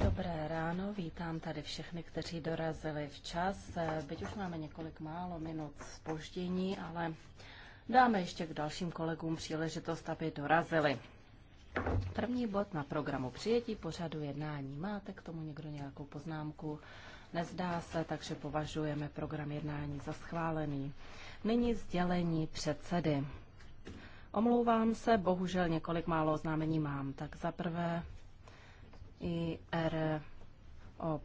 Dobré ráno, vítám tady všechny, kteří dorazili včas. Eh, byť už máme několik málo minut spoždění, ale dáme ještě k dalším kolegům příležitost, aby dorazili. První bod na programu přijetí pořadu jednání. Máte k tomu někdo nějakou poznámku? Nezdá se, takže považujeme program jednání za schválený. Nyní sdělení předsedy. Omlouvám se, bohužel několik málo oznámení mám. Tak za prvé i ROP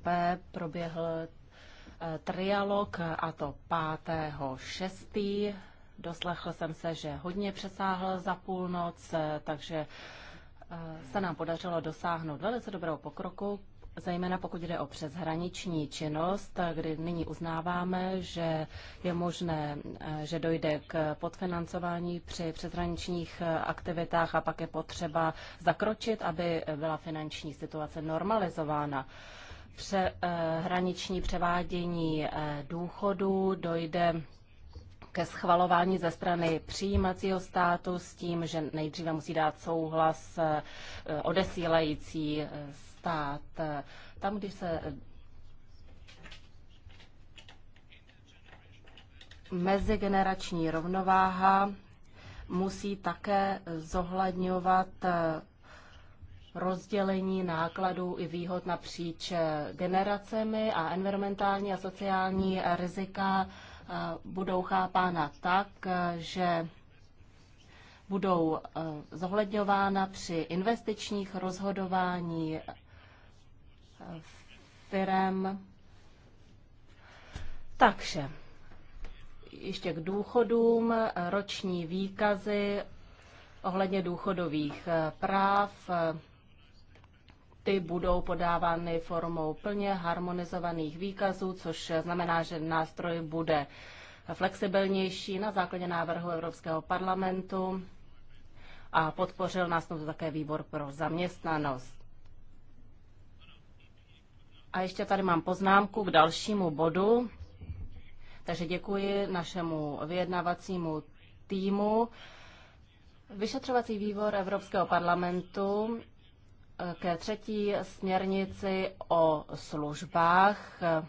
proběhl eh, trialog, a to 5.6. Doslechl jsem se, že hodně přesáhl za půlnoc, eh, takže eh, se nám podařilo dosáhnout velice dobrého pokroku, zejména pokud jde o přeshraniční činnost, kdy nyní uznáváme, že je možné, eh, že dojde k podfinancování při přeshraničních eh, aktivitách a pak je potřeba zakročit, aby byla finanční situace normalizována. Pře, eh, hraniční převádění důchodu dojde ke schvalování ze strany přijímacího státu s tím, že nejdříve musí dát souhlas odesílající s stát. Tam, když se mezigenerační rovnováha musí také zohledňovat eh, rozdělení nákladů i výhod napříč eh, generacemi a environmentální a sociální eh, rizika budou chápána tak, že budou zohledňována při investičních rozhodování firem. Takže ještě k důchodům, roční výkazy ohledně důchodových eh, práv, ty budou podávány formou plně harmonizovaných výkazů, což znamená, že nástroj bude flexibilnější na základě návrhu Evropského parlamentu a podpořil nás to také výbor pro zaměstnanost. A ještě tady mám poznámku k dalšímu bodu. Takže děkuji našemu vyjednavacímu týmu. Vyšetřovací výbor Evropského parlamentu eh, ke třetí směrnici o službách eh,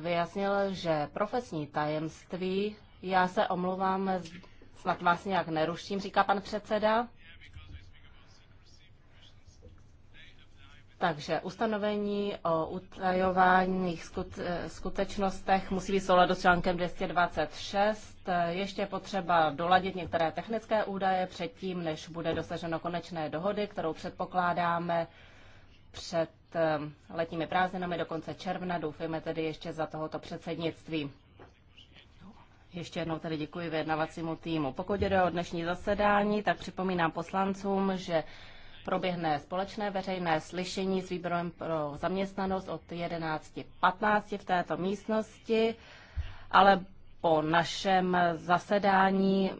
vyjasnil, že profesní tajemství, já se omluvám, snad vás nějak neruším, říká pan předseda, Takže ustanovení o utajovaných skutečnostech musí být souladu s článkem 226. Ještě je potřeba doladit některé technické údaje předtím, než bude dosaženo konečné dohody, kterou předpokládáme před eh, letními prázdninami do konce června. Doufejme tedy ještě za tohoto předsednictví. Ještě jednou tedy děkuji vyjednavacímu týmu. Pokud jde o dnešní zasedání, tak připomínám poslancům, že proběhne společné veřejné slyšení s výborem pro zaměstnanost od 11.15 v této místnosti, ale po našem zasedání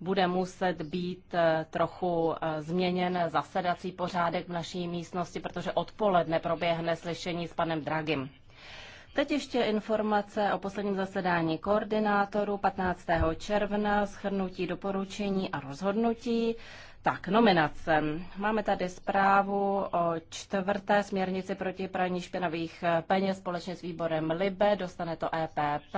bude muset být eh, trochu eh, změněn zasedací pořádek v naší místnosti, protože odpoledne proběhne slyšení s panem Dragim. Teď ještě informace o posledním zasedání koordinátorů 15. června, schrnutí doporučení a rozhodnutí. Tak, nominace. Máme tady zprávu o čtvrté směrnici proti praní špinavých peněz společně s výborem LIBE, dostane to EPP,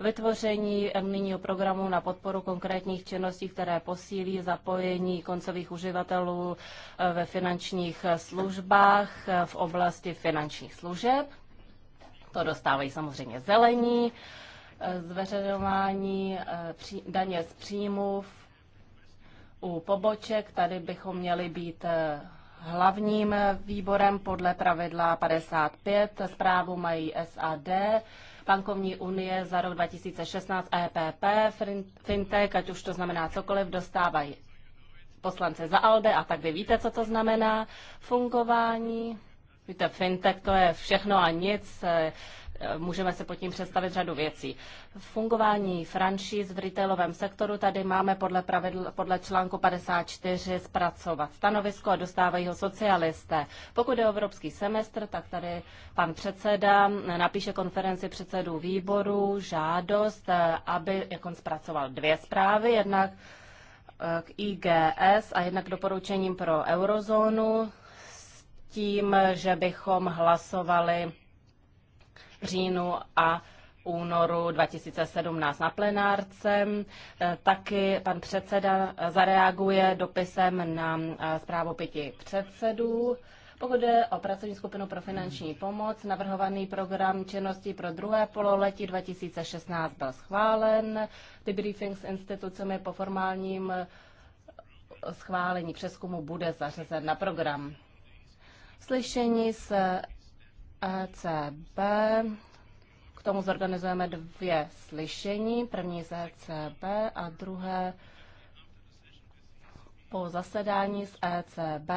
vytvoření nyního programu na podporu konkrétních činností, které posílí zapojení koncových uživatelů eh, ve finančních službách eh, v oblasti finančních služeb. To dostávají samozřejmě zelení, eh, zveřejňování daně z příjmů v u poboček. Tady bychom měli být eh, hlavním eh, výborem podle pravidla 55. Zprávu mají SAD, Bankovní unie za rok 2016 EPP, FinTech, ať už to znamená cokoliv, dostávají poslance za ALDE a tak vy víte, co to znamená. Fungování, víte, FinTech to je všechno a nic, eh, můžeme se pod tím představit řadu věcí. Fungování franšíz v retailovém sektoru tady máme podle, pravidl, podle článku 54 zpracovat stanovisko a dostávají ho socialisté. Pokud je evropský semestr, tak tady pan předseda napíše konferenci předsedů výboru žádost, eh, aby jak on zpracoval dvě zprávy, jednak eh, k IGS a jednak doporučením pro eurozónu s tím, že bychom hlasovali říjnu a únoru 2017 na plenárce. Eh, taky pan předseda zareaguje dopisem na eh, zprávu pěti předsedů. Pokud jde o pracovní skupinu pro finanční pomoc, navrhovaný program činnosti pro druhé pololetí 2016 byl schválen. briefing s institucemi po formálním eh, schválení přeskumu bude zařazen na program. Slyšení s ECB. K tomu zorganizujeme dvě slyšení, první z ECB a druhé po zasedání z ECB,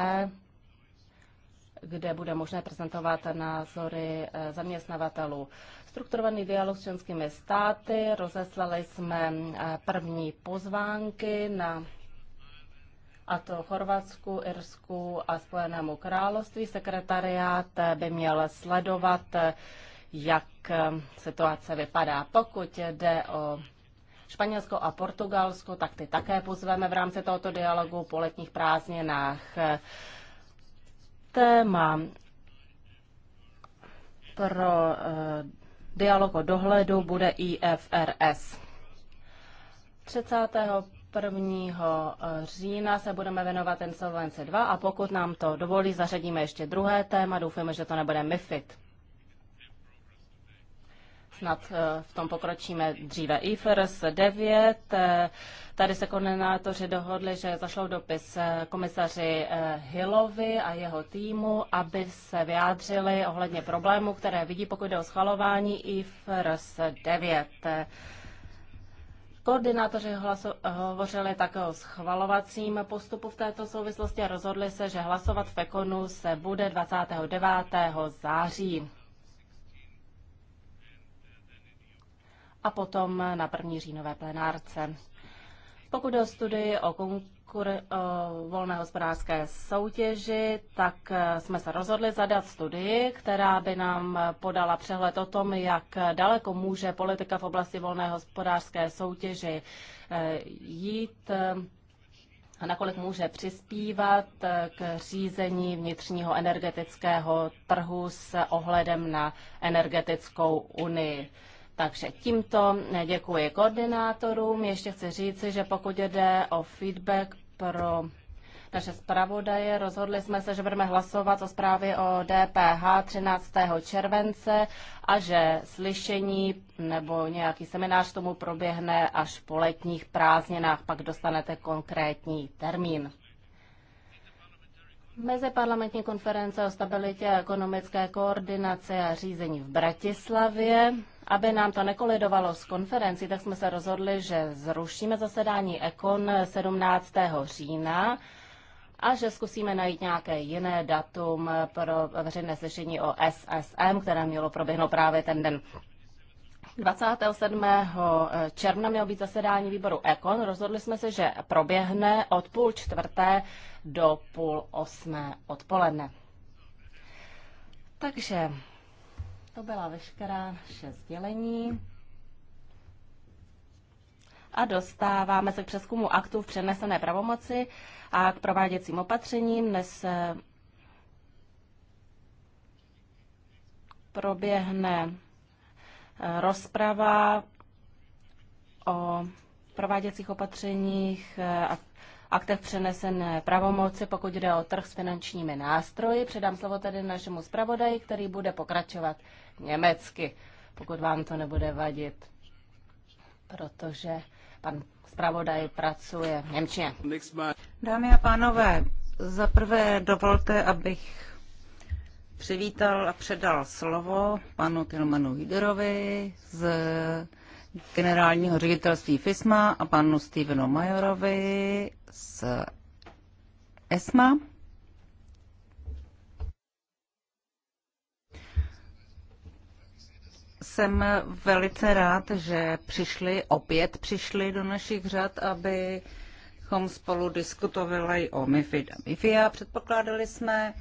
kde bude možné prezentovat názory e, zaměstnavatelů. Strukturovaný dialog s členskými státy, rozeslali jsme e, první pozvánky na a to Chorvatsku, Irsku a Spojenému království. Sekretariát eh, by měl sledovat, eh, jak eh, situace vypadá. Pokud jde o Španělsko a Portugalsko, tak ty také pozveme v rámci tohoto dialogu po letních prázdninách. Téma pro dialog o dohledu bude IFRS. 30. 1. Eh, října se budeme věnovat Insolvence 2 a pokud nám to dovolí, zařadíme ještě druhé téma. Doufujeme, že to nebude MIFID. Snad eh, v tom pokročíme dříve. IFRS 9. Eh, tady se koordinátoři dohodli, že zašlou dopis komisaři Hillovi a jeho týmu, aby se vyjádřili ohledně problémů, které vidí, pokud jde o schvalování IFRS 9. Koordinátoři hovořili také o schvalovacím postupu v této souvislosti a rozhodli se, že hlasovat v Ekonu se bude 29. září. A potom na první říjnové plenárce. Pokud o studii o konkurenci, uh, volné hospodářské soutěži, tak eh, jsme se rozhodli zadat studii, která by nám eh, podala přehled o tom, jak daleko může politika v oblasti volné hospodářské soutěži jít a nakolik může přispívat k řízení vnitřního energetického trhu s ohledem na energetickou unii. Takže tímto děkuji koordinátorům. Ještě chci říci, že pokud jde o feedback pro naše zpravodaje, rozhodli jsme se, že budeme hlasovat o zprávě o DPH 13. července a že slyšení nebo nějaký seminář tomu proběhne až po letních prázdninách, pak dostanete konkrétní termín. Meziparlamentní konference o stabilitě a ekonomické koordinace a řízení v Bratislavě aby nám to nekolidovalo s konferencí, tak jsme se rozhodli, že zrušíme zasedání EKON 17. října a že zkusíme najít nějaké jiné datum pro veřejné slyšení o SSM, které mělo proběhnout právě ten den. 27. června mělo být zasedání výboru EKON. Rozhodli jsme se, že proběhne od půl čtvrté do půl osmé odpoledne. Takže to byla veškerá naše sdělení. A dostáváme se k přeskumu aktů v přenesené pravomoci a k prováděcím opatřením. Dnes eh, proběhne eh, rozprava o prováděcích opatřeních eh, a aktech přenesené pravomoci, pokud jde o trh s finančními nástroji. Předám slovo tedy našemu zpravodaji, který bude pokračovat německy, pokud vám to nebude vadit, protože pan zpravodaj pracuje v Němčině. Dámy a pánové, za prvé dovolte, abych přivítal a předal slovo panu Tilmanu Hiderovi z generálního ředitelství FISMA a panu Stevenu Majorovi z ESMA. Jsem velice rád, že přišli, opět přišli do našich řad, abychom spolu diskutovali o MIFID a a Předpokládali jsme,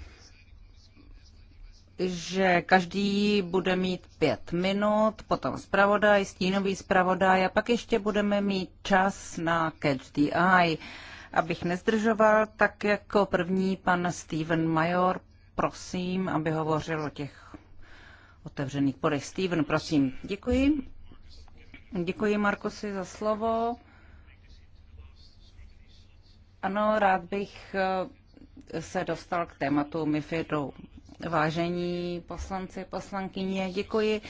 že každý bude mít pět minut, potom zpravodaj, stínový zpravodaj a pak ještě budeme mít čas na catch the eye. Abych nezdržoval, tak jako první pan Steven Major, prosím, aby hovořil o těch otevřených podech. Steven, prosím. Děkuji. Děkuji, Markusi, za slovo. Ano, rád bych eh, se dostal k tématu MIFIDu. Vážení poslanci, poslankyně, děkuji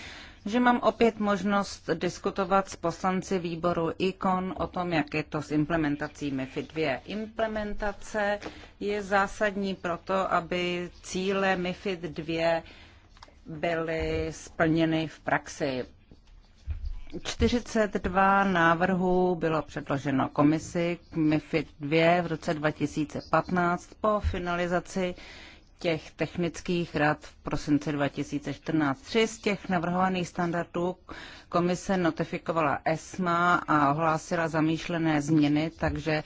že mám opět možnost diskutovat s poslanci výboru ICON o tom, jak je to s implementací MIFID 2. Implementace je zásadní proto, aby cíle MIFID 2 byly splněny v praxi. 42 návrhů bylo předloženo komisi k MIFID 2 v roce 2015 po finalizaci těch technických rad v prosince 2014. Tři z těch navrhovaných standardů komise notifikovala ESMA a ohlásila zamýšlené změny, takže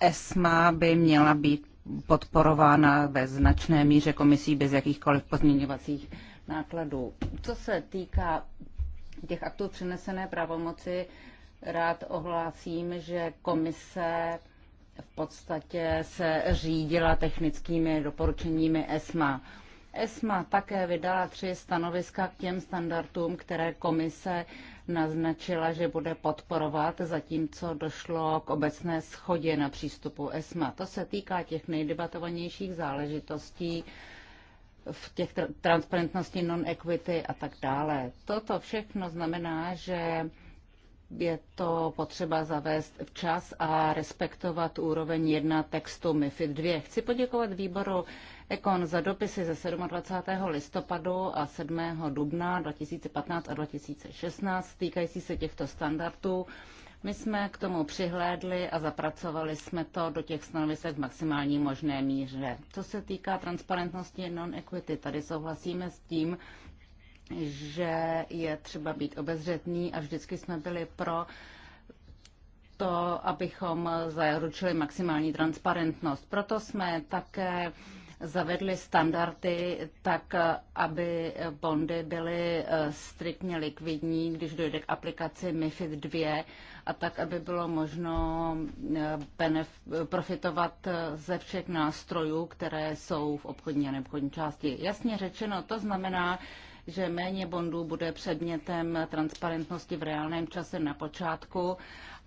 ESMA by měla být podporována ve značné míře komisí bez jakýchkoliv pozměňovacích nákladů. Co se týká těch aktů přenesené pravomoci, rád ohlásím, že komise v podstatě se řídila technickými doporučeními ESMA. ESMA také vydala tři stanoviska k těm standardům, které komise naznačila, že bude podporovat, zatímco došlo k obecné schodě na přístupu ESMA. To se týká těch nejdebatovanějších záležitostí v těch transparentnosti non-equity a tak dále. Toto všechno znamená, že je to potřeba zavést včas a respektovat úroveň 1 textu MIFID 2. Chci poděkovat výboru Ekon za dopisy ze 27. listopadu a 7. dubna 2015 a 2016 týkající se těchto standardů. My jsme k tomu přihlédli a zapracovali jsme to do těch stanovisek v maximální možné míře. Co se týká transparentnosti non-equity, tady souhlasíme s tím, že je třeba být obezřetný a vždycky jsme byli pro to, abychom zaručili maximální transparentnost. Proto jsme také zavedli standardy tak, aby bondy byly eh, striktně likvidní, když dojde k aplikaci MIFID 2 a tak, aby bylo možno eh, profitovat eh, ze všech nástrojů, které jsou v obchodní a neobchodní části. Jasně řečeno, to znamená, že méně bondů bude předmětem transparentnosti v reálném čase na počátku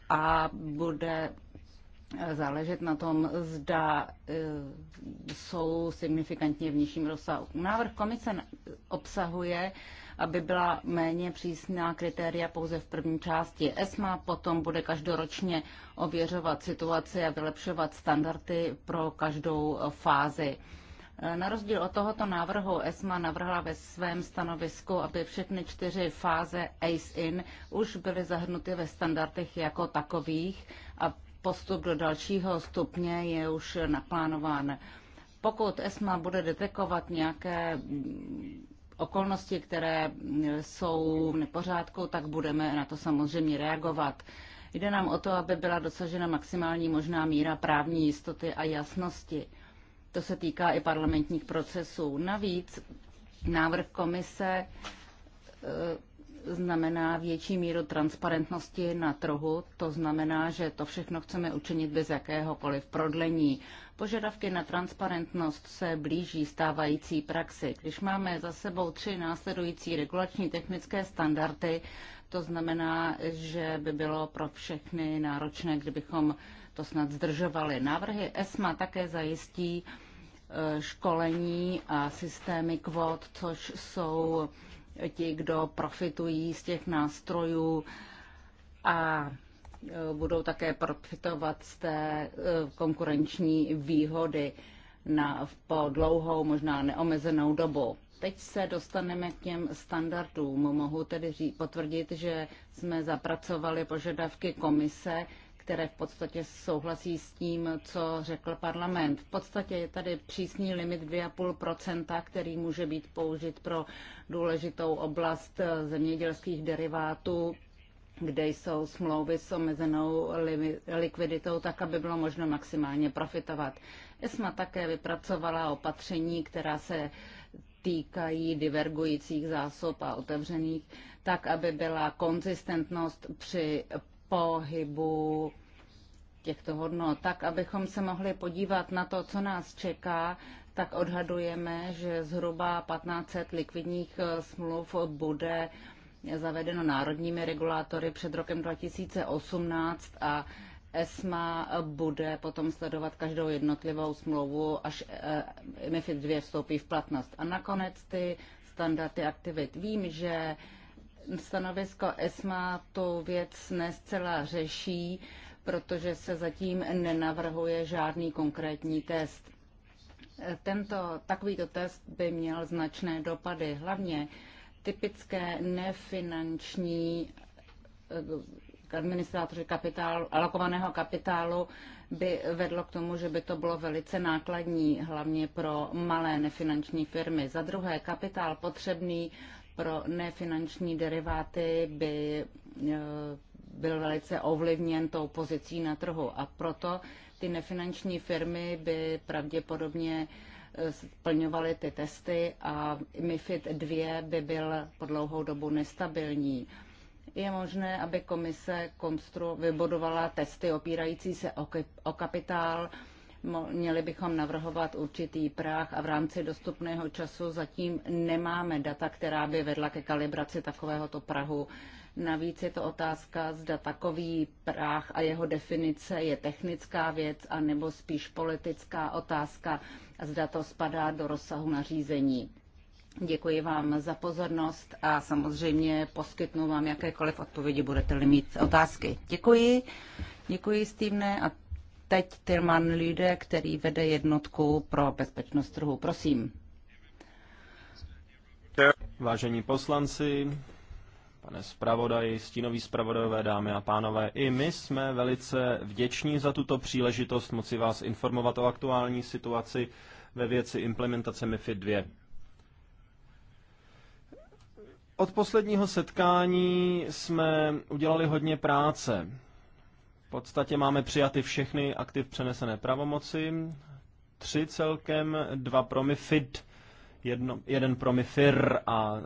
a bude záležet na tom, zda e, jsou signifikantně v nižším rozsahu. Návrh komise obsahuje, aby byla méně přísná kritéria pouze v první části ESMA, potom bude každoročně ověřovat situaci a vylepšovat standardy pro každou fázi. Na rozdíl od tohoto návrhu ESMA navrhla ve svém stanovisku, aby všechny čtyři fáze ACE-IN už byly zahrnuty ve standardech jako takových a postup do dalšího stupně je už naplánován. Pokud ESMA bude detekovat nějaké okolnosti, které jsou v nepořádku, tak budeme na to samozřejmě reagovat. Jde nám o to, aby byla dosažena maximální možná míra právní jistoty a jasnosti. To se týká i parlamentních procesů. Navíc návrh komise e, znamená větší míru transparentnosti na trhu. To znamená, že to všechno chceme učinit bez jakéhokoliv prodlení. Požadavky na transparentnost se blíží stávající praxi. Když máme za sebou tři následující regulační technické standardy, to znamená, že by bylo pro všechny náročné, kdybychom to snad zdržovali. Návrhy ESMA také zajistí, Eh, školení a systémy kvot, což jsou ti, kdo profitují z těch nástrojů a eh, budou také profitovat z té eh, konkurenční výhody na, po dlouhou, možná neomezenou dobu. Teď se dostaneme k těm standardům. Mohu tedy potvrdit, že jsme zapracovali požadavky komise které v podstatě souhlasí s tím, co řekl parlament. V podstatě je tady přísný limit 2,5%, který může být použit pro důležitou oblast zemědělských derivátů kde jsou smlouvy s omezenou likviditou, tak aby bylo možno maximálně profitovat. ESMA také vypracovala opatření, která se týkají divergujících zásob a otevřených, tak aby byla konzistentnost při pohybu těchto hodnot. Tak, abychom se mohli podívat na to, co nás čeká, tak odhadujeme, že zhruba 1500 likvidních eh, smluv bude zavedeno národními regulátory před rokem 2018 a ESMA bude potom sledovat každou jednotlivou smlouvu, až eh, MIFID 2 vstoupí v platnost. A nakonec ty standardy aktivit. Vím, že stanovisko ESMA tu věc nescela řeší, protože se zatím nenavrhuje žádný konkrétní test. Tento, takovýto test by měl značné dopady, hlavně typické nefinanční eh, administrátoři kapitálu, alokovaného kapitálu by vedlo k tomu, že by to bylo velice nákladní, hlavně pro malé nefinanční firmy. Za druhé, kapitál potřebný pro nefinanční deriváty by eh, byl velice ovlivněn tou pozicí na trhu a proto ty nefinanční firmy by pravděpodobně eh, splňovaly ty testy a MIFID 2 by byl po dlouhou dobu nestabilní je možné, aby komise konstru vybudovala testy opírající se o, o kapitál. Měli bychom navrhovat určitý práh a v rámci dostupného času zatím nemáme data, která by vedla ke kalibraci takovéhoto prahu. Navíc je to otázka, zda takový práh a jeho definice je technická věc, a nebo spíš politická otázka, zda to spadá do rozsahu nařízení. Děkuji vám za pozornost a samozřejmě poskytnu vám jakékoliv odpovědi, budete-li mít otázky. Děkuji, děkuji Stevene a teď Tilman Lüde, který vede jednotku pro bezpečnost trhu. Prosím. Vážení poslanci, pane zpravodaji, stínoví zpravodajové, dámy a pánové, i my jsme velice vděční za tuto příležitost moci vás informovat o aktuální situaci ve věci implementace MIFID 2. Od posledního setkání jsme udělali hodně práce. V podstatě máme přijaty všechny aktiv přenesené pravomoci, tři celkem, dva pro MIFID, jedno, jeden pro MIFIR a e,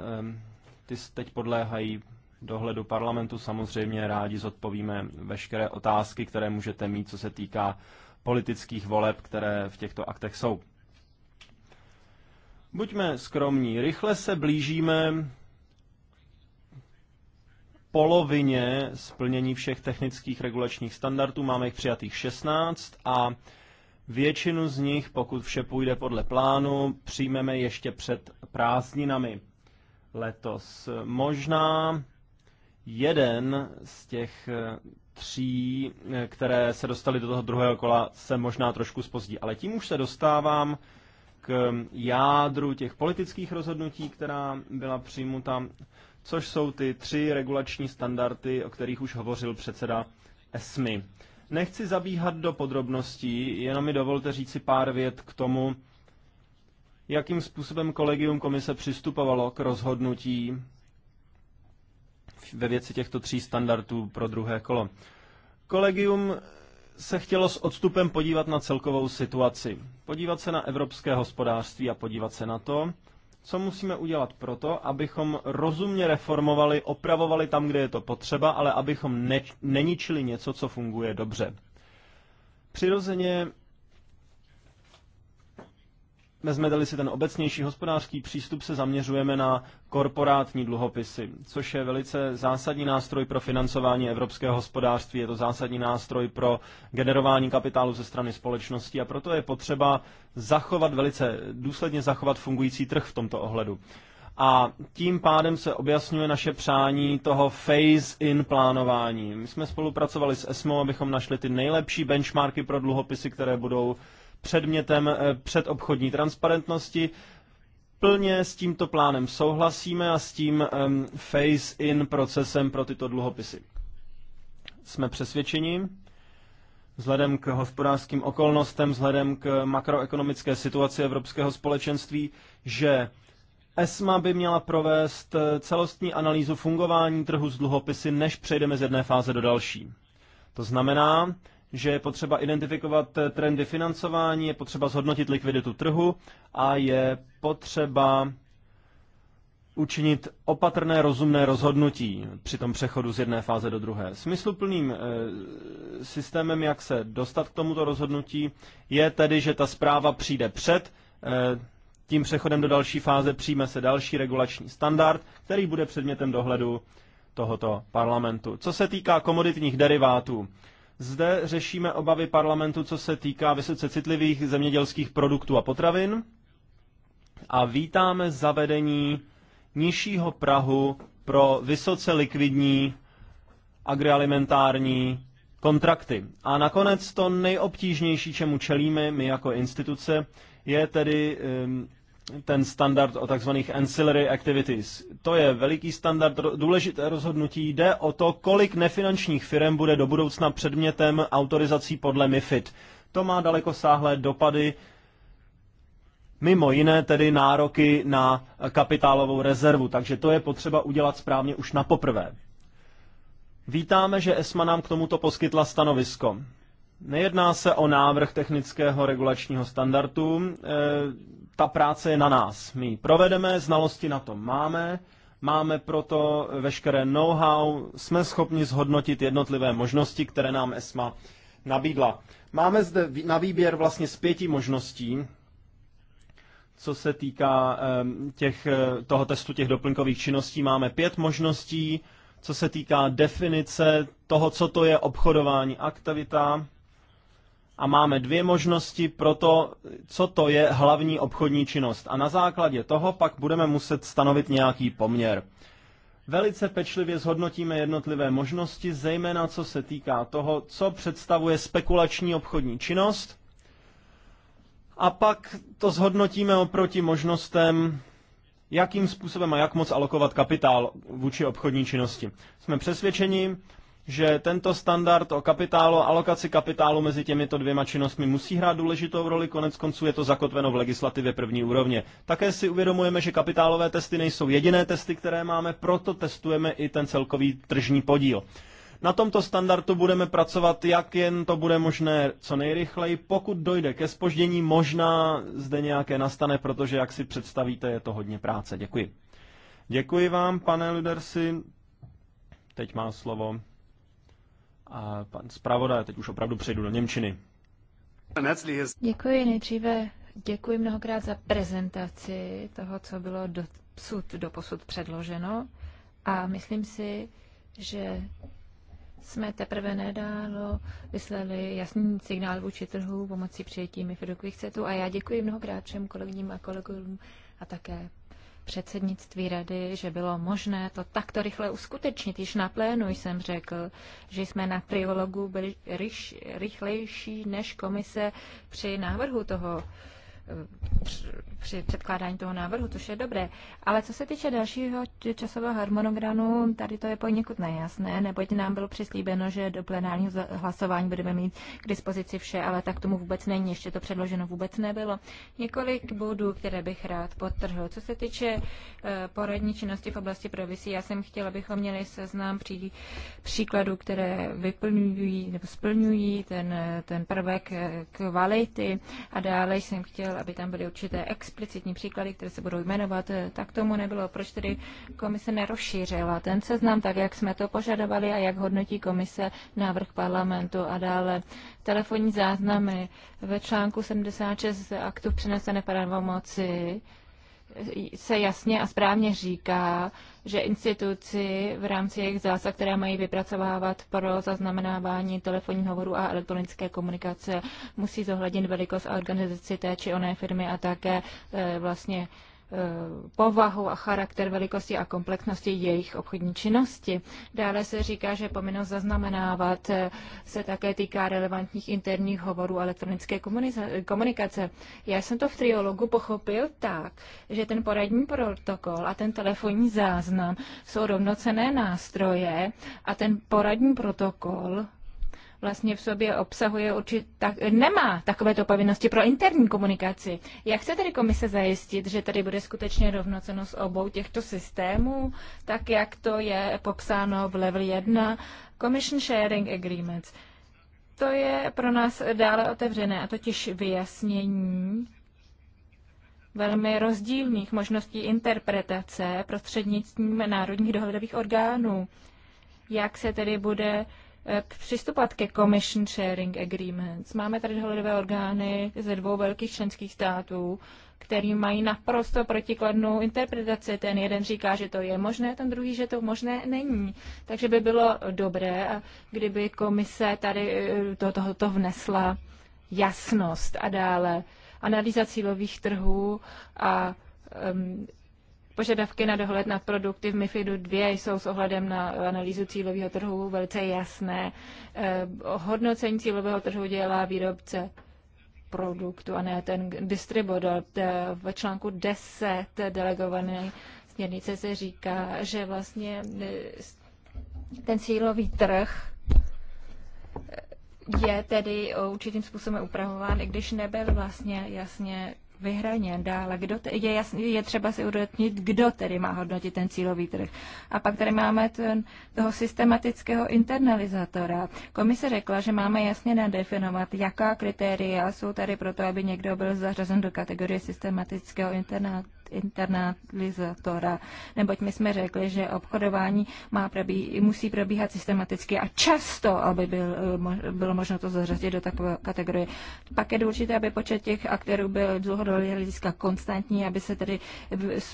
ty teď podléhají dohledu parlamentu. Samozřejmě rádi zodpovíme veškeré otázky, které můžete mít, co se týká politických voleb, které v těchto aktech jsou. Buďme skromní, rychle se blížíme polovině splnění všech technických regulačních standardů, máme jich přijatých 16 a většinu z nich, pokud vše půjde podle plánu, přijmeme ještě před prázdninami letos. Možná jeden z těch eh, tří, eh, které se dostali do toho druhého kola, se možná trošku spozdí. Ale tím už se dostávám k jádru těch politických rozhodnutí, která byla přijmuta což jsou ty tři regulační standardy, o kterých už hovořil předseda ESMI. Nechci zabíhat do podrobností, jenom mi dovolte říci pár vět k tomu, jakým způsobem kolegium komise přistupovalo k rozhodnutí ve věci těchto tří standardů pro druhé kolo. Kolegium se chtělo s odstupem podívat na celkovou situaci, podívat se na evropské hospodářství a podívat se na to, co musíme udělat proto, abychom rozumně reformovali, opravovali tam, kde je to potřeba, ale abychom ne- neničili něco, co funguje dobře. Přirozeně Vezmete-li si ten obecnější hospodářský přístup, se zaměřujeme na korporátní dluhopisy, což je velice zásadní nástroj pro financování evropského hospodářství, je to zásadní nástroj pro generování kapitálu ze strany společnosti a proto je potřeba zachovat velice důsledně zachovat fungující trh v tomto ohledu. A tím pádem se objasňuje naše přání toho phase-in plánování. My jsme spolupracovali s ESMO, abychom našli ty nejlepší benchmarky pro dluhopisy, které budou předmětem eh, předobchodní transparentnosti. Plně s tímto plánem souhlasíme a s tím phase-in procesem pro tyto dluhopisy. Jsme přesvědčeni, vzhledem k hospodářským okolnostem, vzhledem k makroekonomické situaci Evropského společenství, že ESMA by měla provést eh, celostní analýzu fungování trhu s dluhopisy, než přejdeme z jedné fáze do další. To znamená, že je potřeba identifikovat eh, trendy financování, je potřeba zhodnotit likviditu trhu a je potřeba učinit opatrné rozumné rozhodnutí při tom přechodu z jedné fáze do druhé. Smysluplným eh, systémem, jak se dostat k tomuto rozhodnutí, je tedy, že ta zpráva přijde před eh, tím přechodem do další fáze, přijme se další regulační standard, který bude předmětem dohledu tohoto parlamentu. Co se týká komoditních derivátů, zde řešíme obavy parlamentu, co se týká vysoce citlivých zemědělských produktů a potravin a vítáme zavedení nižšího Prahu pro vysoce likvidní agrialimentární kontrakty. A nakonec to nejobtížnější, čemu čelíme my jako instituce, je tedy ehm, ten standard o takzvaných ancillary activities. To je veliký standard, důležité rozhodnutí. Jde o to, kolik nefinančních firm bude do budoucna předmětem autorizací podle MIFID. To má sáhlé dopady, mimo jiné tedy nároky na kapitálovou rezervu, takže to je potřeba udělat správně už na poprvé. Vítáme, že ESMA nám k tomuto poskytla stanovisko. Nejedná se o návrh technického regulačního standardu. E, ta práce je na nás. My ji provedeme, znalosti na tom máme, máme proto veškeré know-how, jsme schopni zhodnotit jednotlivé možnosti, které nám ESMA nabídla. Máme zde na výběr vlastně z pěti možností, co se týká těch, e, toho testu těch doplňkových činností. Máme pět možností, co se týká definice toho, co to je obchodování aktivita, a máme dvě možnosti pro to, co to je hlavní obchodní činnost. A na základě toho pak budeme muset stanovit nějaký poměr. Velice pečlivě zhodnotíme jednotlivé možnosti, zejména co se týká toho, co představuje spekulační obchodní činnost. A pak to zhodnotíme oproti možnostem, jakým způsobem a jak moc alokovat kapitál vůči obchodní činnosti. Jsme přesvědčeni, že tento standard o kapitálu, alokaci kapitálu mezi těmito dvěma činnostmi musí hrát důležitou roli, konec konců je to zakotveno v legislativě první úrovně. Také si uvědomujeme, že kapitálové testy nejsou jediné testy, které máme, proto testujeme i ten celkový tržní podíl. Na tomto standardu budeme pracovat, jak jen to bude možné, co nejrychleji. Pokud dojde ke spoždění, možná zde nějaké nastane, protože, jak si představíte, je to hodně práce. Děkuji. Děkuji vám, pane Ludersi. Teď má slovo a pan zpravodaj, teď už opravdu přejdu do Němčiny. Děkuji nejdříve. Děkuji mnohokrát za prezentaci toho, co bylo do, sud, do posud předloženo. A myslím si, že jsme teprve nedálo vyslali jasný signál vůči trhu pomocí přijetí MIFIDových setů a já děkuji mnohokrát všem kolegům a kolegům a také předsednictví rady, že bylo možné to takto rychle uskutečnit. Již na plénu jsem řekl, že jsme na triologu byli ryš, rychlejší než komise při návrhu toho eh, při předkládání toho návrhu, což je dobré. Ale co se týče dalšího časového harmonogramu, tady to je poněkud nejasné, neboť nám bylo přislíbeno, že do plenárního hlasování budeme mít k dispozici vše, ale tak tomu vůbec není, ještě to předloženo vůbec nebylo. Několik bodů, které bych rád podtrhl. Co se týče eh, poradní činnosti v oblasti provisí, já jsem chtěla, abychom měli seznam pří, příkladů, které vyplňují nebo splňují ten, ten prvek eh, kvality a dále jsem chtěl, aby tam byly určité ex explicitní příklady, které se budou jmenovat, eh, tak tomu nebylo. Proč tedy komise nerozšířila ten seznam tak, jak jsme to požadovali a jak hodnotí komise návrh parlamentu a dále telefonní záznamy ve článku 76 aktu přenesené pravomoci moci se jasně a správně říká, že instituci v rámci jejich zásad, které mají vypracovávat pro zaznamenávání telefonních hovorů a elektronické komunikace, musí zohlednit velikost a organizaci té či oné firmy a také eh, vlastně Eh, povahu a charakter velikosti a komplexnosti jejich obchodní činnosti. Dále se říká, že povinnost zaznamenávat eh, se také týká relevantních interních hovorů elektronické komunikace. Já jsem to v triologu pochopil tak, že ten poradní protokol a ten telefonní záznam jsou rovnocené nástroje a ten poradní protokol vlastně v sobě obsahuje určitě, tak, nemá takovéto povinnosti pro interní komunikaci. Jak se tedy komise zajistit, že tady bude skutečně rovnocenost obou těchto systémů, tak jak to je popsáno v level 1 Commission Sharing Agreements? To je pro nás dále otevřené, a totiž vyjasnění velmi rozdílných možností interpretace prostřednictvím národních dohledových orgánů. Jak se tedy bude Eh, přistupovat ke Commission Sharing Agreements. Máme tady dohledové orgány ze dvou velkých členských států, který mají naprosto protikladnou interpretaci. Ten jeden říká, že to je možné, ten druhý, že to možné není. Takže by bylo dobré, kdyby komise tady eh, do tohoto vnesla jasnost a dále analýza cílových trhů a um, Požadavky na dohled nad produkty v MIFIDu 2 jsou s ohledem na analýzu cílového trhu velice jasné. Eh, hodnocení cílového trhu dělá výrobce produktu a ne ten distributor. Eh, Ve článku 10 delegované směrnice se říká, že vlastně eh, ten cílový trh je tedy určitým způsobem upravován, i když nebyl vlastně jasně vyhraněn dále. Kdo te, je, jasný, je třeba si udotnit, kdo tedy má hodnotit ten cílový trh. A pak tady máme ten, toho systematického internalizátora. Komise řekla, že máme jasně nadefinovat, jaká kritéria jsou tady pro to, aby někdo byl zařazen do kategorie systematického internalizátora internalizátora, neboť my jsme řekli, že obchodování má probí, musí probíhat systematicky a často, aby byl, bylo možno to zařadit do takové kategorie. Pak je důležité, aby počet těch aktérů byl dlouhodobě hlediska konstantní, aby se tedy,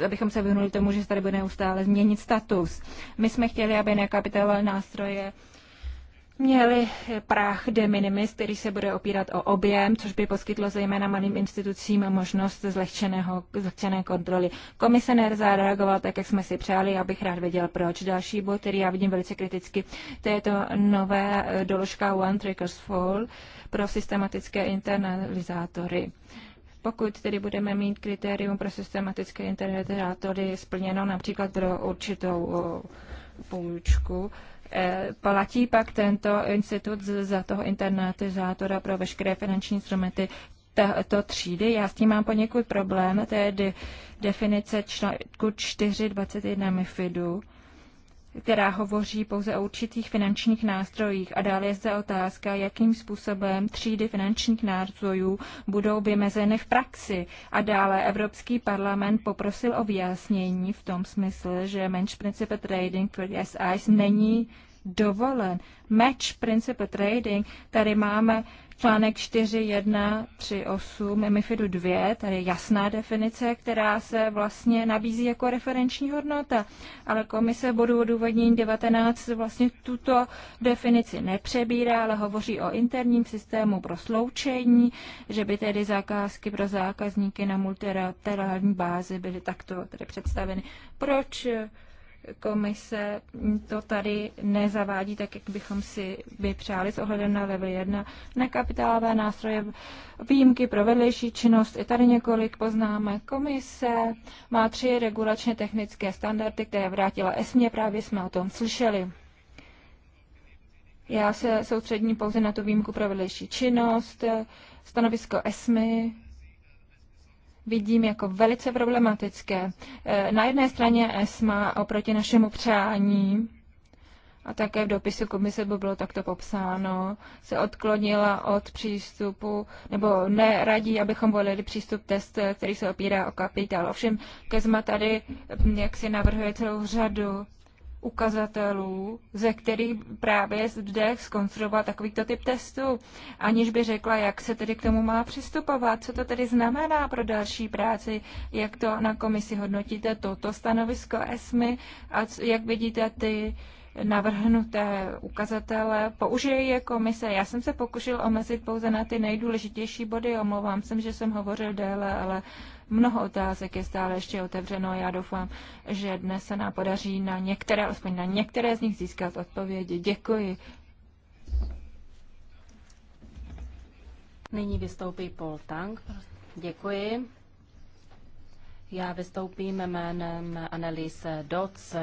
abychom se vyhnuli tomu, že se tady bude neustále změnit status. My jsme chtěli, aby nekapitalové nástroje měli práh de minimis, který se bude opírat o objem, což by poskytlo zejména malým institucím možnost zlehčeného, zlehčené kontroly. Komise nezareagovala tak, jak jsme si přáli, já bych rád věděl, proč. Další bod, který já vidím velice kriticky, to je to nové eh, doložka One Trickers Fall pro systematické internalizátory pokud tedy budeme mít kritérium pro systematické internalizátory splněno například pro určitou půjčku, E, platí pak tento institut za toho internetizátora pro veškeré finanční instrumenty to třídy. Já s tím mám poněkud problém, to je de, definice článku 4.21 MIFIDu, která hovoří pouze o určitých finančních nástrojích. A dále je zde otázka, jakým způsobem třídy finančních nástrojů budou vymezeny v praxi. A dále Evropský parlament poprosil o vyjasnění v tom smyslu, že match principle trading for SIs není dovolen. Match principle trading, tady máme Článek 4138 MIFIDu 2, tady je jasná definice, která se vlastně nabízí jako referenční hodnota, ale komise bodu odůvodnění 19 vlastně tuto definici nepřebírá, ale hovoří o interním systému pro sloučení, že by tedy zakázky pro zákazníky na multilaterální bázi byly takto tedy představeny. Proč komise to tady nezavádí tak, jak bychom si by přáli s ohledem na level 1, na kapitálové nástroje, výjimky pro vedlejší činnost. I tady několik poznámek. Komise má tři regulačně technické standardy, které vrátila ESMě, právě jsme o tom slyšeli. Já se soustředím pouze na tu výjimku pro vedlejší činnost, stanovisko ESMY, vidím jako velice problematické. Eh, na jedné straně ESMA oproti našemu přání, a také v dopisu komise by bylo takto popsáno, se odklonila od přístupu, nebo neradí, abychom volili přístup test, který se opírá o kapitál. Ovšem, Kezma tady mm, jak si navrhuje celou řadu ukazatelů, ze kterých právě zde skonstruoval takovýto typ testů, aniž by řekla, jak se tedy k tomu má přistupovat, co to tedy znamená pro další práci, jak to na komisi hodnotíte, toto stanovisko ESMY a jak vidíte ty navrhnuté ukazatele, použije je komise. Já jsem se pokusil omezit pouze na ty nejdůležitější body, omlouvám se, že jsem hovořil déle, ale Mnoho otázek je stále ještě otevřeno. Já doufám, že dnes se nám podaří na některé, alespoň na některé z nich získat odpovědi. Děkuji. Nyní vystoupí Paul Tang. Děkuji. Já vystoupím jménem Annelise Doc.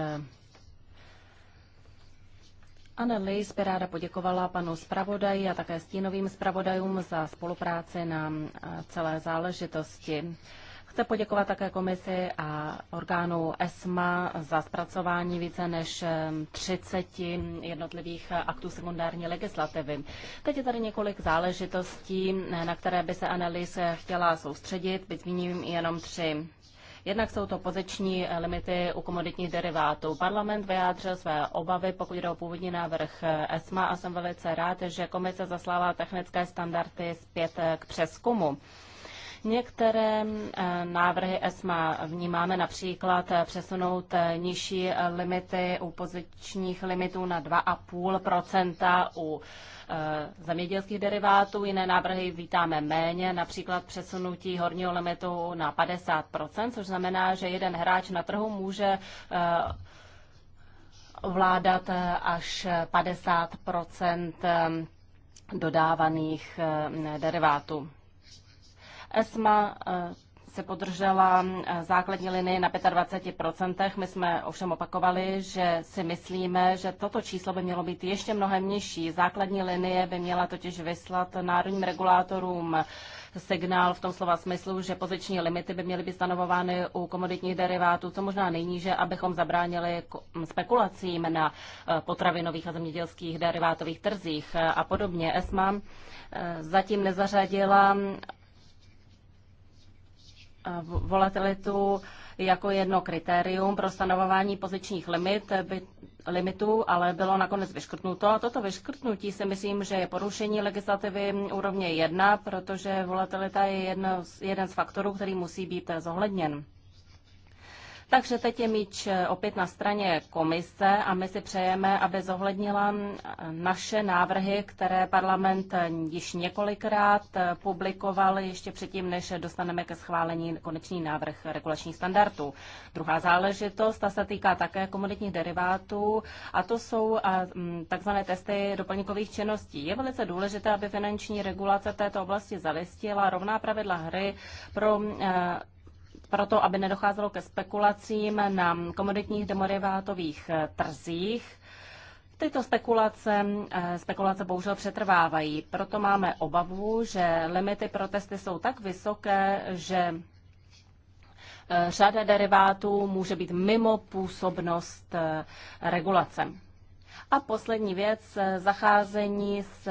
Annelise by ráda poděkovala panu zpravodaji a také stínovým zpravodajům za spolupráci na celé záležitosti. Chce poděkovat také komisi a orgánu ESMA za zpracování více než 30 jednotlivých aktů sekundární legislativy. Teď je tady několik záležitostí, eh, na které by se analýz chtěla soustředit, byť zmíním jenom tři. Jednak jsou to poziční eh, limity u komoditních derivátů. Parlament vyjádřil své obavy, pokud jde o původní návrh eh, ESMA a jsem velice rád, že komise zaslává technické standardy zpět k přeskumu. Některé eh, návrhy ESMA vnímáme například eh, přesunout eh, nižší limity u pozičních limitů na 2,5 u zemědělských derivátů. Jiné návrhy vítáme méně, například přesunutí horního limitu na 50 což znamená, že jeden hráč na trhu může ovládat až 50 dodávaných derivátů. ESMA eh, se podržela eh, základní linii na 25%. My jsme ovšem opakovali, že si myslíme, že toto číslo by mělo být ještě mnohem nižší. Základní linie by měla totiž vyslat národním regulátorům signál v tom slova smyslu, že poziční limity by měly být stanovovány u komoditních derivátů, co možná nejníže, abychom zabránili spekulacím na eh, potravinových a zemědělských derivátových trzích a podobně. ESMA zatím nezařadila Eh, volatilitu jako jedno kritérium pro stanovování pozičních limit, by, limitů, ale bylo nakonec vyškrtnuto. A toto vyškrtnutí si myslím, že je porušení legislativy úrovně 1, protože volatilita je jedno, jeden z faktorů, který musí být zohledněn. Takže teď je míč eh, opět na straně komise a my si přejeme, aby zohlednila naše návrhy, které parlament eh, již několikrát eh, publikoval ještě předtím, než dostaneme ke schválení konečný návrh regulačních standardů. Druhá záležitost, ta se týká také komoditních derivátů a to jsou takzvané testy doplňkových činností. Je velice důležité, aby finanční regulace této oblasti zalistila rovná pravidla hry pro proto, aby nedocházelo ke spekulacím na komoditních demorivátových eh, trzích. Tyto spekulace, eh, spekulace bohužel přetrvávají, proto máme obavu, že limity pro testy jsou tak vysoké, že eh, řada derivátů může být mimo působnost regulace. A poslední věc, zacházení s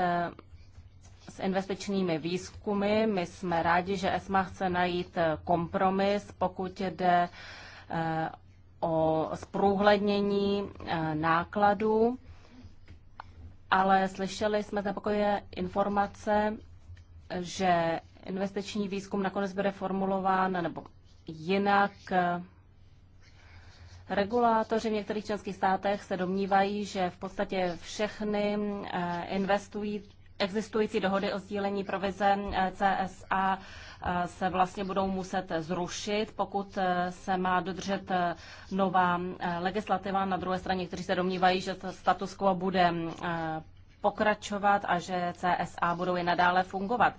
s investičními výzkumy. My jsme rádi, že ESMA chce najít eh, kompromis, pokud jde eh, o zprůhlednění eh, nákladů, ale slyšeli jsme takové informace, že investiční výzkum nakonec bude formulován nebo jinak. Regulátoři v některých členských státech se domnívají, že v podstatě všechny investují existující dohody o sdílení provize eh, CSA eh, se vlastně budou muset zrušit, pokud eh, se má dodržet nová legislativa. Na druhé straně, kteří se domnívají, že status quo bude pokračovat a že CSA budou i nadále fungovat.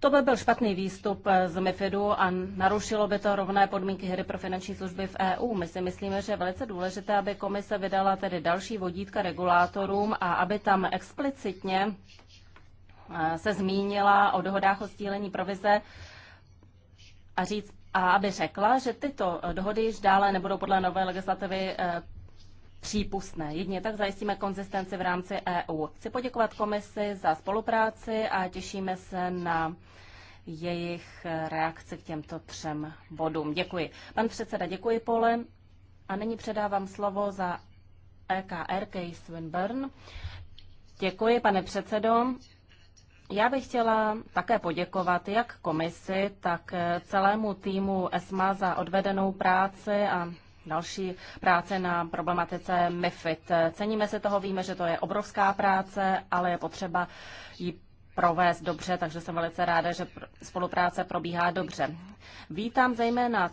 To by byl špatný výstup eh, z MIFIDu a narušilo by to rovné podmínky hry pro finanční služby v EU. My si myslíme, že je velice důležité, aby komise vydala tedy další vodítka regulátorům a aby tam explicitně eh, se zmínila o dohodách o stílení provize a říct, a aby řekla, že tyto eh, dohody již dále nebudou podle nové legislativy přípustné. Jedině tak zajistíme konzistenci v rámci EU. Chci poděkovat komisi za spolupráci a těšíme se na jejich reakce k těmto třem bodům. Děkuji. Pan předseda, děkuji, Pole. A nyní předávám slovo za EKR Case Swinburne. Děkuji, pane předsedo. Já bych chtěla také poděkovat jak komisi, tak celému týmu ESMA za odvedenou práci a další práce na problematice MIFID. Ceníme se toho, víme, že to je obrovská práce, ale je potřeba ji provést dobře, takže jsem velice ráda, že spolupráce probíhá dobře. Vítám zejména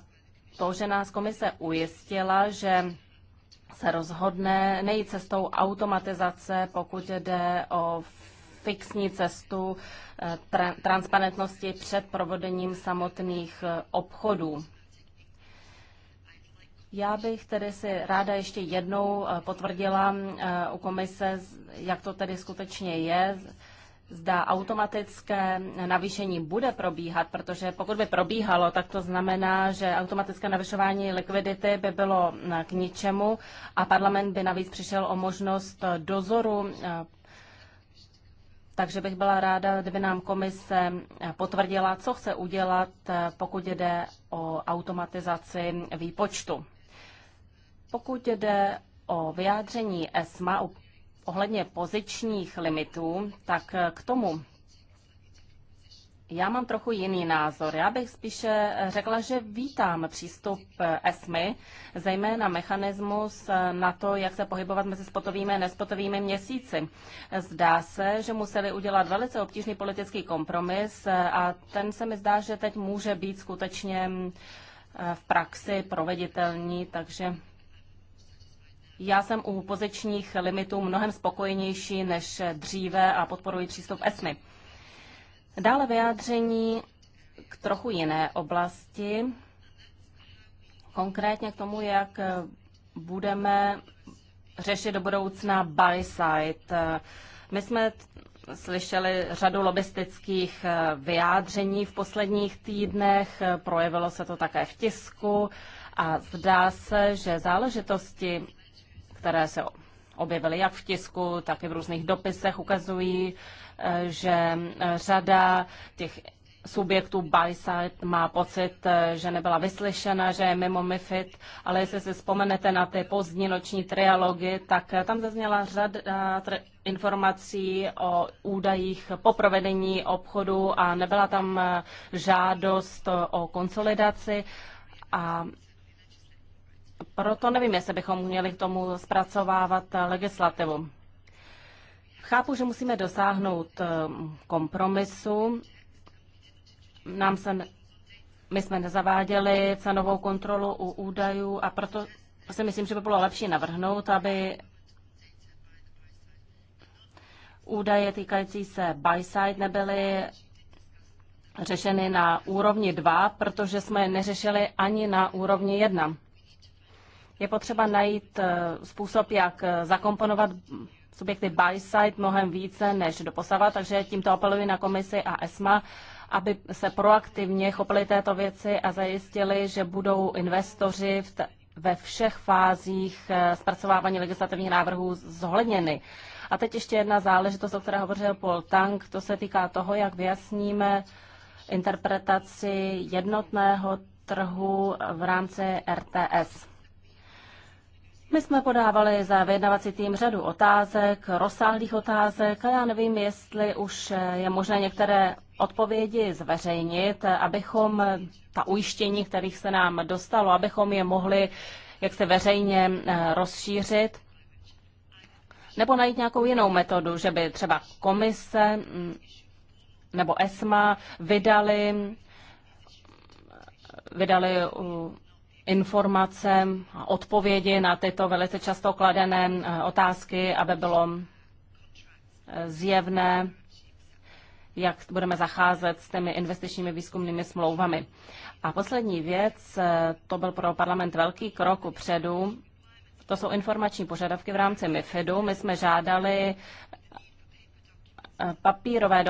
to, že nás komise ujistila, že se rozhodne nejít cestou automatizace, pokud jde o fixní cestu eh, transparentnosti před provedením samotných eh, obchodů. Já bych tedy si ráda ještě jednou eh, potvrdila eh, u komise, jak to tedy skutečně je, zda automatické navýšení bude probíhat, protože pokud by probíhalo, tak to znamená, že automatické navyšování likvidity by bylo eh, k ničemu a parlament by navíc přišel o možnost dozoru. Takže bych byla ráda, kdyby nám komise potvrdila, co chce udělat, pokud jde o automatizaci výpočtu. Pokud jde o vyjádření ESMA ohledně pozičních limitů, tak eh, k tomu já mám trochu jiný názor. Já bych spíše řekla, že vítám přístup ESMY, zejména mechanismus eh, na to, jak se pohybovat mezi spotovými a nespotovými měsíci. Zdá se, že museli udělat velice obtížný politický kompromis eh, a ten se mi zdá, že teď může být skutečně mm, v praxi proveditelný, takže já jsem u pozičních limitů mnohem spokojenější než dříve a podporuji přístup ESMY. Dále vyjádření k trochu jiné oblasti, konkrétně k tomu, jak budeme řešit do budoucna buy side. My jsme slyšeli řadu lobistických vyjádření v posledních týdnech, projevilo se to také v tisku a zdá se, že záležitosti které se objevily jak v tisku, tak i v různých dopisech, ukazují, eh, že eh, řada těch subjektů Byside má pocit, eh, že nebyla vyslyšena, že je mimo MIFID, ale jestli si vzpomenete na ty pozdní noční trialogy, tak tam zazněla řada informací o údajích po provedení obchodu a nebyla tam žádost o konsolidaci a proto nevím, jestli bychom měli k tomu zpracovávat legislativu. Chápu, že musíme dosáhnout eh, kompromisu. Nám se, my jsme nezaváděli cenovou kontrolu u údajů a proto si myslím, že by bylo lepší navrhnout, aby údaje týkající se buy-side nebyly řešeny na úrovni 2, protože jsme je neřešili ani na úrovni 1. Je potřeba najít eh, způsob, jak eh, zakomponovat subjekty buy-side mnohem více než doposava, takže tímto apeluji na komisi a ESMA, aby se proaktivně chopili této věci a zajistili, že budou investoři v ve všech fázích eh, zpracovávání legislativních návrhů zohledněny. A teď ještě jedna záležitost, o které hovořil Paul Tank, to se týká toho, jak vyjasníme interpretaci jednotného trhu v rámci RTS. My jsme podávali za vyjednavací tým řadu otázek, rozsáhlých otázek a já nevím, jestli už je možné některé odpovědi zveřejnit, abychom ta ujištění, kterých se nám dostalo, abychom je mohli jak se veřejně eh, rozšířit, nebo najít nějakou jinou metodu, že by třeba komise mm, nebo ESMA vydali, vydali informace a odpovědi na tyto velice často kladené eh, otázky, aby bylo eh, zjevné, jak budeme zacházet s těmi investičními výzkumnými smlouvami. A poslední věc, eh, to byl pro parlament velký krok upředu, to jsou informační požadavky v rámci MIFIDu. My jsme žádali papírové,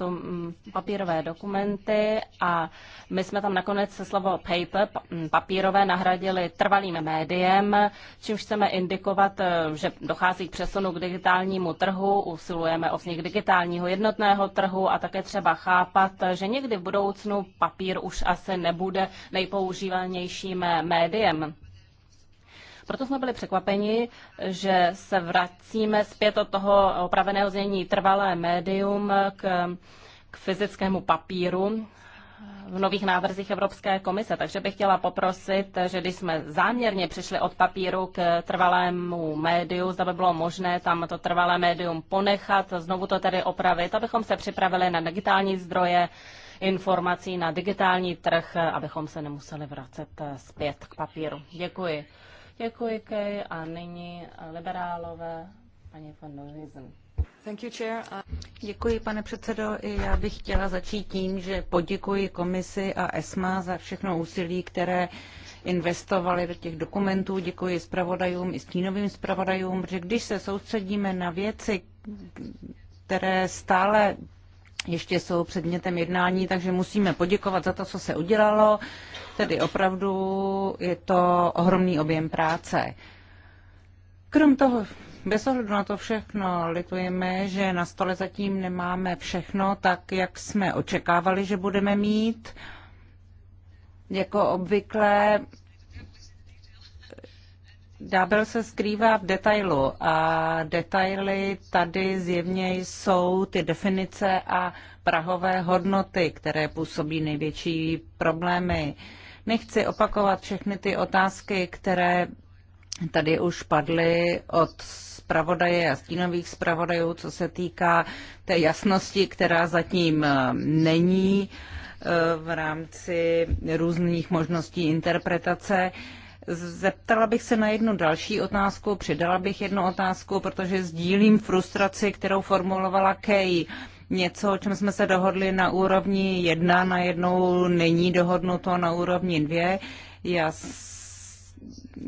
mm, papírové dokumenty a my jsme tam nakonec se slovo paper, mm, papírové, nahradili trvalým médiem, čímž chceme indikovat, eh, že dochází k přesunu k digitálnímu trhu, usilujeme o vznik digitálního jednotného trhu a také třeba chápat, že někdy v budoucnu papír už asi nebude nejpoužívanějším eh, médiem. Proto jsme byli překvapeni, že se vracíme zpět od toho opraveného znění trvalé médium k, k fyzickému papíru v nových návrzích Evropské komise. Takže bych chtěla poprosit, že když jsme záměrně přišli od papíru k trvalému médiu, zda by bylo možné tam to trvalé médium ponechat, znovu to tedy opravit, abychom se připravili na digitální zdroje informací, na digitální trh, abychom se nemuseli vracet zpět k papíru. Děkuji jako IKEA a nyní liberálové paní von Neusen. Uh, Děkuji, pane předsedo. Já bych chtěla začít tím, že poděkuji komisi a ESMA za všechno úsilí, které investovali do těch dokumentů. Děkuji zpravodajům i stínovým zpravodajům, že když se soustředíme na věci, které stále ještě jsou předmětem jednání, takže musíme poděkovat za to, co se udělalo. Tedy opravdu je to ohromný objem práce. Krom toho, bez ohledu na to všechno, litujeme, že na stole zatím nemáme všechno tak, jak jsme očekávali, že budeme mít. Jako obvykle Dábel se skrývá v detailu a detaily tady zjevně jsou ty definice a prahové hodnoty, které působí největší problémy. Nechci opakovat všechny ty otázky, které tady už padly od zpravodaje a stínových zpravodajů, co se týká té jasnosti, která zatím eh, není eh, v rámci různých možností interpretace. Zeptala bych se na jednu další otázku, přidala bych jednu otázku, protože sdílím frustraci, kterou formulovala Kay. Něco, o čem jsme se dohodli na úrovni na najednou není dohodnuto na úrovni dvě. Já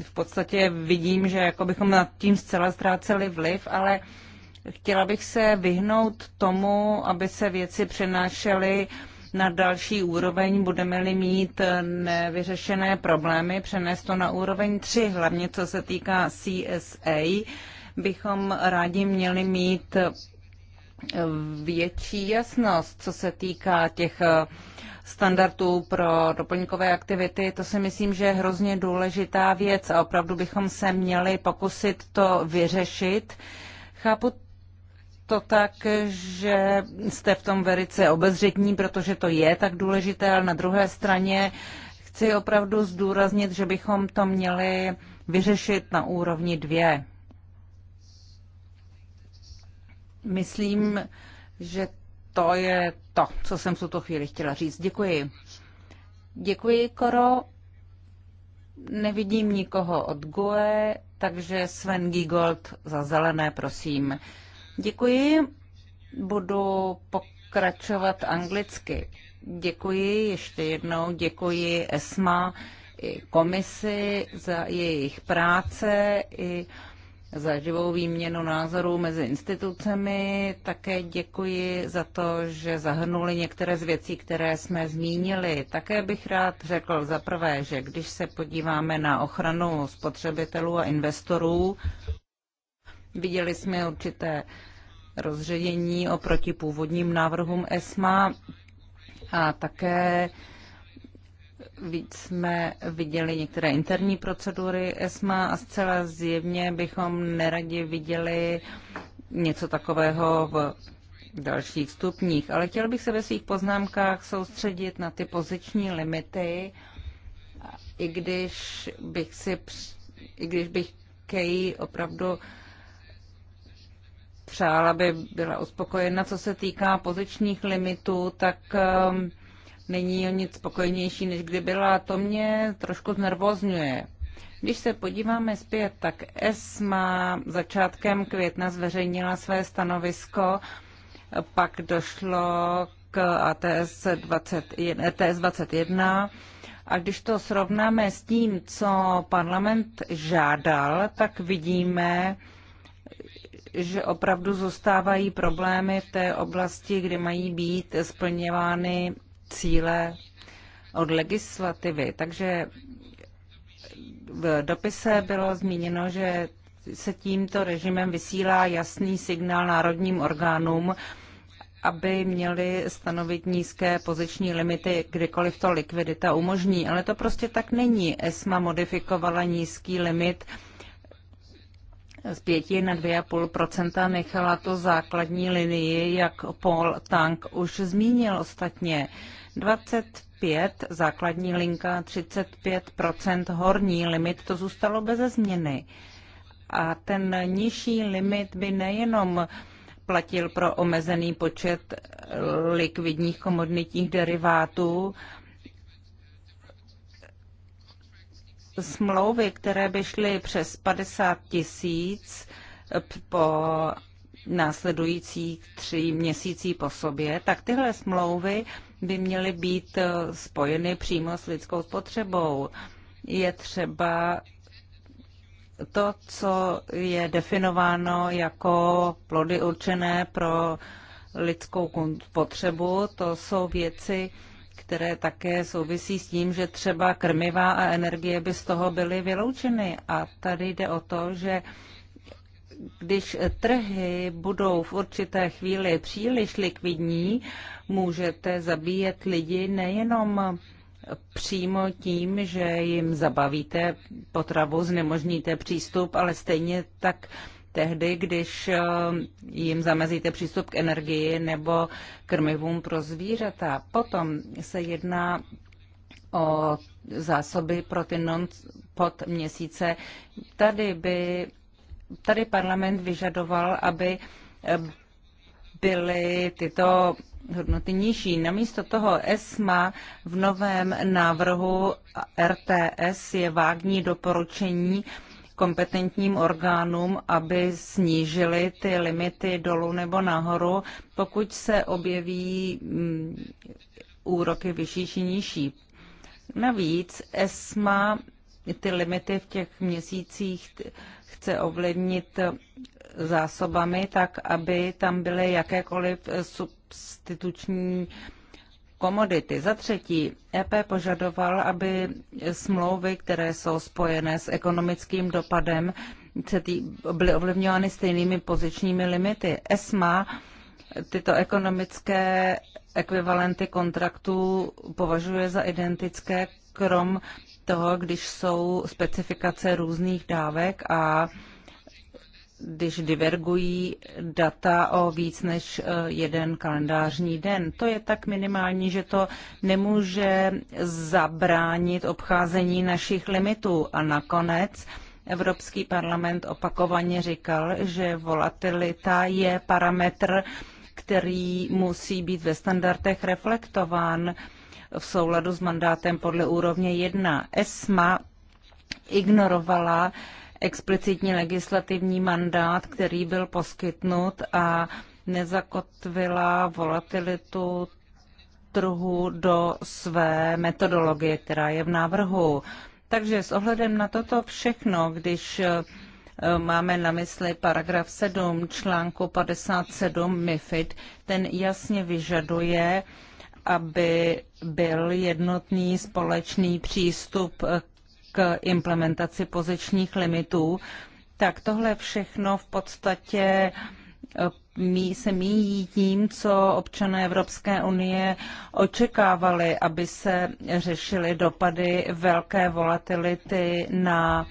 v podstatě vidím, že jako bychom nad tím zcela ztráceli vliv, ale chtěla bych se vyhnout tomu, aby se věci přenášely na další úroveň, budeme-li mít eh, nevyřešené problémy, přenést to na úroveň 3, hlavně co se týká CSA, bychom rádi měli mít eh, větší jasnost, co se týká těch eh, standardů pro doplňkové aktivity. To si myslím, že je hrozně důležitá věc a opravdu bychom se měli pokusit to vyřešit. Chápu to tak, že jste v tom velice obezřetní, protože to je tak důležité, ale na druhé straně chci opravdu zdůraznit, že bychom to měli vyřešit na úrovni dvě. Myslím, že to je to, co jsem v tuto chvíli chtěla říct. Děkuji. Děkuji, Koro. Nevidím nikoho od GUE, takže Sven Gigold za zelené, prosím. Děkuji. Budu pokračovat anglicky. Děkuji ještě jednou, děkuji ESMA i komisi za jejich práce i za živou výměnu názorů mezi institucemi. Také děkuji za to, že zahrnuli některé z věcí, které jsme zmínili. Také bych rád řekl za prvé, že když se podíváme na ochranu spotřebitelů a investorů, Viděli jsme určité rozředění oproti původním návrhům ESMA a také víc jsme viděli některé interní procedury ESMA a zcela zjevně bychom neradě viděli něco takového v dalších stupních. Ale chtěl bych se ve svých poznámkách soustředit na ty poziční limity, i když bych si, i když bych Kej opravdu přála aby byla uspokojena. Co se týká pozičních limitů, tak um, není o nic spokojenější, než kdy byla. To mě trošku znervozňuje. Když se podíváme zpět, tak má začátkem května zveřejnila své stanovisko, pak došlo k ATS 21, ETS 21 a když to srovnáme s tím, co parlament žádal, tak vidíme, že opravdu zůstávají problémy v té oblasti, kde mají být splňovány cíle od legislativy. Takže v dopise bylo zmíněno, že se tímto režimem vysílá jasný signál národním orgánům, aby měli stanovit nízké poziční limity, kdykoliv to likvidita umožní. Ale to prostě tak není. ESMA modifikovala nízký limit z 5 na 2,5 nechala to základní linii, jak Paul Tank už zmínil ostatně. 25 základní linka, 35 horní limit, to zůstalo bez změny. A ten nižší limit by nejenom platil pro omezený počet likvidních komoditních derivátů, smlouvy, které by šly přes 50 tisíc po následujících tři měsící po sobě, tak tyhle smlouvy by měly být eh, spojeny přímo s lidskou spotřebou. Je třeba to, co je definováno jako plody určené pro lidskou potřebu, to jsou věci, které také souvisí s tím, že třeba krmiva a energie by z toho byly vyloučeny. A tady jde o to, že když trhy budou v určité chvíli příliš likvidní, můžete zabíjet lidi nejenom přímo tím, že jim zabavíte potravu, znemožníte přístup, ale stejně tak tehdy, když eh, jim zamezíte přístup k energii nebo krmivům pro zvířata. Potom se jedná o zásoby pro ty non pod měsíce. Tady by tady parlament vyžadoval, aby eh, byly tyto hodnoty nižší. Namísto toho ESMA v novém návrhu RTS je vágní doporučení kompetentním orgánům, aby snížili ty limity dolů nebo nahoru, pokud se objeví mm, úroky vyšší či nižší. Navíc ESMA ty limity v těch měsících chce ovlivnit zásobami tak, aby tam byly jakékoliv eh, substituční komodity. Za třetí, EP požadoval, aby smlouvy, které jsou spojené s ekonomickým dopadem, byly ovlivňovány stejnými pozičními limity. ESMA tyto ekonomické ekvivalenty kontraktů považuje za identické, krom toho, když jsou specifikace různých dávek a když divergují data o víc než eh, jeden kalendářní den. To je tak minimální, že to nemůže zabránit obcházení našich limitů. A nakonec Evropský parlament opakovaně říkal, že volatilita je parametr, který musí být ve standardech reflektován v souladu s mandátem podle úrovně 1. ESMA ignorovala uh, explicitní legislativní mandát, který byl poskytnut a nezakotvila volatilitu trhu do své metodologie, která je v návrhu. Takže s ohledem na toto všechno, když eh, máme na mysli paragraf 7 článku 57 MIFID, ten jasně vyžaduje, aby byl jednotný společný přístup k implementaci pozičních limitů, tak tohle všechno v podstatě eh, mí, se míjí tím, co občané Evropské unie očekávali, aby se řešily dopady velké volatility na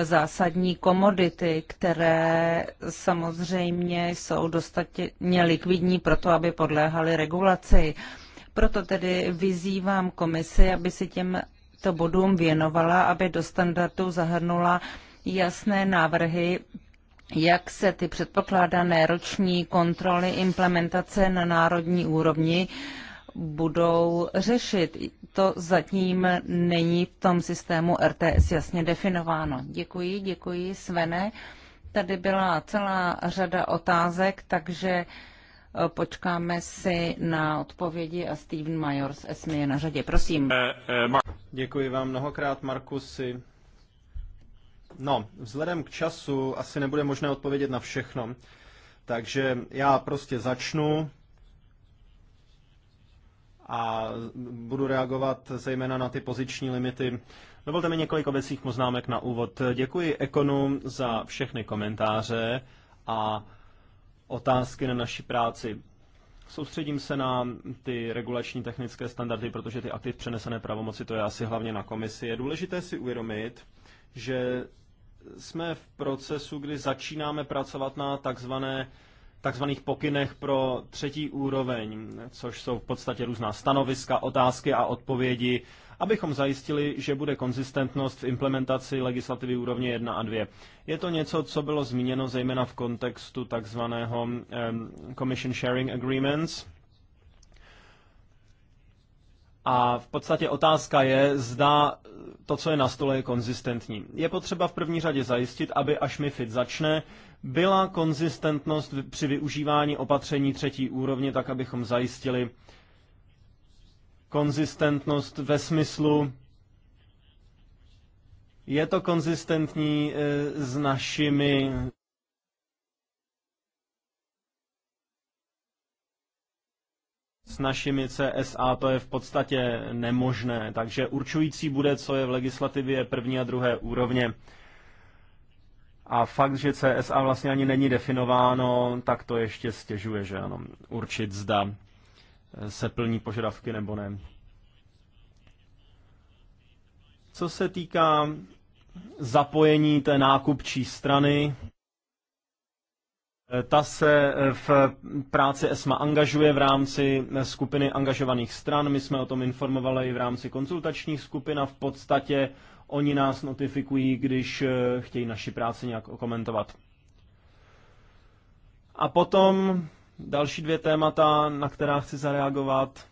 zásadní komodity, které samozřejmě jsou dostatečně likvidní pro to, aby podléhaly regulaci. Proto tedy vyzývám komisi, aby si těm těmto bodům věnovala, aby do standardu zahrnula jasné návrhy, jak se ty předpokládané roční kontroly implementace na národní úrovni budou řešit. To zatím není v tom systému RTS jasně definováno. Děkuji, děkuji Svene. Tady byla celá řada otázek, takže Počkáme si na odpovědi a Steven Major z ESMI je na řadě. Prosím. Eh, eh, Děkuji vám mnohokrát, Markusy. No, vzhledem k času asi nebude možné odpovědět na všechno. Takže já prostě začnu a budu reagovat zejména na ty poziční limity. Dovolte mi několik obecných poznámek na úvod. Děkuji Ekonu za všechny komentáře a otázky na naši práci. Soustředím se na ty regulační technické standardy, protože ty aktiv přenesené pravomoci, to je asi hlavně na komisi. Je důležité si uvědomit, že jsme v procesu, kdy začínáme pracovat na takzvané takzvaných pokynech pro třetí úroveň, což jsou v podstatě různá stanoviska, otázky a odpovědi abychom zajistili, že bude konzistentnost v implementaci legislativy úrovně 1 a 2. Je to něco, co bylo zmíněno zejména v kontextu takzvaného Commission Sharing Agreements, a v podstatě otázka je, zda to, co je na stole, je konzistentní. Je potřeba v první řadě zajistit, aby až MIFID začne, byla konzistentnost při využívání opatření třetí úrovně, tak abychom zajistili konzistentnost ve smyslu, je to konzistentní eh, s našimi s našimi CSA to je v podstatě nemožné, takže určující bude, co je v legislativě první a druhé úrovně. A fakt, že CSA vlastně ani není definováno, tak to ještě stěžuje, že ano, určit zda se plní požadavky nebo ne. Co se týká zapojení té nákupčí strany, ta se v práci ESMA angažuje v rámci skupiny angažovaných stran. My jsme o tom informovali i v rámci konzultačních skupin a v podstatě oni nás notifikují, když eh, chtějí naši práci nějak okomentovat. A potom Další dvě témata, na která chci zareagovat.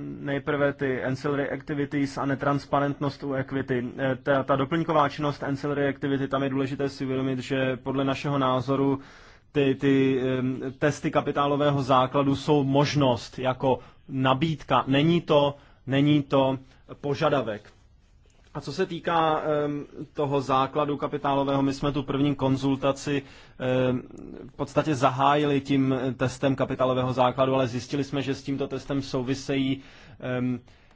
Nejprve ty ancillary activities a netransparentnost u equity. E, ta, ta doplňková činnost ancillary activity, tam je důležité si uvědomit, že podle našeho názoru ty, ty testy kapitálového základu jsou možnost jako nabídka. Není to, není to požadavek. A co se týká toho základu kapitálového, my jsme tu první konzultaci v podstatě zahájili tím testem kapitálového základu, ale zjistili jsme, že s tímto testem souvisejí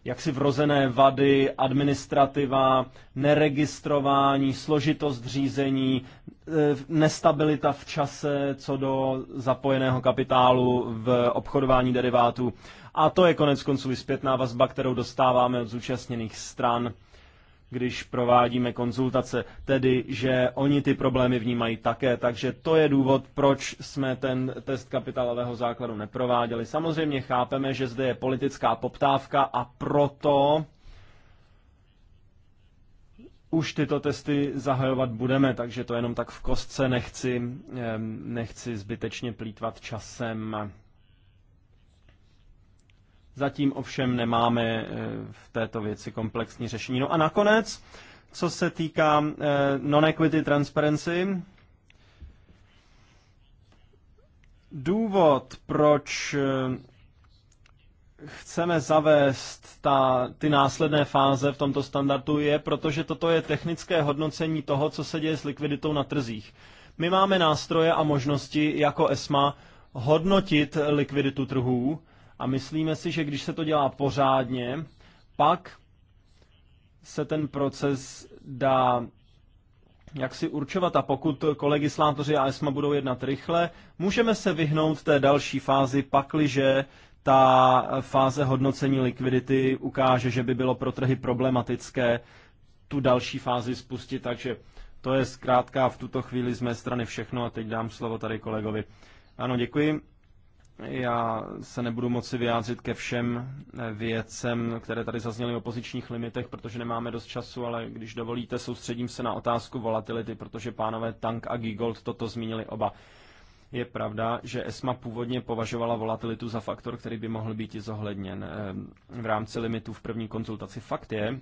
jaksi vrozené vady, administrativa, neregistrování, složitost řízení, eh, nestabilita v čase co do zapojeného kapitálu v obchodování derivátů. A to je konec konců i zpětná vazba, kterou dostáváme od zúčastněných stran když provádíme konzultace, tedy že oni ty problémy vnímají také, takže to je důvod, proč jsme ten test kapitálového základu neprováděli. Samozřejmě chápeme, že zde je politická poptávka a proto už tyto testy zahajovat budeme, takže to jenom tak v kostce nechci, nechci zbytečně plítvat časem. Zatím ovšem nemáme eh, v této věci komplexní řešení. No a nakonec, co se týká eh, non-equity transparency, důvod, proč eh, chceme zavést ta, ty následné fáze v tomto standardu je, protože toto je technické hodnocení toho, co se děje s likviditou na trzích. My máme nástroje a možnosti jako ESMA hodnotit likviditu trhů a myslíme si, že když se to dělá pořádně, pak se ten proces dá jak si určovat a pokud kolegislátoři a ESMA budou jednat rychle, můžeme se vyhnout té další fázi, pakliže ta fáze hodnocení likvidity ukáže, že by bylo pro trhy problematické tu další fázi spustit, takže to je zkrátka v tuto chvíli z mé strany všechno a teď dám slovo tady kolegovi. Ano, děkuji. Já se nebudu moci vyjádřit ke všem eh, věcem, které tady zazněly o pozičních limitech, protože nemáme dost času, ale když dovolíte, soustředím se na otázku volatility, protože pánové Tank a Gigold toto zmínili oba. Je pravda, že ESMA původně považovala volatilitu za faktor, který by mohl být i zohledněn eh, v rámci limitu v první konzultaci. Fakt je,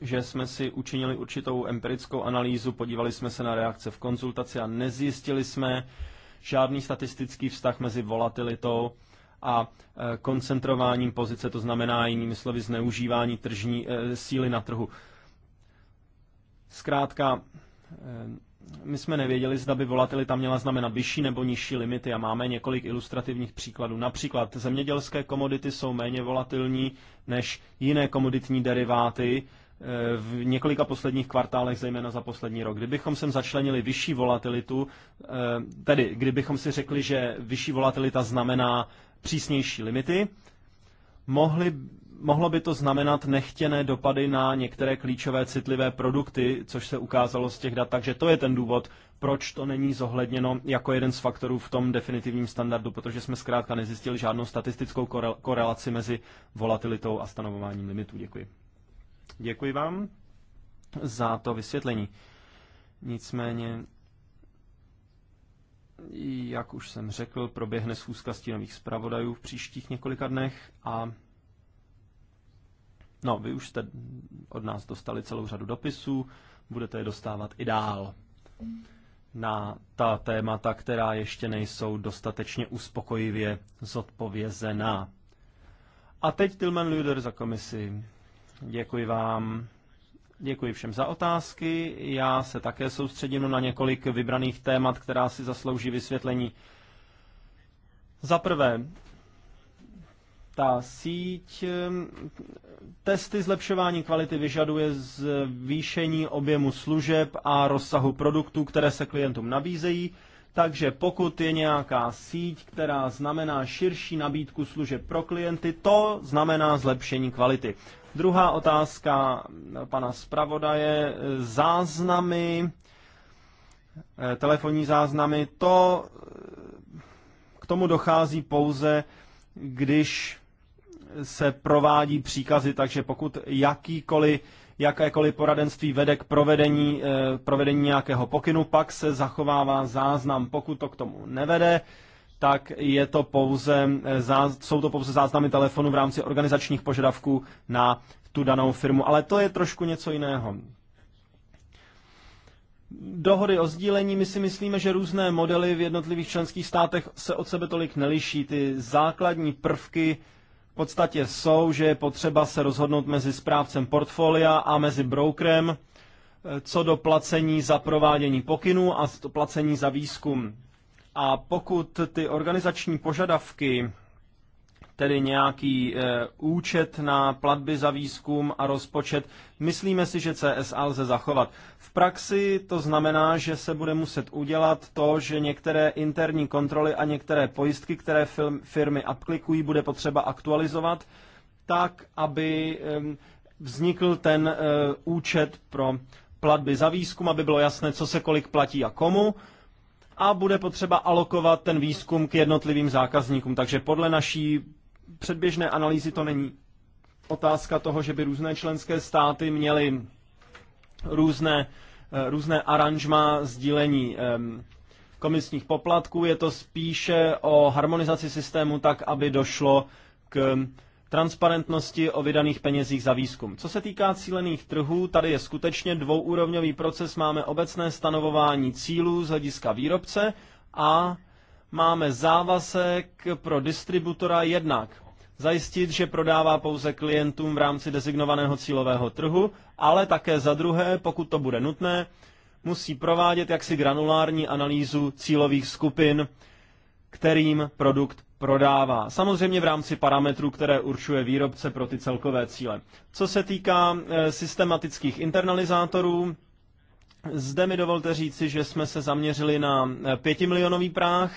že jsme si učinili určitou empirickou analýzu, podívali jsme se na reakce v konzultaci a nezjistili jsme, žádný statistický vztah mezi volatilitou a e, koncentrováním pozice, to znamená jinými slovy zneužívání tržní e, síly na trhu. Zkrátka, e, my jsme nevěděli, zda by volatilita měla znamenat vyšší nebo nižší limity a máme několik ilustrativních příkladů. Například zemědělské komodity jsou méně volatilní než jiné komoditní deriváty, v několika posledních kvartálech, zejména za poslední rok. Kdybychom sem začlenili vyšší volatilitu, eh, tedy kdybychom si řekli, že vyšší volatilita znamená přísnější limity, mohli, mohlo by to znamenat nechtěné dopady na některé klíčové citlivé produkty, což se ukázalo z těch dat, takže to je ten důvod, proč to není zohledněno jako jeden z faktorů v tom definitivním standardu, protože jsme zkrátka nezjistili žádnou statistickou korelaci mezi volatilitou a stanovováním limitů. Děkuji. Děkuji vám za to vysvětlení. Nicméně, jak už jsem řekl, proběhne schůzka stínových zpravodajů v příštích několika dnech a no, vy už jste od nás dostali celou řadu dopisů, budete je dostávat i dál na ta témata, která ještě nejsou dostatečně uspokojivě zodpovězená. A teď Tilman Luder za komisi. Děkuji vám. Děkuji všem za otázky. Já se také soustředím na několik vybraných témat, která si zaslouží vysvětlení. Za prvé, ta síť ehm, testy zlepšování kvality vyžaduje zvýšení objemu služeb a rozsahu produktů, které se klientům nabízejí takže pokud je nějaká síť, která znamená širší nabídku služeb pro klienty, to znamená zlepšení kvality. Druhá otázka pana zpravodaje. Záznamy, eh, telefonní záznamy, to eh, k tomu dochází pouze, když se provádí příkazy, takže pokud jakýkoliv jakékoliv poradenství vede k provedení, eh, provedení nějakého pokynu, pak se zachovává záznam. Pokud to k tomu nevede, tak je to pouze, eh, jsou to pouze záznamy telefonu v rámci organizačních požadavků na tu danou firmu. Ale to je trošku něco jiného. Dohody o sdílení, my si myslíme, že různé modely v jednotlivých členských státech se od sebe tolik neliší. Ty základní prvky v podstatě jsou, že je potřeba se rozhodnout mezi správcem portfolia a mezi brokerem eh, co do placení za provádění pokynů a placení za výzkum. A pokud ty organizační požadavky tedy nějaký e, účet na platby za výzkum a rozpočet. Myslíme si, že CSA lze zachovat. V praxi to znamená, že se bude muset udělat to, že některé interní kontroly a některé pojistky, které firmy aplikují, bude potřeba aktualizovat tak, aby e, vznikl ten e, účet pro platby za výzkum, aby bylo jasné, co se kolik platí a komu a bude potřeba alokovat ten výzkum k jednotlivým zákazníkům. Takže podle naší předběžné analýzy to není otázka toho, že by různé členské státy měly různé, eh, různé aranžma sdílení komisních poplatků. Je to spíše o harmonizaci systému tak, aby došlo k transparentnosti o vydaných penězích za výzkum. Co se týká cílených trhů, tady je skutečně dvouúrovňový proces. Máme obecné stanovování cílů z hlediska výrobce a máme závazek pro distributora jednak zajistit, že prodává pouze klientům v rámci designovaného cílového trhu, ale také za druhé, pokud to bude nutné, musí provádět jaksi granulární analýzu cílových skupin, kterým produkt prodává. Samozřejmě v rámci parametrů, které určuje výrobce pro ty celkové cíle. Co se týká e, systematických internalizátorů, zde mi dovolte říci, že jsme se zaměřili na 5 e, milionový práh,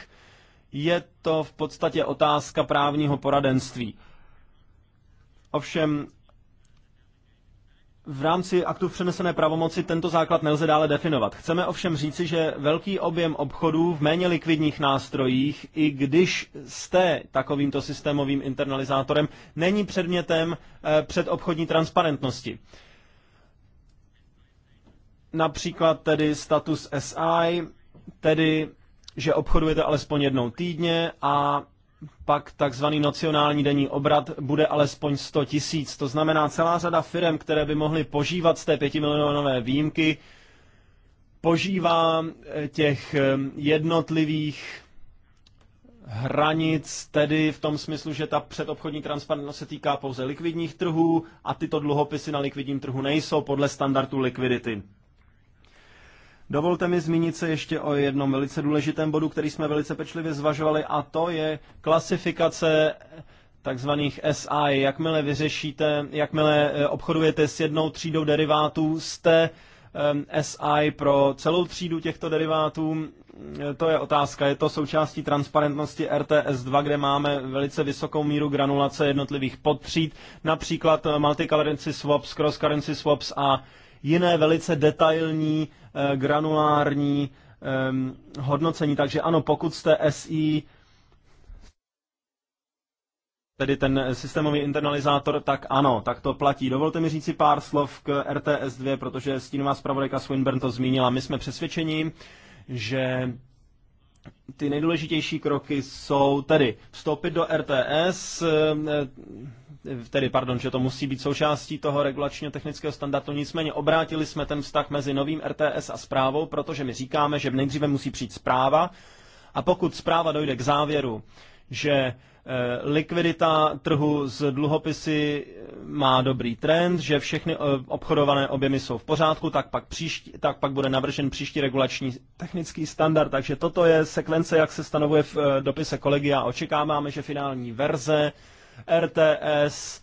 je to v podstatě otázka právního poradenství. Ovšem, v rámci aktu přenesené pravomoci tento základ nelze dále definovat. Chceme ovšem říci, že velký objem obchodů v méně likvidních nástrojích, i když jste takovýmto systémovým internalizátorem, není předmětem eh, předobchodní transparentnosti. Například tedy status SI, tedy že obchodujete alespoň jednou týdně a pak takzvaný nacionální denní obrat bude alespoň 100 tisíc. To znamená, celá řada firm, které by mohly požívat z té 5 milionové výjimky, požívá eh, těch eh, jednotlivých hranic, tedy v tom smyslu, že ta předobchodní transparentnost se týká pouze likvidních trhů a tyto dluhopisy na likvidním trhu nejsou podle standardu likvidity. Dovolte mi zmínit se ještě o jednom velice důležitém bodu, který jsme velice pečlivě zvažovali, a to je klasifikace takzvaných SI. Jakmile vyřešíte, jakmile eh, obchodujete s jednou třídou derivátů, jste ehm, SI pro celou třídu těchto derivátů? Eh, to je otázka. Je to součástí transparentnosti RTS 2, kde máme velice vysokou míru granulace jednotlivých podtříd, například eh, multi-currency swaps, cross-currency swaps a jiné velice detailní, eh, granulární hodnocení. Takže ano, pokud jste SI, tedy ten systémový internalizátor, tak ano, tak to platí. Dovolte mi říci pár slov k RTS 2, protože stínová zpravodajka Swinburne to zmínila. My jsme přesvědčeni, že ty nejdůležitější kroky jsou tedy vstoupit do RTS, eh, tedy pardon, že to musí být součástí toho regulačního technického standardu. Nicméně obrátili jsme ten vztah mezi novým RTS a zprávou, protože my říkáme, že nejdříve musí přijít zpráva a pokud zpráva dojde k závěru, že eh, likvidita trhu z dluhopisy eh, má dobrý trend, že všechny eh, obchodované objemy jsou v pořádku, tak pak, příští, tak pak bude navržen příští regulační technický standard. Takže toto je sekvence, jak se stanovuje v dopise a Očekáváme, že finální verze RTS,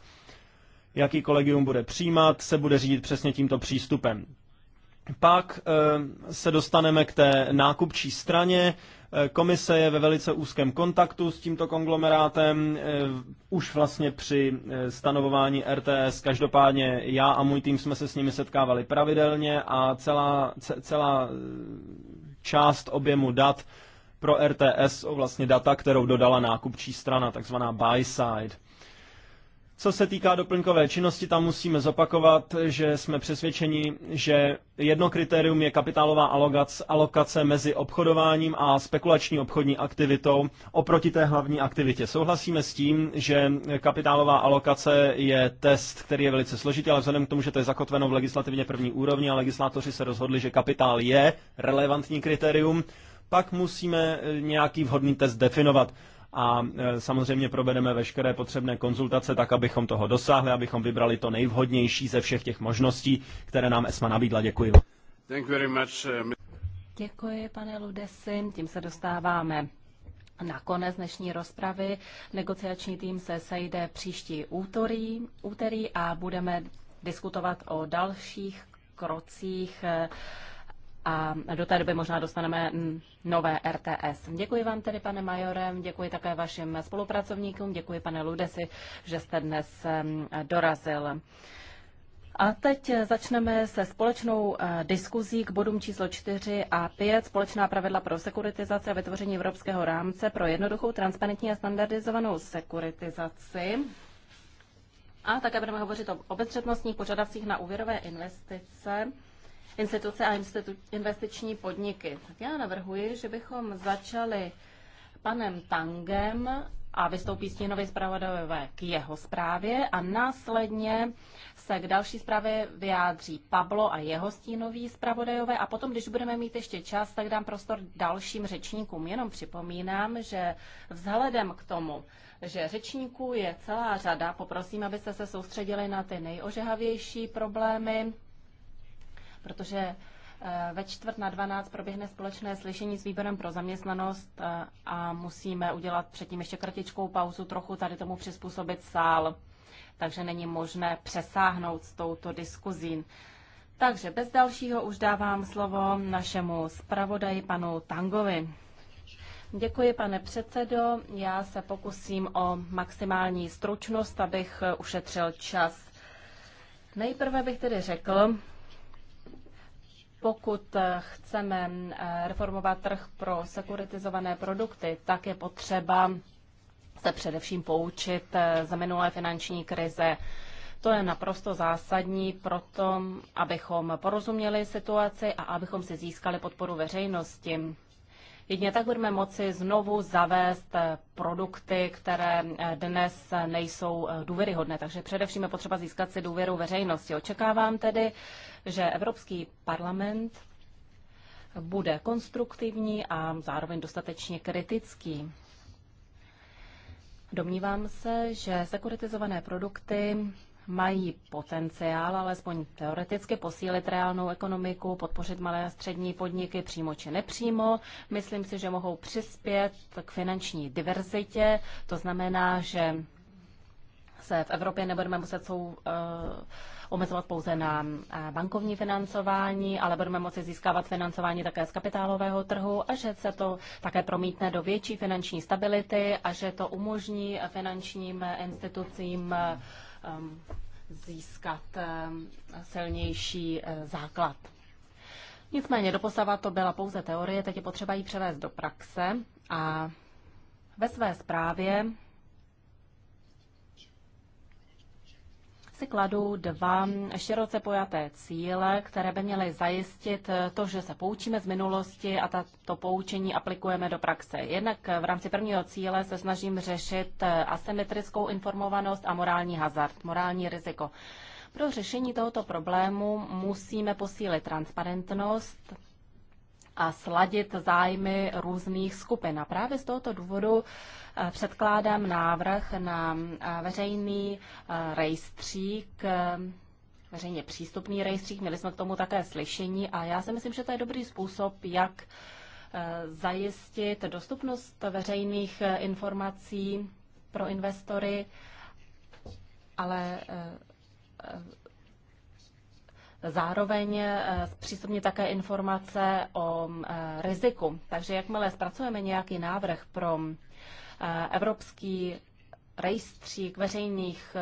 jaký kolegium bude přijímat, se bude řídit přesně tímto přístupem. Pak eh, se dostaneme k té nákupčí straně. Eh, komise je ve velice úzkém kontaktu s tímto konglomerátem, eh, už vlastně při stanovování RTS. Každopádně já a můj tým jsme se s nimi setkávali pravidelně a celá, celá část objemu dat pro RTS o vlastně data, kterou dodala nákupčí strana, takzvaná buy side. Co se týká doplňkové činnosti, tam musíme zopakovat, že jsme přesvědčeni, že jedno kritérium je kapitálová alokace mezi obchodováním a spekulační obchodní aktivitou oproti té hlavní aktivitě. Souhlasíme s tím, že kapitálová alokace je test, který je velice složitý, ale vzhledem k tomu, že to je zakotveno v legislativně první úrovni a legislátoři se rozhodli, že kapitál je relevantní kritérium, pak musíme e, nějaký vhodný test definovat a e, samozřejmě provedeme veškeré potřebné konzultace tak, abychom toho dosáhli, abychom vybrali to nejvhodnější ze všech těch možností, které nám ESMA nabídla. Děkuji. Thank you very much. Uh, Děkuji, pane Ludesi. Tím se dostáváme na konec dnešní rozpravy. Negociační tým se sejde příští úterý, úterý a budeme diskutovat o dalších krocích eh, a do té doby možná dostaneme nové RTS. Děkuji vám tedy, pane majorem, děkuji také vašim spolupracovníkům, děkuji pane Ludesi, že jste dnes dorazil. A teď začneme se společnou eh, diskuzí k bodům číslo 4 a 5, společná pravidla pro sekuritizaci a vytvoření evropského rámce pro jednoduchou, transparentní a standardizovanou sekuritizaci. A také budeme hovořit o obezřetnostních požadavcích na úvěrové investice instituce a institu- investiční podniky. Tak já navrhuji, že bychom začali panem Tangem a vystoupí stínový zpravodajové k jeho zprávě a následně se k další zprávě vyjádří Pablo a jeho stínový zpravodajové a potom, když budeme mít ještě čas, tak dám prostor dalším řečníkům. Jenom připomínám, že vzhledem k tomu, že řečníků je celá řada, poprosím, abyste se soustředili na ty nejožehavější problémy, protože eh, ve čtvrt na 12 proběhne společné slyšení s výborem pro zaměstnanost eh, a musíme udělat předtím ještě kratičkou pauzu, trochu tady tomu přizpůsobit sál, takže není možné přesáhnout s touto diskuzí. Takže bez dalšího už dávám slovo našemu zpravodaji panu Tangovi. Děkuji, pane předsedo. Já se pokusím o maximální stručnost, abych ušetřil čas. Nejprve bych tedy řekl, pokud eh, chceme eh, reformovat trh pro sekuritizované produkty, tak je potřeba se především poučit eh, ze minulé finanční krize. To je naprosto zásadní pro to, abychom porozuměli situaci a abychom si získali podporu veřejnosti. Jedině tak budeme moci znovu zavést eh, produkty, které eh, dnes eh, nejsou důvěryhodné. Takže především je potřeba získat si důvěru veřejnosti. Očekávám tedy, že Evropský parlament bude konstruktivní a zároveň dostatečně kritický. Domnívám se, že sekuritizované produkty mají potenciál, alespoň teoreticky, posílit reálnou ekonomiku, podpořit malé a střední podniky přímo či nepřímo. Myslím si, že mohou přispět k finanční diverzitě. To znamená, že se v Evropě nebudeme muset sou, uh, omezovat pouze na eh, bankovní financování, ale budeme moci získávat financování také z kapitálového trhu a že se to také promítne do větší finanční stability a že to umožní finančním institucím uh, Um, získat um, silnější uh, základ. Nicméně doposava to byla pouze teorie, teď je potřeba ji převést do praxe a ve své zprávě si kladu dva široce pojaté cíle, které by měly zajistit eh, to, že se poučíme z minulosti a to poučení aplikujeme do praxe. Jednak eh, v rámci prvního cíle se snažím řešit eh, asymetrickou informovanost a morální hazard, morální riziko. Pro řešení tohoto problému musíme posílit transparentnost, a sladit zájmy různých skupin. A právě z tohoto důvodu eh, předkládám návrh na eh, veřejný eh, rejstřík veřejně přístupný rejstřík. Měli jsme k tomu také slyšení a já si myslím, že to je dobrý způsob, jak zajistit dostupnost veřejných informací pro investory, ale Zároveň eh, zpřístupní také informace o eh, riziku. Takže jakmile zpracujeme nějaký návrh pro eh, evropský rejstřík veřejných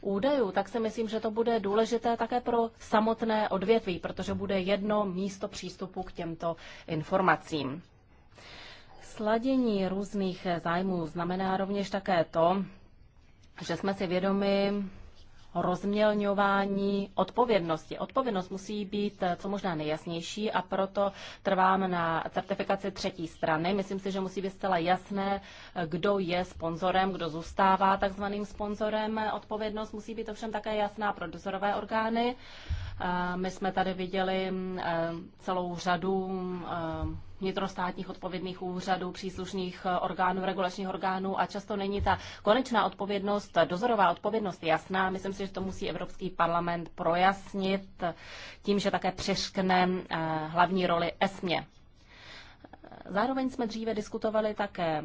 údajů, tak si myslím, že to bude důležité také pro samotné odvětví, protože bude jedno místo přístupu k těmto informacím. Sladění různých zájmů znamená rovněž také to, že jsme si vědomi rozmělňování odpovědnosti. Odpovědnost musí být eh, co možná nejjasnější a proto trvám na certifikaci třetí strany. Myslím si, že musí být zcela jasné, eh, kdo je sponzorem, kdo zůstává takzvaným sponzorem. Eh, odpovědnost musí být ovšem také jasná pro dozorové orgány. My jsme tady viděli mm, celou řadu mm, vnitrostátních odpovědných úřadů, příslušných eh, orgánů, regulačních orgánů a často není ta konečná odpovědnost, dozorová odpovědnost jasná. Myslím si, že to musí Evropský parlament projasnit tím, že také přeškne eh, hlavní roli ESMě. Zároveň jsme dříve diskutovali také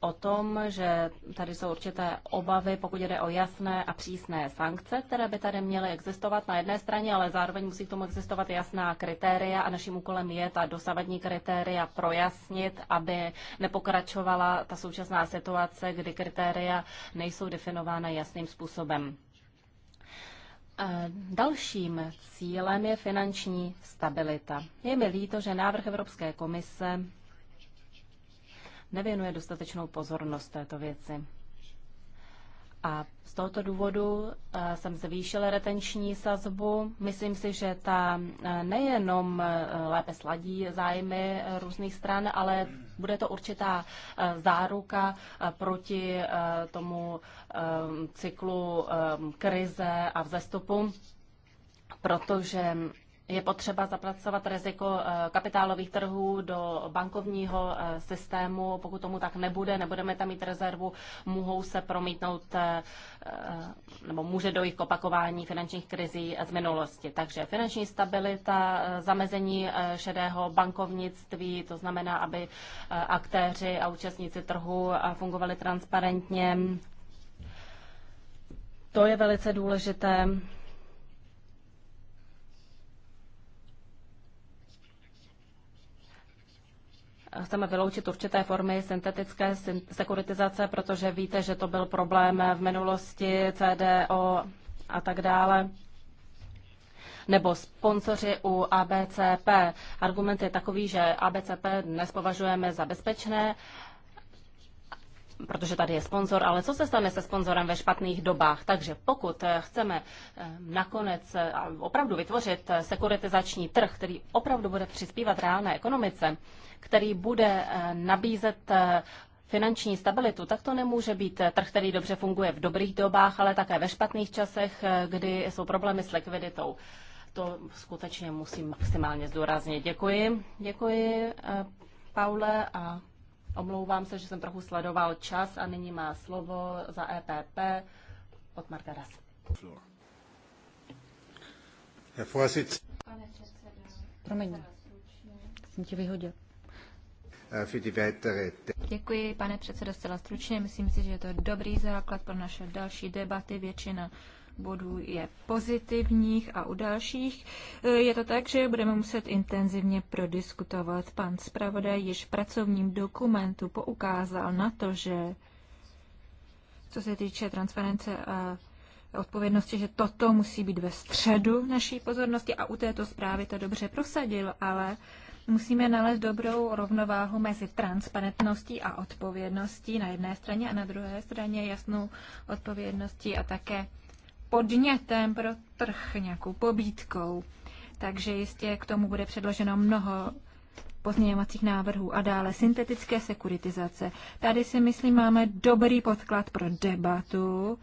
o tom, že tady jsou určité obavy, pokud jde o jasné a přísné sankce, které by tady měly existovat na jedné straně, ale zároveň musí k tomu existovat jasná kritéria a naším úkolem je ta dosavadní kritéria projasnit, aby nepokračovala ta současná situace, kdy kritéria nejsou definována jasným způsobem. Dalším cílem je finanční stabilita. Je mi líto, že návrh Evropské komise nevěnuje dostatečnou pozornost této věci. A z tohoto důvodu eh, jsem zvýšil retenční sazbu. Myslím si, že ta eh, nejenom eh, lépe sladí zájmy různých stran, ale bude to určitá záruka proti tomu cyklu krize a vzestupu, protože je potřeba zapracovat riziko eh, kapitálových trhů do bankovního eh, systému. Pokud tomu tak nebude, nebudeme tam mít rezervu, mohou se promítnout eh, nebo může dojít k opakování finančních krizí z minulosti. Takže finanční stabilita, zamezení šedého bankovnictví, to znamená, aby aktéři a účastníci trhu fungovali transparentně. To je velice důležité. chceme vyloučit určité formy syntetické sekuritizace, protože víte, že to byl problém v minulosti, CDO a tak dále nebo sponzoři u ABCP. Argument je takový, že ABCP dnes považujeme za bezpečné protože tady je sponzor, ale co se stane se sponzorem ve špatných dobách? Takže pokud eh, chceme eh, nakonec eh, opravdu vytvořit sekuritizační trh, který opravdu bude přispívat reálné ekonomice, který bude nabízet finanční stabilitu, tak to nemůže být trh, který dobře funguje v dobrých dobách, ale také ve špatných časech, kdy jsou problémy s likviditou. To skutečně musím maximálně zdůraznit. Děkuji. Děkuji, Paule, a Omlouvám se, že jsem trochu sledoval čas a nyní má slovo za EPP od Marka Ras. Pane eh, Děkuji, pane předsedo, zcela stručně. Myslím si, že je to dobrý základ pro naše další debaty. Většina bodů je pozitivních a u dalších eh, je to tak, že budeme muset intenzivně prodiskutovat. Pan zpravodaj již v pracovním dokumentu poukázal na to, že co se týče transparence a odpovědnosti, že toto musí být ve středu naší pozornosti a u této zprávy to dobře prosadil, ale musíme nalézt dobrou rovnováhu mezi transparentností a odpovědností na jedné straně a na druhé straně jasnou odpovědností a také podnětem pro trh, nějakou pobídkou. Takže jistě k tomu bude předloženo mnoho pozměňovacích návrhů a dále syntetické sekuritizace. Tady si myslím, máme dobrý podklad pro debatu.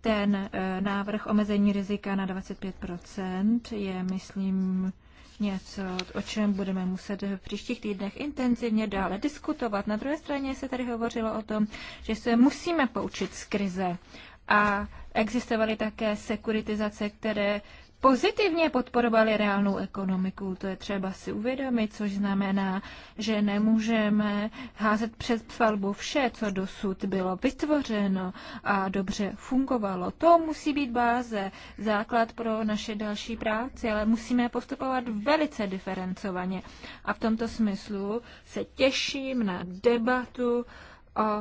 Ten e, návrh omezení rizika na 25% je, myslím, něco, o čem budeme muset v příštích týdnech intenzivně dále diskutovat. Na druhé straně se tady hovořilo o tom, že se musíme poučit z krize a existovaly také sekuritizace, které pozitivně podporovaly reálnou ekonomiku. To je třeba si uvědomit, což znamená, že nemůžeme házet přes palbu vše, co dosud bylo vytvořeno a dobře fungovalo. To musí být báze, základ pro naše další práci, ale musíme postupovat velice diferencovaně. A v tomto smyslu se těším na debatu o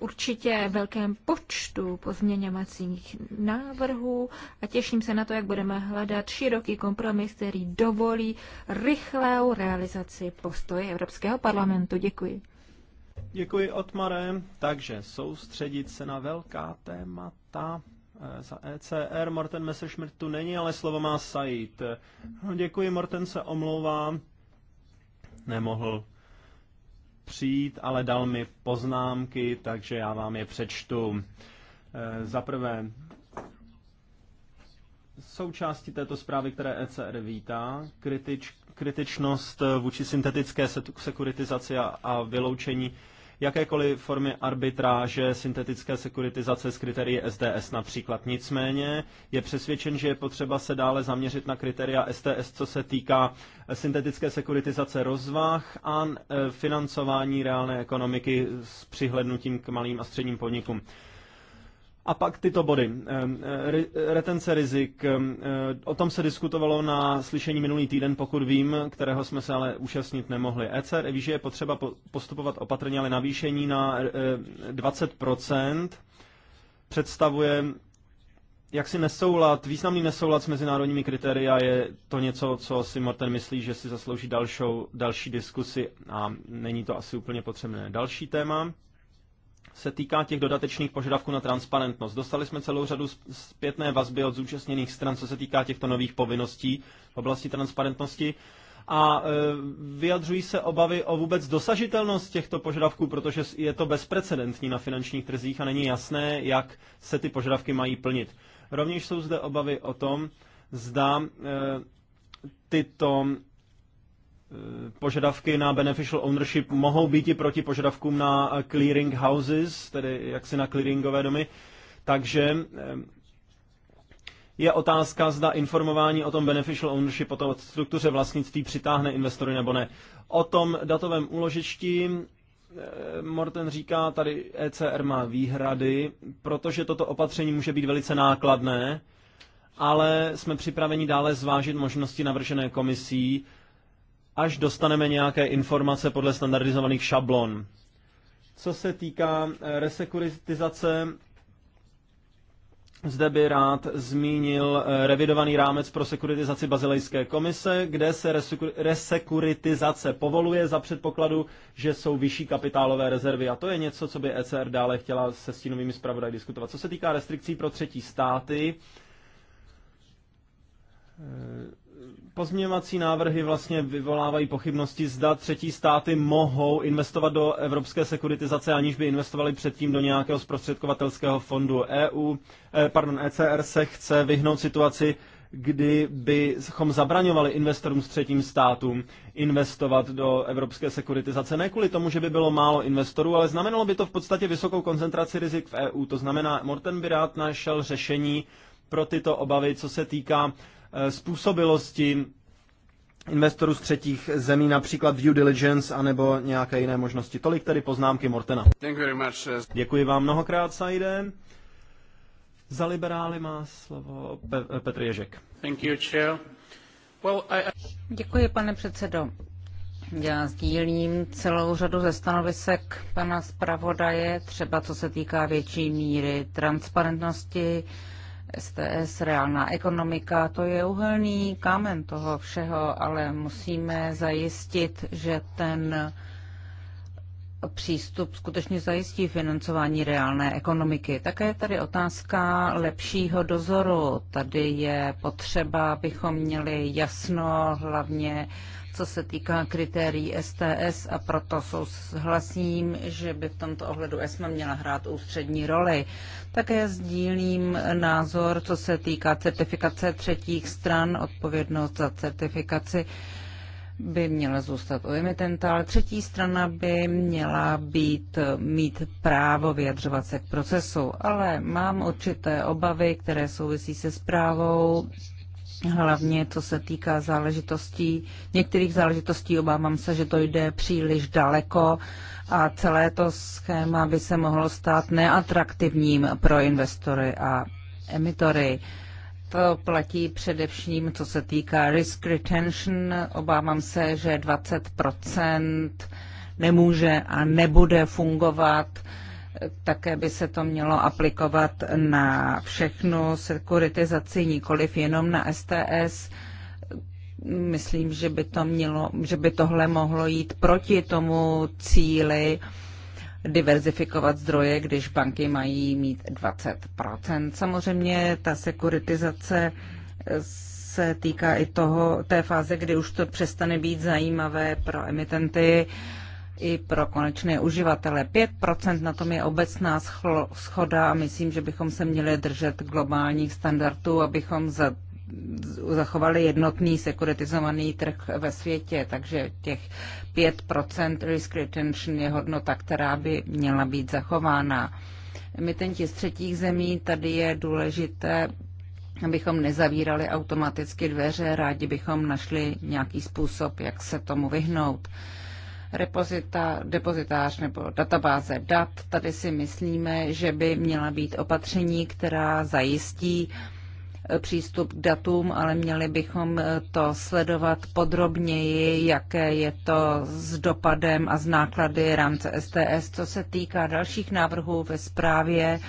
určitě velkém počtu pozměňovacích návrhů a těším se na to, jak budeme hledat široký kompromis, který dovolí rychlou realizaci postoje Evropského parlamentu. Děkuji. Děkuji, Otmare. Takže soustředit se na velká témata eh, za ECR. Morten Messerschmidt tu není, ale slovo má Said. No, děkuji, Morten se omlouvá. Nemohl přijít, ale dal mi poznámky, takže já vám je přečtu. Eh, za prvé, součástí této zprávy, které ECR vítá, kritič, kritičnost eh, vůči syntetické sekuritizaci a, a vyloučení jakékoliv formy arbitráže, syntetické sekuritizace s kritérií SDS například. Nicméně je přesvědčen, že je potřeba se dále zaměřit na kritéria STS, co se týká eh, syntetické sekuritizace rozvah a eh, financování reálné ekonomiky s přihlednutím k malým a středním podnikům. A pak tyto body. Retence rizik. Eh, o tom se diskutovalo na slyšení minulý týden, pokud vím, kterého jsme se ale účastnit nemohli. ECR ví, že je potřeba postupovat opatrně, ale navýšení na 20% eh, představuje jaksi nesoulad, významný nesoulad s mezinárodními kritérii je to něco, co si Morten myslí, že si zaslouží dalšou, další diskusi a není to asi úplně potřebné. Další téma se týká těch dodatečných požadavků na transparentnost. Dostali jsme celou řadu zpětné vazby od zúčastněných stran, co se týká těchto nových povinností v oblasti transparentnosti. A e, vyjadřují se obavy o vůbec dosažitelnost těchto požadavků, protože je to bezprecedentní na finančních trzích a není jasné, jak se ty požadavky mají plnit. Rovněž jsou zde obavy o tom, zda e, tyto Eh, požadavky na beneficial ownership mohou být i proti požadavkům na clearing houses, tedy jaksi na clearingové domy. Takže eh, je otázka, zda informování o tom beneficial ownership, o tom struktuře vlastnictví přitáhne investory nebo ne. O tom datovém úložišti eh, Morten říká, tady ECR má výhrady, protože toto opatření může být velice nákladné, ale jsme připraveni dále zvážit možnosti navržené komisí, až dostaneme nějaké informace podle standardizovaných šablon. Co se týká eh, resekuritizace, zde by rád zmínil eh, revidovaný rámec pro sekuritizaci Bazilejské komise, kde se resekuritizace povoluje za předpokladu, že jsou vyšší kapitálové rezervy. A to je něco, co by ECR dále chtěla se stínovými zpravodaji diskutovat. Co se týká restrikcí pro třetí státy, eh, pozměňovací návrhy vlastně vyvolávají pochybnosti, zda třetí státy mohou investovat do evropské sekuritizace, aniž by investovali předtím do nějakého zprostředkovatelského fondu EU. Eh, pardon, ECR se chce vyhnout situaci, kdy bychom zabraňovali investorům z třetím státům investovat do evropské sekuritizace. Ne kvůli tomu, že by bylo málo investorů, ale znamenalo by to v podstatě vysokou koncentraci rizik v EU. To znamená, Morten by rád našel řešení pro tyto obavy, co se týká Eh, způsobilosti investorů z třetích zemí, například due diligence anebo nějaké jiné možnosti. Tolik tedy poznámky Mortena. Eh, Děkuji vám mnohokrát, Saide. Za liberály má slovo Pe- Petr Ježek. You, well, I... Děkuji, pane předsedo. Já sdílím celou řadu ze stanovisek pana zpravodaje, třeba co se týká větší míry transparentnosti, STS, reálná ekonomika, to je uhelný kámen toho všeho, ale musíme zajistit, že ten přístup skutečně zajistí financování reálné ekonomiky. Také je tady otázka lepšího dozoru. Tady je potřeba, abychom měli jasno hlavně co se týká kritérií STS a proto souhlasím, že by v tomto ohledu ESMA měla hrát ústřední roli. Také sdílím názor, co se týká certifikace třetích stran, odpovědnost za certifikaci by měla zůstat u emitenta, ale třetí strana by měla být, mít právo vyjadřovat se k procesu. Ale mám určité obavy, které souvisí se zprávou hlavně co se týká záležitostí, některých záležitostí obávám se, že to jde příliš daleko a celé to schéma by se mohlo stát neatraktivním pro investory a emitory. To platí především, co se týká risk retention. Obávám se, že 20 nemůže a nebude fungovat také by se to mělo aplikovat na všechnu sekuritizaci, nikoliv jenom na STS. Myslím, že by, to mělo, že by tohle mohlo jít proti tomu cíli diverzifikovat zdroje, když banky mají mít 20%. Samozřejmě ta sekuritizace se týká i toho, té fáze, kdy už to přestane být zajímavé pro emitenty i pro konečné uživatele. 5% na tom je obecná schoda a myslím, že bychom se měli držet globálních standardů, abychom za, zachovali jednotný sekuritizovaný trh ve světě. Takže těch 5% risk retention je hodnota, která by měla být zachována. Emitenti z třetích zemí, tady je důležité abychom nezavírali automaticky dveře, rádi bychom našli nějaký způsob, jak se tomu vyhnout repozita, depozitář nebo databáze dat. Tady si myslíme, že by měla být opatření, která zajistí eh, přístup k datům, ale měli bychom eh, to sledovat podrobněji, jaké je to s dopadem a z náklady rámce STS. Co se týká dalších návrhů ve zprávě,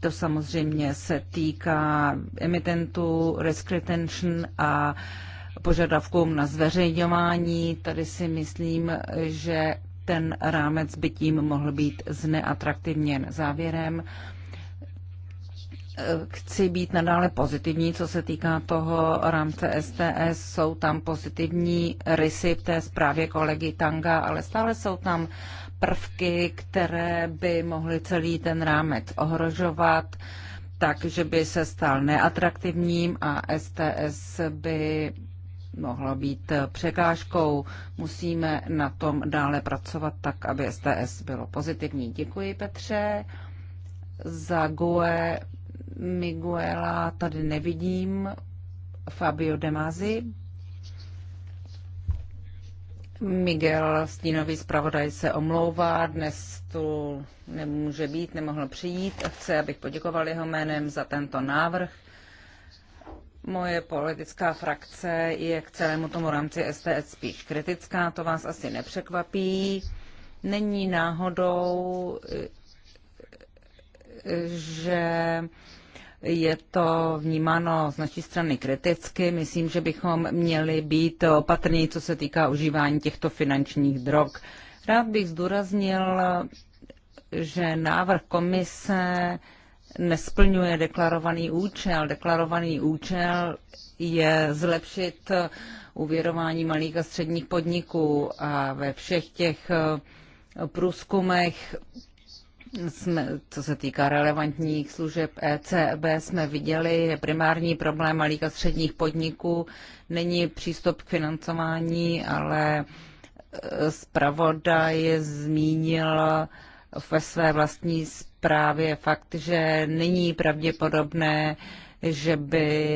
to samozřejmě se týká emitentů, risk retention a uh, požadavkům na zveřejňování. Tady si myslím, že ten rámec by tím mohl být zneatraktivněn. Závěrem chci být nadále pozitivní, co se týká toho rámce STS. Jsou tam pozitivní rysy v té zprávě kolegy Tanga, ale stále jsou tam prvky, které by mohly celý ten rámec ohrožovat, takže by se stal neatraktivním a STS by mohla být eh, překážkou. Musíme na tom dále pracovat tak, aby STS bylo pozitivní. Děkuji Petře. Za Gue Miguela tady nevidím. Fabio Demazi. Miguel Stínový zpravodaj se omlouvá, dnes tu nemůže být, nemohl přijít. Chce, abych poděkoval jeho jménem za tento návrh Moje politická frakce je k celému tomu rámci STS spíš kritická, to vás asi nepřekvapí. Není náhodou, že je to vnímáno z naší strany kriticky. Myslím, že bychom měli být opatrní, co se týká užívání těchto finančních drog. Rád bych zdůraznil, že návrh komise nesplňuje deklarovaný účel. Deklarovaný účel je zlepšit uvěrování malých a středních podniků a ve všech těch eh, průzkumech, jsme, co se týká relevantních služeb ECB, jsme viděli, že primární problém malých a středních podniků není přístup k financování, ale eh, zpravodaj zmínil ve své vlastní zprávě fakt, že není pravděpodobné, že by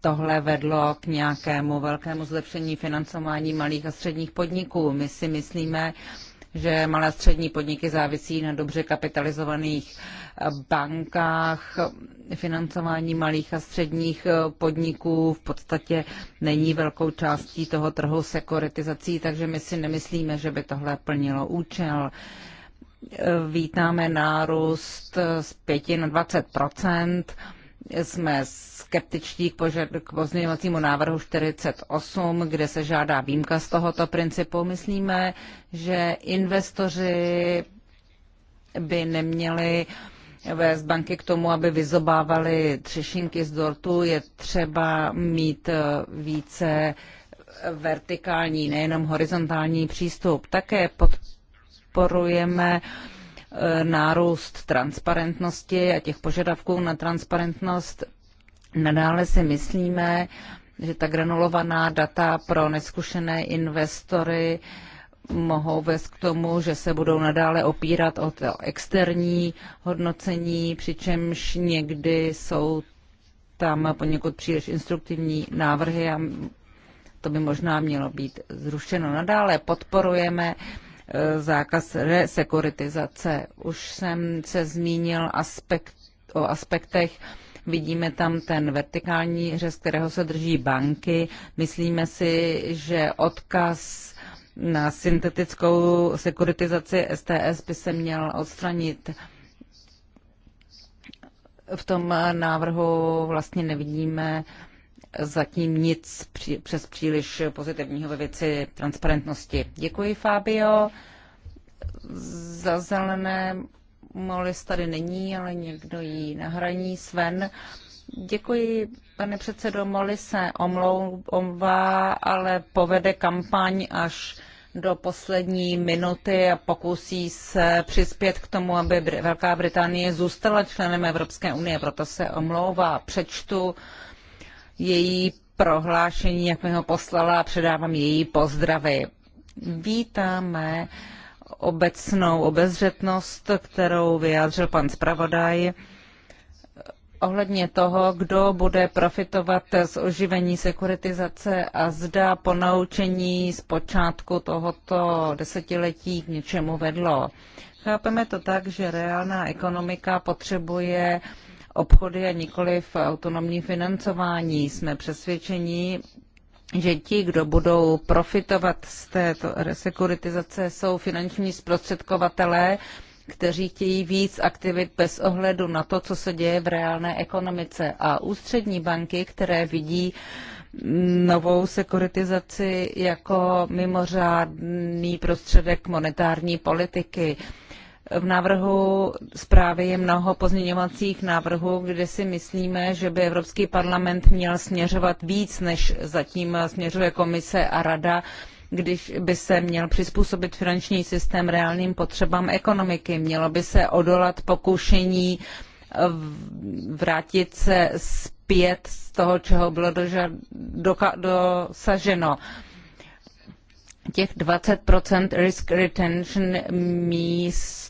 tohle vedlo k nějakému velkému zlepšení financování malých a středních podniků. My si myslíme, že malé a střední podniky závisí na dobře kapitalizovaných bankách. Financování malých a středních podniků v podstatě není velkou částí toho trhu sekuritizací, takže my si nemyslíme, že by tohle plnilo účel. Vítáme nárůst z 5 na 20 jsme skeptičtí k, požad- k pozměňovacímu návrhu 48, kde se žádá výjimka z tohoto principu. Myslíme, že investoři by neměli vést banky k tomu, aby vyzobávali třešinky z dortu. Je třeba mít eh, více vertikální, nejenom horizontální přístup. Také pod podporujeme e, nárůst transparentnosti a těch požadavků na transparentnost. Nadále si myslíme, že ta granulovaná data pro neskušené investory mohou vést k tomu, že se budou nadále opírat o to externí hodnocení, přičemž někdy jsou tam poněkud příliš instruktivní návrhy a to by možná mělo být zrušeno. Nadále podporujeme uh, Eh, zákaz resekuritizace. Už jsem se zmínil aspekt, o aspektech, vidíme tam ten vertikální řez, kterého se drží banky. Myslíme si, že odkaz na syntetickou sekuritizaci STS by se měl odstranit. V tom návrhu vlastně nevidíme uh, zatím nic při, přes příliš pozitivního ve věci transparentnosti. Děkuji, Fabio. Za zelené Molis tady není, ale někdo ji nahraní. Sven. Děkuji, pane předsedo. Moli se omlouvá, ale povede kampaň až do poslední minuty a pokusí se přispět k tomu, aby Velká Británie zůstala členem Evropské unie. Proto se omlouvá. Přečtu její prohlášení, jak mi ho poslala a předávám její pozdravy. Vítáme obecnou obezřetnost, kterou vyjádřil pan zpravodaj ohledně toho, kdo bude profitovat z oživení sekuritizace a zda po naučení z počátku tohoto desetiletí k něčemu vedlo. Chápeme to tak, že reálná ekonomika potřebuje uh, obchody a nikoli v autonomní financování. Jsme přesvědčeni, že ti, kdo budou profitovat z této resekuritizace, jsou finanční zprostředkovatelé, kteří chtějí víc aktivit bez ohledu na to, co se děje v reálné ekonomice. A ústřední banky, které vidí novou sekuritizaci jako mimořádný prostředek monetární politiky. V návrhu zprávy je mnoho pozměňovacích návrhů, kde si myslíme, že by Evropský parlament měl směřovat víc, než zatím směřuje komise a rada, když by se měl přizpůsobit finanční systém reálným potřebám ekonomiky. Mělo by se odolat pokušení vrátit se zpět z toho, čeho bylo doža, doka, dosaženo. Těch 20% risk retention míst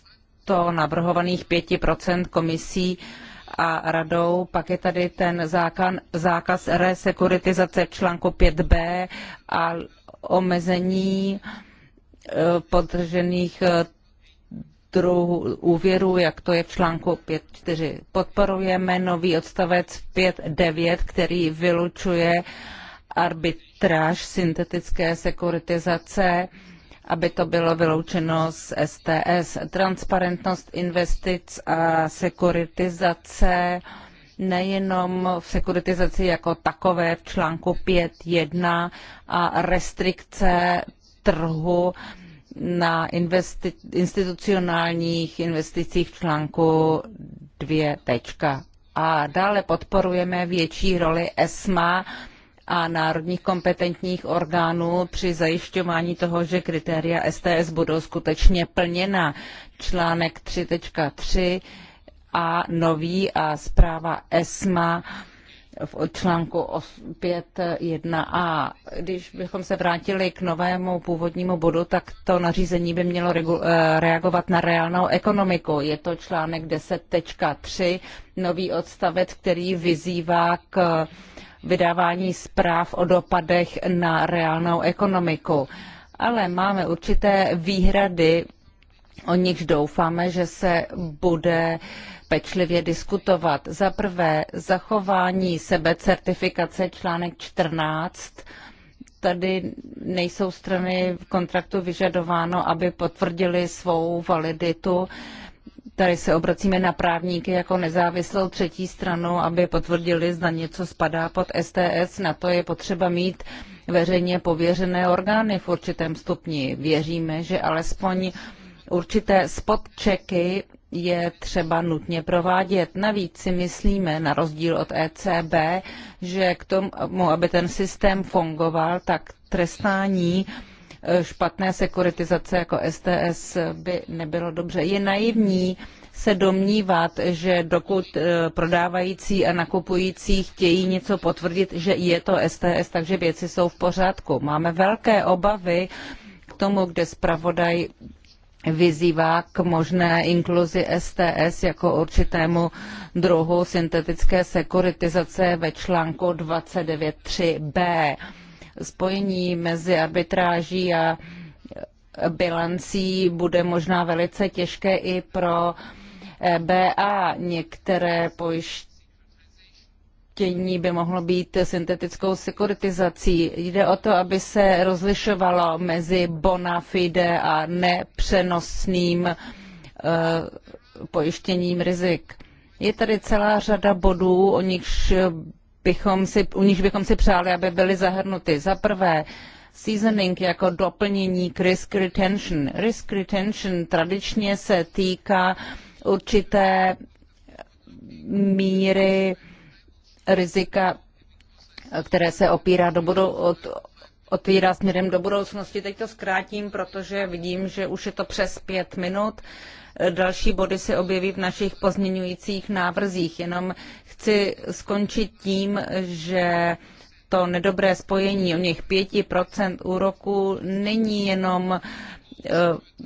to navrhovaných 5% komisí a radou. Pak je tady ten zákaz resekuritizace v článku 5b a omezení e, podržených e, druhů úvěrů, jak to je v článku 5.4. Podporujeme nový odstavec 5.9, který vylučuje arbitráž syntetické sekuritizace aby to bylo vyloučeno z STS. Transparentnost investic a sekuritizace nejenom v sekuritizaci jako takové v článku 5.1 a restrikce trhu na investi- institucionálních investicích v článku 2. A dále podporujeme větší roli ESMA a národních kompetentních orgánů při zajišťování toho, že kritéria STS budou skutečně plněna. Článek 3.3 a nový a zpráva ESMA v článku 5.1a. Když bychom se vrátili k novému původnímu bodu, tak to nařízení by mělo eh, reagovat na reálnou ekonomiku. Je to článek 10.3, nový odstavec, který vyzývá k vydávání zpráv o dopadech na reálnou ekonomiku. Ale máme určité výhrady, o nichž doufáme, že se bude pečlivě diskutovat. Za prvé zachování sebecertifikace článek 14 tady nejsou strany v kontraktu vyžadováno, aby potvrdili svou validitu Tady se obracíme na právníky jako nezávislou třetí stranu, aby potvrdili, zda něco spadá pod STS. Na to je potřeba mít veřejně pověřené orgány v určitém stupni. Věříme, že alespoň určité spotčeky je třeba nutně provádět. Navíc si myslíme, na rozdíl od ECB, že k tomu, aby ten systém fungoval, tak trestání Eh, špatné sekuritizace jako STS by nebylo dobře. Je naivní se domnívat, že dokud eh, prodávající a nakupující chtějí něco potvrdit, že je to STS, takže věci jsou v pořádku. Máme velké obavy k tomu, kde zpravodaj vyzývá k možné inkluzi STS jako určitému druhu syntetické sekuritizace ve článku 29.3b spojení mezi arbitráží a bilancí bude možná velice těžké i pro eh, BA. Některé pojištění by mohlo být syntetickou sekuritizací. Jde o to, aby se rozlišovalo mezi bona fide a nepřenosným eh, pojištěním rizik. Je tady celá řada bodů, o nichž bychom si, u nich bychom si přáli, aby byly zahrnuty. Za prvé, seasoning jako doplnění k risk retention. Risk retention tradičně se týká určité míry rizika, které se opírá do budou, od, otvírá směrem do budoucnosti. Teď to zkrátím, protože vidím, že už je to přes pět minut. Další body se objeví v našich pozměňujících návrzích. Jenom chci skončit tím, že to nedobré spojení o něch 5% úroku není jenom e,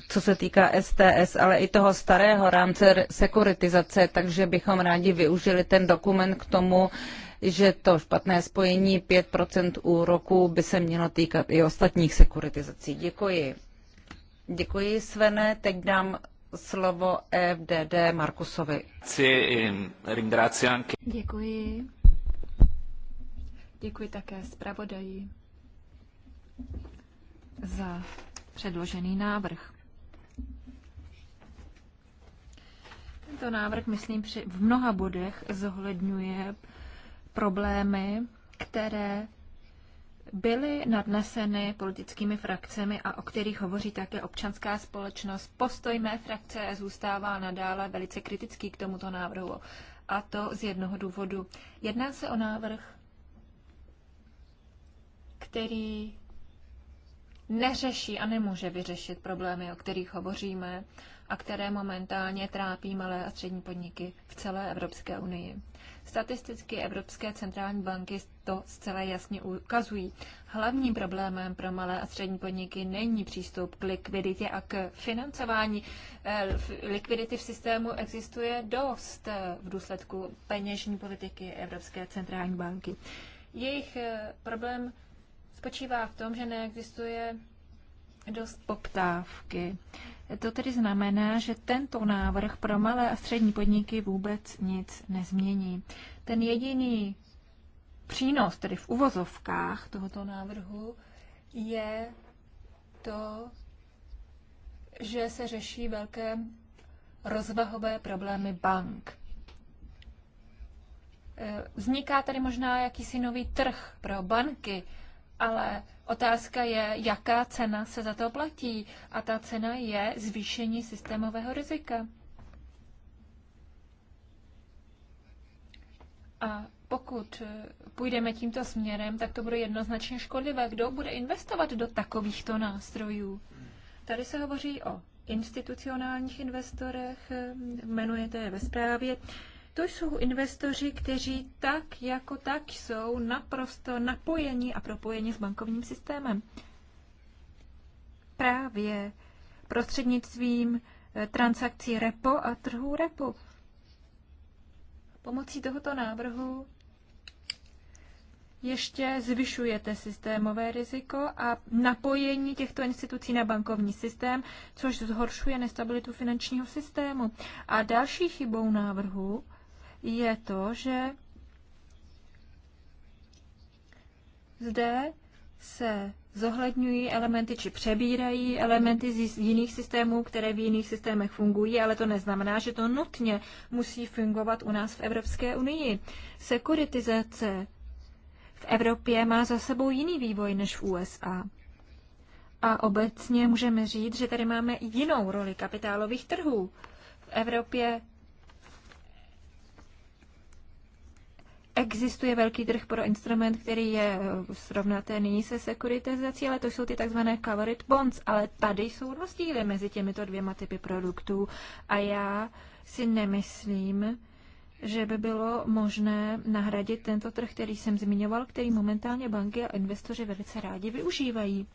co se týká STS, ale i toho starého rámce sekuritizace, takže bychom rádi využili ten dokument k tomu, že to špatné spojení 5% úroku by se mělo týkat i ostatních sekuritizací. Děkuji. Děkuji, Svene. Teď dám slovo FDD Markusovi. Ehm, Děkuji. Děkuji také zpravodaji za předložený návrh. Tento návrh, myslím, v mnoha bodech zohledňuje problémy, které byly nadneseny politickými frakcemi a o kterých hovoří také občanská společnost. Postoj mé frakce zůstává nadále velice kritický k tomuto návrhu. A to z jednoho důvodu. Jedná se o návrh, který neřeší a nemůže vyřešit problémy, o kterých hovoříme a které momentálně trápí malé a střední podniky v celé Evropské unii. Statisticky Evropské centrální banky to zcela jasně ukazují. Hlavním problémem pro malé a střední podniky není přístup k likviditě a k financování. Eh, likvidity v systému existuje dost eh, v důsledku peněžní politiky Evropské centrální banky. Jejich eh, problém spočívá v tom, že neexistuje dost poptávky. To tedy znamená, že tento návrh pro malé a střední podniky vůbec nic nezmění. Ten jediný přínos, tedy v uvozovkách tohoto návrhu, je to, že se řeší velké rozvahové problémy bank. E, vzniká tady možná jakýsi nový trh pro banky, ale Otázka je, jaká cena se za to platí. A ta cena je zvýšení systémového rizika. A pokud eh, půjdeme tímto směrem, tak to bude jednoznačně škodlivé. Kdo bude investovat do takovýchto nástrojů? Tady se hovoří o institucionálních investorech, eh, jmenujete je ve zprávě. To jsou investoři, kteří tak jako tak jsou naprosto napojeni a propojeni s bankovním systémem. Právě prostřednictvím eh, transakcí repo a trhů repo. Pomocí tohoto návrhu ještě zvyšujete systémové riziko a napojení těchto institucí na bankovní systém, což zhoršuje nestabilitu finančního systému. A další chybou návrhu je to, že zde se zohledňují elementy či přebírají elementy z jiných systémů, které v jiných systémech fungují, ale to neznamená, že to nutně musí fungovat u nás v Evropské unii. Sekuritizace v Evropě má za sebou jiný vývoj než v USA. A obecně můžeme říct, že tady máme jinou roli kapitálových trhů. V Evropě Existuje velký trh pro instrument, který je eh, srovnatelný se sekuritizací, ale to jsou ty tzv. covered bonds. Ale tady jsou rozdíly mezi těmito dvěma typy produktů a já si nemyslím, že by bylo možné nahradit tento trh, který jsem zmiňoval, který momentálně banky a investoři velice rádi využívají.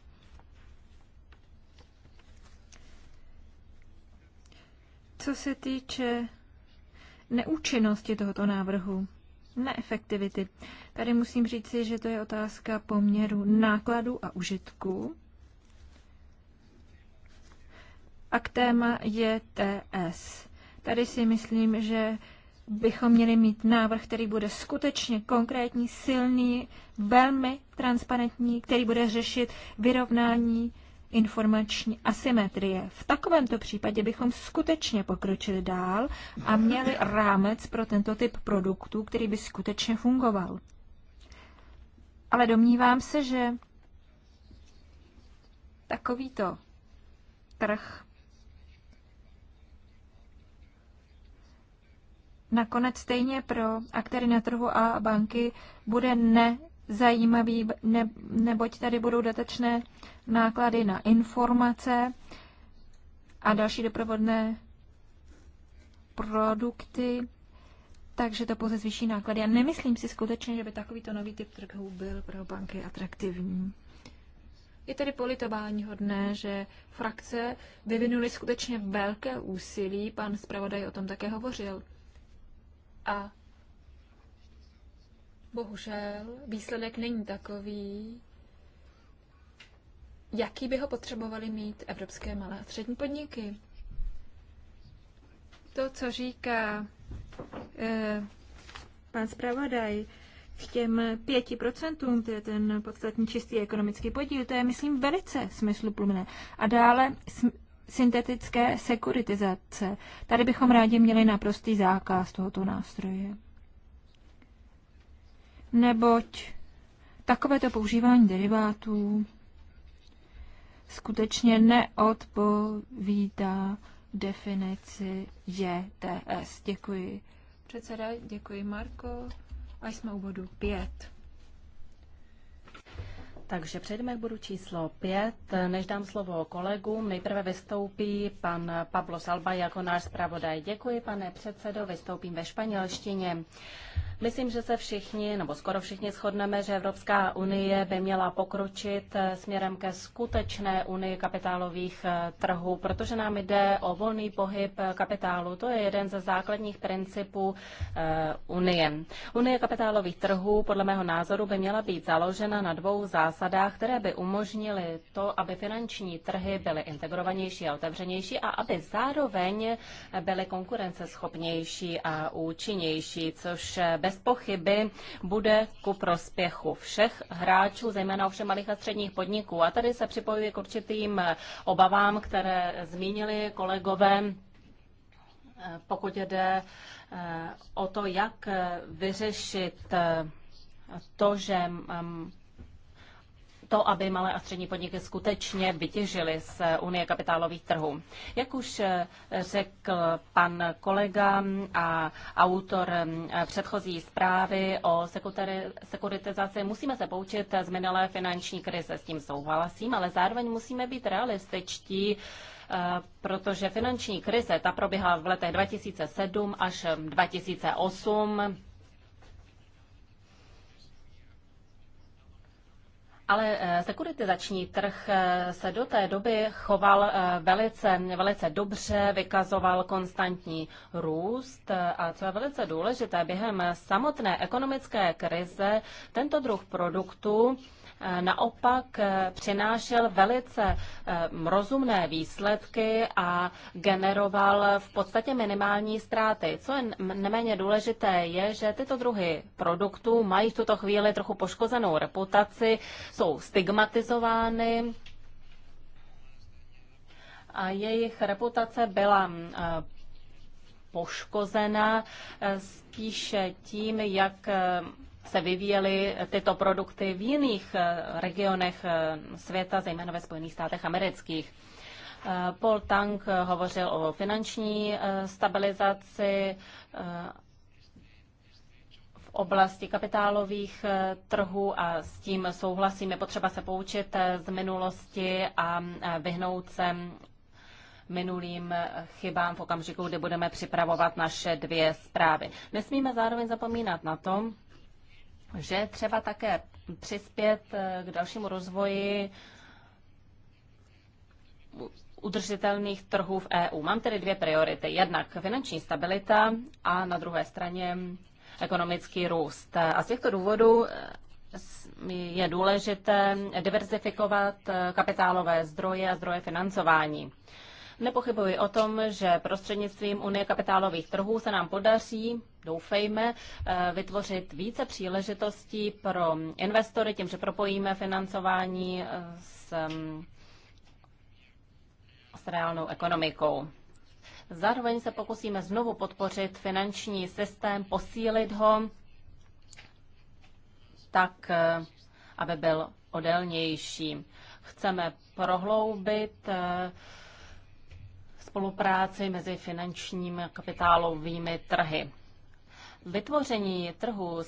Co se týče neúčinnosti tohoto návrhu, neefektivity. Tady musím říci, že to je otázka poměru nákladu a užitku. A k téma je TS. Tady si myslím, že bychom měli mít návrh, který bude skutečně konkrétní, silný, velmi transparentní, který bude řešit vyrovnání informační asymetrie. V takovémto případě bychom skutečně pokročili dál a měli rámec pro tento typ produktů, který by skutečně fungoval. Ale domnívám se, že takovýto trh nakonec stejně pro aktéry na trhu a banky bude ne zajímavý, ne, neboť tady budou dodatečné náklady na informace a další doprovodné produkty, takže to pouze zvýší náklady. Já nemyslím si skutečně, že by takovýto nový typ trhu byl pro banky atraktivní. Je tedy politování hodné, že frakce vyvinuly skutečně velké úsilí, pan zpravodaj o tom také hovořil. A Bohužel výsledek není takový, jaký by ho potřebovali mít evropské malé a střední podniky. To, co říká eh, pan zpravodaj, k těm pěti procentům, to je ten podstatně čistý ekonomický podíl, to je, myslím, velice smysluplné. A dále syntetické sekuritizace. Tady bychom rádi měli naprostý zákaz tohoto nástroje neboť takovéto používání derivátů skutečně neodpovídá definici JTS. Děkuji. Předseda, děkuji Marko. A jsme u bodu 5. Takže přejdeme k bodu číslo 5. Než dám slovo kolegům, nejprve vystoupí pan Pablo Salba jako náš zpravodaj. Děkuji, pane předsedo, vystoupím ve španělštině. Uh, Myslím, že se všichni, nebo skoro všichni shodneme, že Evropská unie by měla pokročit eh, směrem ke skutečné unii kapitálových eh, trhů, protože nám jde o volný pohyb eh, kapitálu. To je jeden ze základních principů unie. Unie kapitálových trhů podle mého názoru by měla být založena na dvou zásadách, které by umožnily to, aby finanční trhy byly integrovanější a otevřenější a aby zároveň byly konkurenceschopnější a účinnější, což by bez pochyby bude ku prospěchu všech hráčů, zejména všem malých a středních podniků. A tady se připojuji k určitým obavám, které zmínili kolegové, pokud jde eh, o to, jak vyřešit eh, to, že mm, to, aby malé a střední podniky skutečně vytěžily z Unie kapitálových trhů. Jak už eh, řekl pan kolega a autor eh, předchozí zprávy o sekuritizaci, musíme se poučit z minulé finanční krize. S tím souhlasím, ale zároveň musíme být realističtí, eh, protože finanční krize ta proběhla v letech 2007 až 2008 Ale eh, sekuritizační trh eh, se do té doby choval eh, velice, velice dobře, vykazoval konstantní růst a co je velice důležité, během samotné ekonomické krize tento druh produktu Eh, naopak eh, přinášel velice eh, rozumné výsledky a generoval v podstatě minimální ztráty. Co je neméně důležité, je, že tyto druhy produktů mají v tuto chvíli trochu poškozenou reputaci, jsou stigmatizovány a jejich reputace byla poškozena spíše tím, jak se vyvíjely tyto produkty v jiných eh, regionech eh, světa, zejména ve Spojených státech amerických. Eh, Paul Tang hovořil o finanční stabilizaci v oblasti kapitálových trhů a s tím souhlasím. Je potřeba se poučit z minulosti a vyhnout se minulým chybám v okamžiku, kdy budeme připravovat naše dvě zprávy. Nesmíme zároveň zapomínat na to, že třeba také přispět eh, k dalšímu rozvoji udržitelných trhů v EU. Mám tedy dvě priority. Jednak finanční stabilita a na druhé straně ekonomický růst. A z těchto důvodů eh, je důležité diverzifikovat eh, kapitálové zdroje a zdroje financování. Nepochybuji o tom, že prostřednictvím Unie kapitálových trhů se nám podaří doufejme, eh, vytvořit více příležitostí pro investory, tím, že propojíme financování eh, s, mm, s reálnou ekonomikou. Zároveň se pokusíme znovu podpořit finanční systém, posílit ho tak, eh, aby byl odelnější. Chceme prohloubit spolupráci mezi finančními kapitálovými trhy. Vytvoření trhu,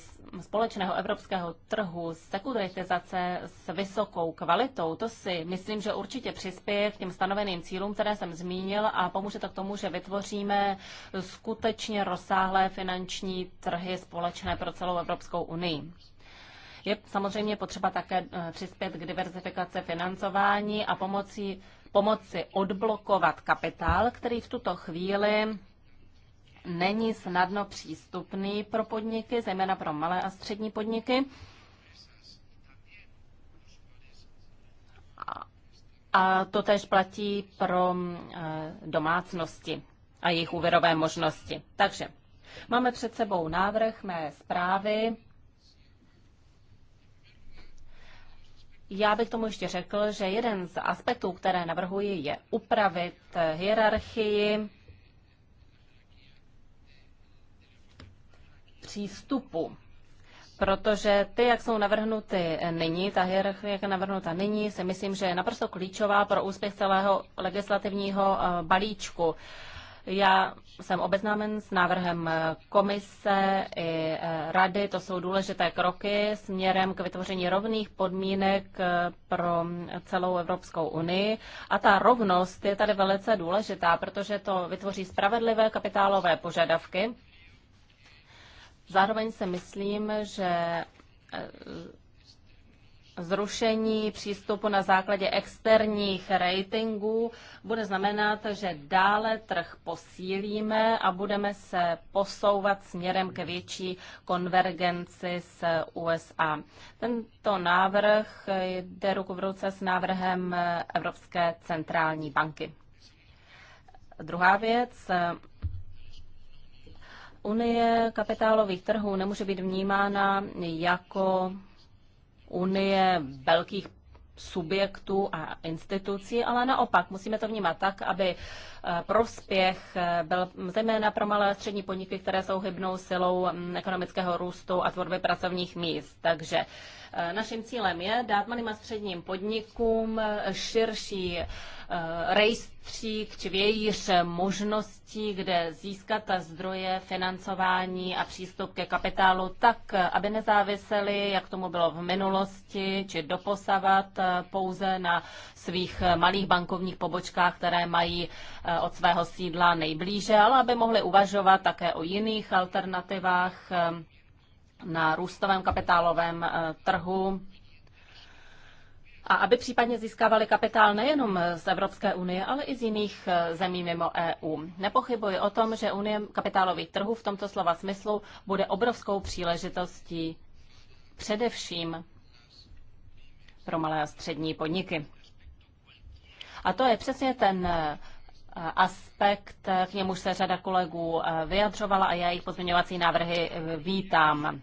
společného evropského trhu, sekuritizace s vysokou kvalitou, to si myslím, že určitě přispěje k těm stanoveným cílům, které jsem zmínil a pomůže to k tomu, že vytvoříme skutečně rozsáhlé finanční trhy společné pro celou Evropskou unii. Je samozřejmě potřeba také eh, přispět k diverzifikaci financování a pomocí, pomoci odblokovat kapitál, který v tuto chvíli není snadno přístupný pro podniky, zejména pro malé a střední podniky. A to tež platí pro eh, domácnosti a jejich úvěrové možnosti. Takže máme před sebou návrh mé zprávy. Já bych tomu ještě řekl, že jeden z aspektů, které navrhuji, je upravit eh, hierarchii přístupu. Protože ty, jak jsou navrhnuty eh, nyní, ta hierarchie, jak je navrhnuta nyní, si myslím, že je naprosto klíčová pro úspěch celého legislativního eh, balíčku. Já jsem obeznámen s návrhem komise i e, rady. To jsou důležité kroky směrem k vytvoření rovných podmínek e, pro celou Evropskou unii. A ta rovnost je tady velice důležitá, protože to vytvoří spravedlivé kapitálové požadavky. Zároveň si myslím, že e, zrušení přístupu na základě externích ratingů bude znamenat, že dále trh posílíme a budeme se posouvat směrem k větší konvergenci s USA. Tento návrh jde ruku v ruce s návrhem Evropské centrální banky. Druhá věc, Unie kapitálových trhů nemůže být vnímána jako unie velkých subjektů a institucí, ale naopak musíme to vnímat tak, aby eh, prospěch eh, byl zejména pro malé a střední podniky, které jsou hybnou silou mm, ekonomického růstu a tvorby pracovních míst. Takže Eh, naším cílem je dát malým a středním podnikům eh, širší eh, rejstřík či vějíř možností, kde získat zdroje financování a přístup ke kapitálu tak, aby nezáviseli, jak tomu bylo v minulosti, či doposavat pouze na svých malých bankovních pobočkách, které mají od svého sídla nejblíže, ale aby mohli uvažovat také o jiných alternativách na růstovém kapitálovém eh, trhu a aby případně získávali kapitál nejenom z Evropské unie, ale i z jiných eh, zemí mimo EU. Nepochybuji o tom, že Unie kapitálových trhů v tomto slova smyslu bude obrovskou příležitostí především pro malé a střední podniky. A to je přesně ten eh, aspekt, k němuž se řada kolegů eh, vyjadřovala a já jejich pozměňovací návrhy eh, vítám.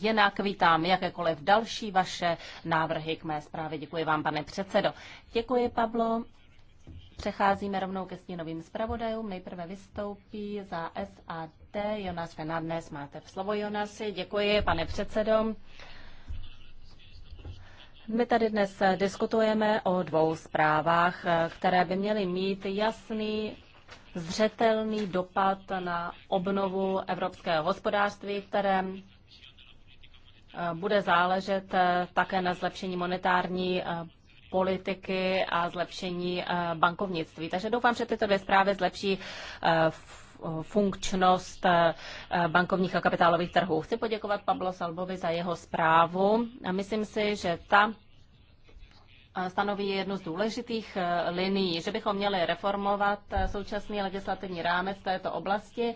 Jinak vítám jakékoliv další vaše návrhy k mé zprávě. Děkuji vám, pane předsedo. Děkuji, Pablo. Přecházíme rovnou ke stínovým zpravodajům. Nejprve vystoupí za SAD Jonas Fernandez. Máte v slovo, Jonasi. Děkuji, pane předsedo. My tady dnes eh, diskutujeme o dvou zprávách, eh, které by měly mít jasný zřetelný dopad na obnovu evropského hospodářství, které eh, bude záležet také na zlepšení monetární politiky a zlepšení bankovnictví. Takže doufám, že tyto dvě zprávy zlepší funkčnost eh, bankovních a kapitálových trhů. Chci poděkovat Pablo Salbovi za jeho zprávu a myslím si, že ta eh, stanoví jednu z důležitých eh, linií, že bychom měli reformovat současný legislativní rámec této oblasti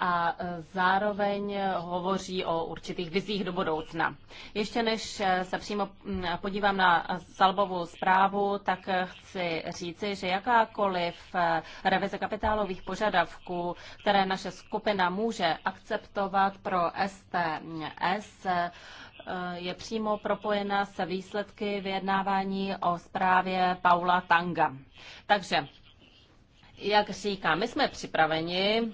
a e, zároveň hovoří o určitých vizích do budoucna. Ještě než e, se přímo podívám na Salbovou zprávu, tak e, chci říci, že jakákoliv revize kapitálových požadavků, které naše skupina může akceptovat pro STS, je přímo propojena se výsledky vyjednávání o zprávě Paula Tanga. Takže, jak říkám, my jsme připraveni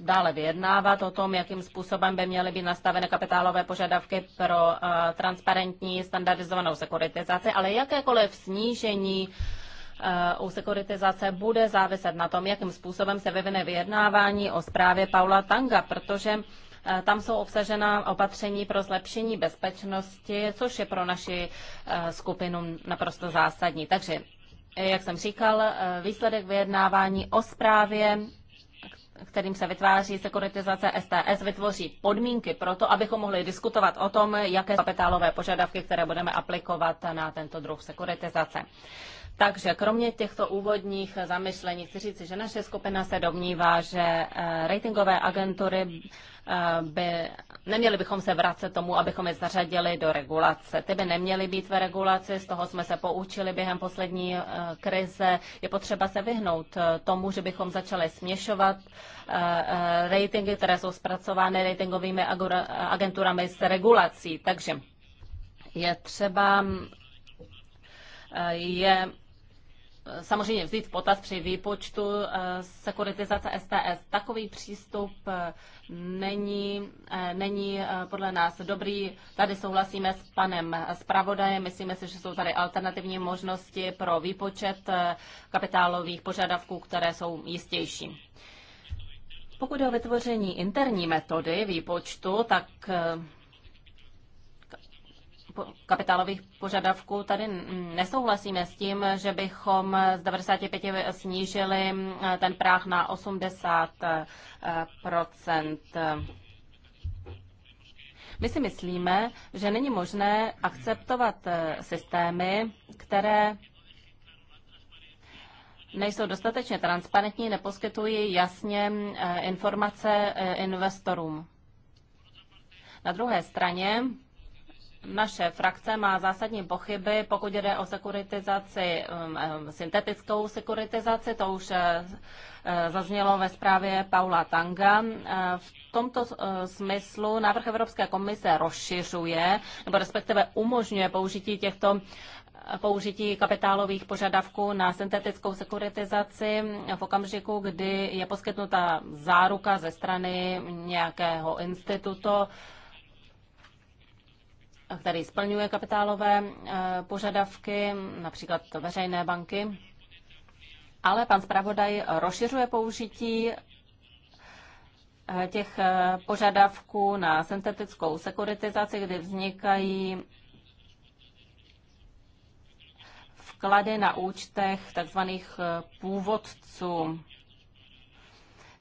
dále vyjednávat o tom, jakým způsobem by měly být nastaveny kapitálové požadavky pro eh, transparentní standardizovanou sekuritizaci, ale jakékoliv snížení eh, u sekuritizace bude záviset na tom, jakým způsobem se vyvine vyjednávání o zprávě Paula Tanga, protože eh, tam jsou obsažena opatření pro zlepšení bezpečnosti, což je pro naši skupinu naprosto zásadní. Takže, jak jsem říkal, výsledek vyjednávání o zprávě kterým se vytváří sekuritizace STS, vytvoří podmínky pro to, abychom mohli diskutovat o tom, jaké kapitálové požadavky, které budeme aplikovat na tento druh sekuritizace. Takže kromě těchto úvodních zamyšlení chci říct, že naše skupina se domnívá, že eh, ratingové agentury eh, by, neměli bychom se vracet tomu, abychom je zařadili do regulace. Ty by neměly být ve regulaci, z toho jsme se poučili během poslední eh, krize. Je potřeba se vyhnout tomu, že bychom začali směšovat ratingy, které jsou zpracovány ratingovými agenturami s regulací. Takže je třeba je samozřejmě vzít v potaz při výpočtu eh, sekuritizace STS. Takový přístup eh, není, eh, není podle nás dobrý. Tady souhlasíme s panem zpravodajem. Myslíme si, že jsou tady alternativní možnosti pro výpočet kapitálových požadavků, které jsou jistější. Pokud je o vytvoření interní metody výpočtu, tak kapitálových požadavků. Tady nesouhlasíme s tím, že bychom z 95 snížili eh, ten práh na 80 eh, My si myslíme, že není možné akceptovat eh, systémy, které nejsou dostatečně transparentní, neposkytují jasně informace investorům. Na druhé straně naše frakce má zásadní pochyby, pokud jde o sekuritizaci, um, um, syntetickou sekuritizaci, to už eh, eh, zaznělo ve zprávě Paula Tanga. Eh, v tomto smyslu návrh Evropské komise rozšiřuje, nebo respektive umožňuje použití těchto použití kapitálových požadavků na syntetickou sekuritizaci v okamžiku, kdy je poskytnuta záruka ze strany nějakého institutu, který splňuje kapitálové e, požadavky, například veřejné banky. Ale pan zpravodaj rozšiřuje použití e, těch e, požadavků na syntetickou sekuritizaci, kdy vznikají vklady na účtech takzvaných původců.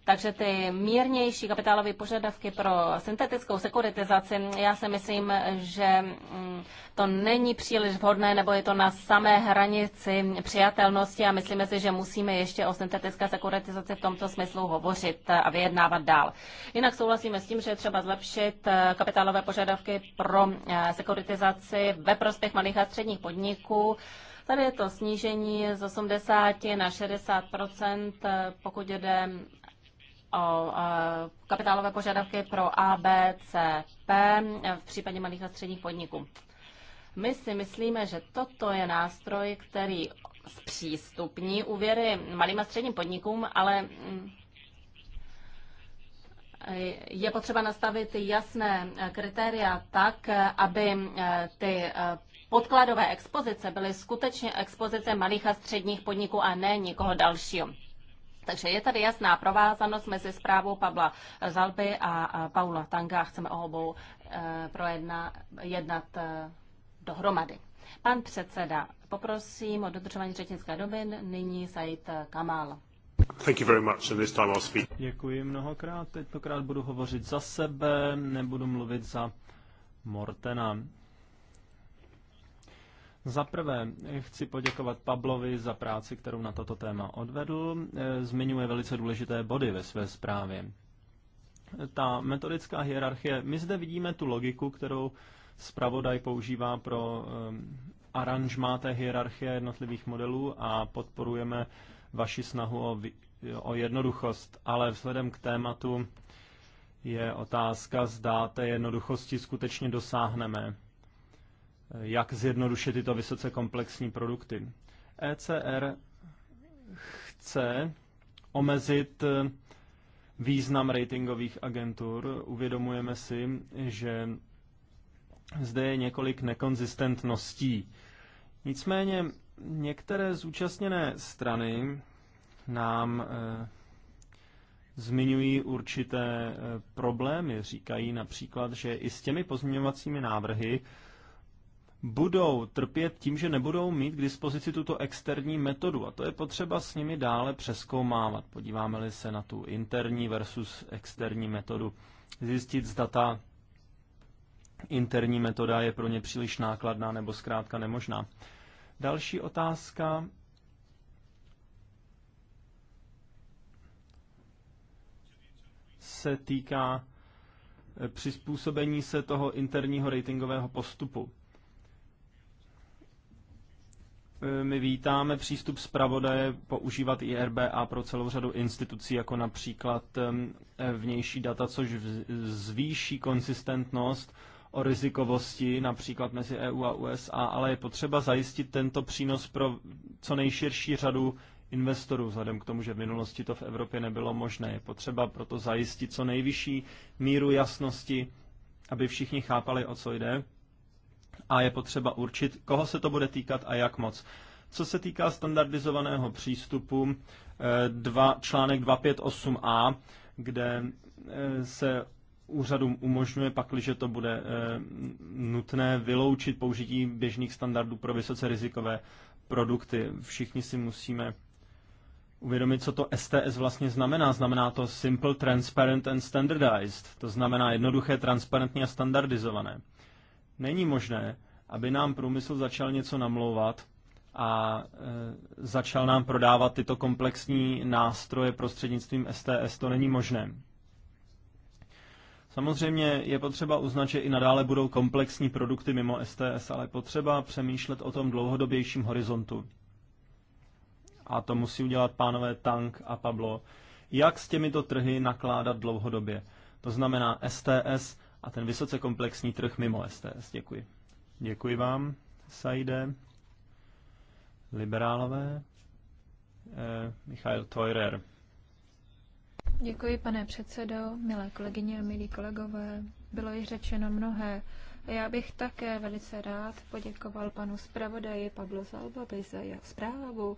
Takže ty mírnější kapitálové požadavky pro syntetickou sekuritizaci, já si myslím, že mm, to není příliš vhodné, nebo je to na samé hranici přijatelnosti a myslíme si, že musíme ještě o syntetické sekuritizaci v tomto smyslu hovořit a vyjednávat dál. Jinak souhlasíme s tím, že je třeba zlepšit eh, kapitálové požadavky pro eh, sekuritizaci ve prospěch malých a středních podniků. Tady je to snížení z 80 na 60 eh, pokud jde o e, kapitálové požadavky pro ABCP v případě malých a středních podniků. My si myslíme, že toto je nástroj, který zpřístupní úvěry malým a středním podnikům, ale mm, je potřeba nastavit jasné kritéria tak, aby e, ty e, podkladové expozice byly skutečně expozice malých a středních podniků a ne nikoho dalšího. Takže je tady jasná provázanost mezi zprávou Pavla Zalby a Paula Tanga a chceme o obou eh, projedna, jednat eh, dohromady. Pan předseda, poprosím o dodržování řečnické doby, nyní Said Kamal. Thank you very much, and this time I'll speak. Děkuji mnohokrát, tentokrát budu hovořit za sebe, nebudu mluvit za Mortena. Za prvé chci poděkovat Pablovi za práci, kterou na toto téma odvedl. E, zmiňuje velice důležité body ve své zprávě. Ta metodická hierarchie, my zde vidíme tu logiku, kterou zpravodaj používá pro e, aranžmá té hierarchie jednotlivých modelů a podporujeme vaši snahu o, o jednoduchost, ale vzhledem k tématu je otázka, zda té jednoduchosti skutečně dosáhneme Eh, jak zjednodušit tyto vysoce komplexní produkty. ECR chce omezit eh, význam ratingových agentur. Uvědomujeme si, že zde je několik nekonzistentností. Nicméně některé zúčastněné strany nám eh, zmiňují určité problémy. Říkají například, že i s těmi pozměňovacími návrhy budou trpět tím, že nebudou mít k dispozici tuto externí metodu a to je potřeba s nimi dále přeskoumávat. Podíváme-li se na tu interní versus externí metodu, zjistit, zda ta interní metoda je pro ně příliš nákladná nebo zkrátka nemožná. Další otázka. se týká eh, přizpůsobení se toho interního ratingového postupu my vítáme přístup zpravodaje používat i RBA pro celou řadu institucí, jako například vnější data, což zvýší konsistentnost o rizikovosti, například mezi EU a USA, ale je potřeba zajistit tento přínos pro co nejširší řadu investorů, vzhledem k tomu, že v minulosti to v Evropě nebylo možné. Je potřeba proto zajistit co nejvyšší míru jasnosti, aby všichni chápali, o co jde a je potřeba určit, koho se to bude týkat a jak moc. Co se týká standardizovaného přístupu, eh, dva, článek 258a, kde eh, se úřadům umožňuje, že to bude eh, nutné, vyloučit použití běžných standardů pro vysoce rizikové produkty. Všichni si musíme uvědomit, co to STS vlastně znamená. Znamená to Simple, Transparent and Standardized. To znamená jednoduché, transparentní a standardizované. Není možné, aby nám průmysl začal něco namlouvat a e, začal nám prodávat tyto komplexní nástroje prostřednictvím STS. To není možné. Samozřejmě je potřeba uznat, že i nadále budou komplexní produkty mimo STS, ale potřeba přemýšlet o tom dlouhodobějším horizontu. A to musí udělat pánové Tank a Pablo. Jak s těmito trhy nakládat dlouhodobě? To znamená, STS a ten vysoce komplexní trh mimo STS. Děkuji. Děkuji vám, Saide. Liberálové. E, eh, Michal Teurer. Děkuji, pane předsedo, milé kolegyně a milí kolegové. Bylo již řečeno mnohé. já bych také velice rád poděkoval panu zpravodaji Pablo Zalbavi za jeho zprávu.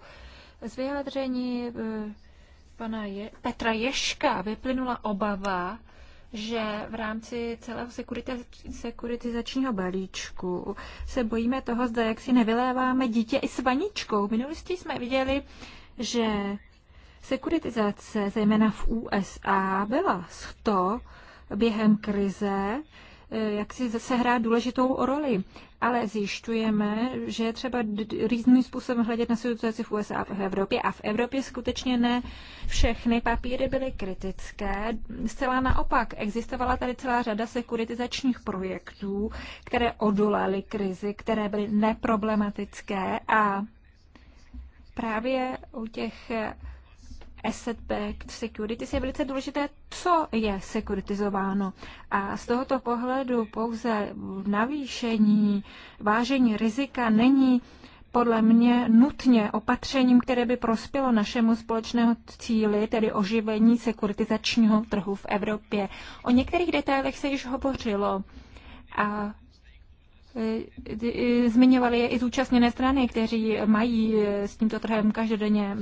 Z vyjádření eh, pana Je- Petra Ješka vyplynula obava, že v rámci celého sekuritizačního balíčku se bojíme toho, zda jak si nevyléváme dítě i s vaničkou. V minulosti jsme viděli, že sekuritizace, zejména v USA, byla z to během krize, eh, jak si sehrá důležitou roli ale zjišťujeme, že je třeba různým způsobem hledět na situaci v USA a v Evropě. A v Evropě skutečně ne všechny papíry byly kritické. Zcela naopak, existovala tady celá řada sekuritizačních projektů, které odolaly krizi, které byly neproblematické a právě u těch asset backed securities je velice důležité, co je sekuritizováno. A z tohoto pohledu pouze navýšení, vážení rizika není podle mě nutně opatřením, které by prospělo našemu společného cíli, tedy oživení sekuritizačního trhu v Evropě. O některých detailech se již hovořilo a e, e, zmiňovali je i zúčastněné strany, kteří mají e, s tímto trhem každodenně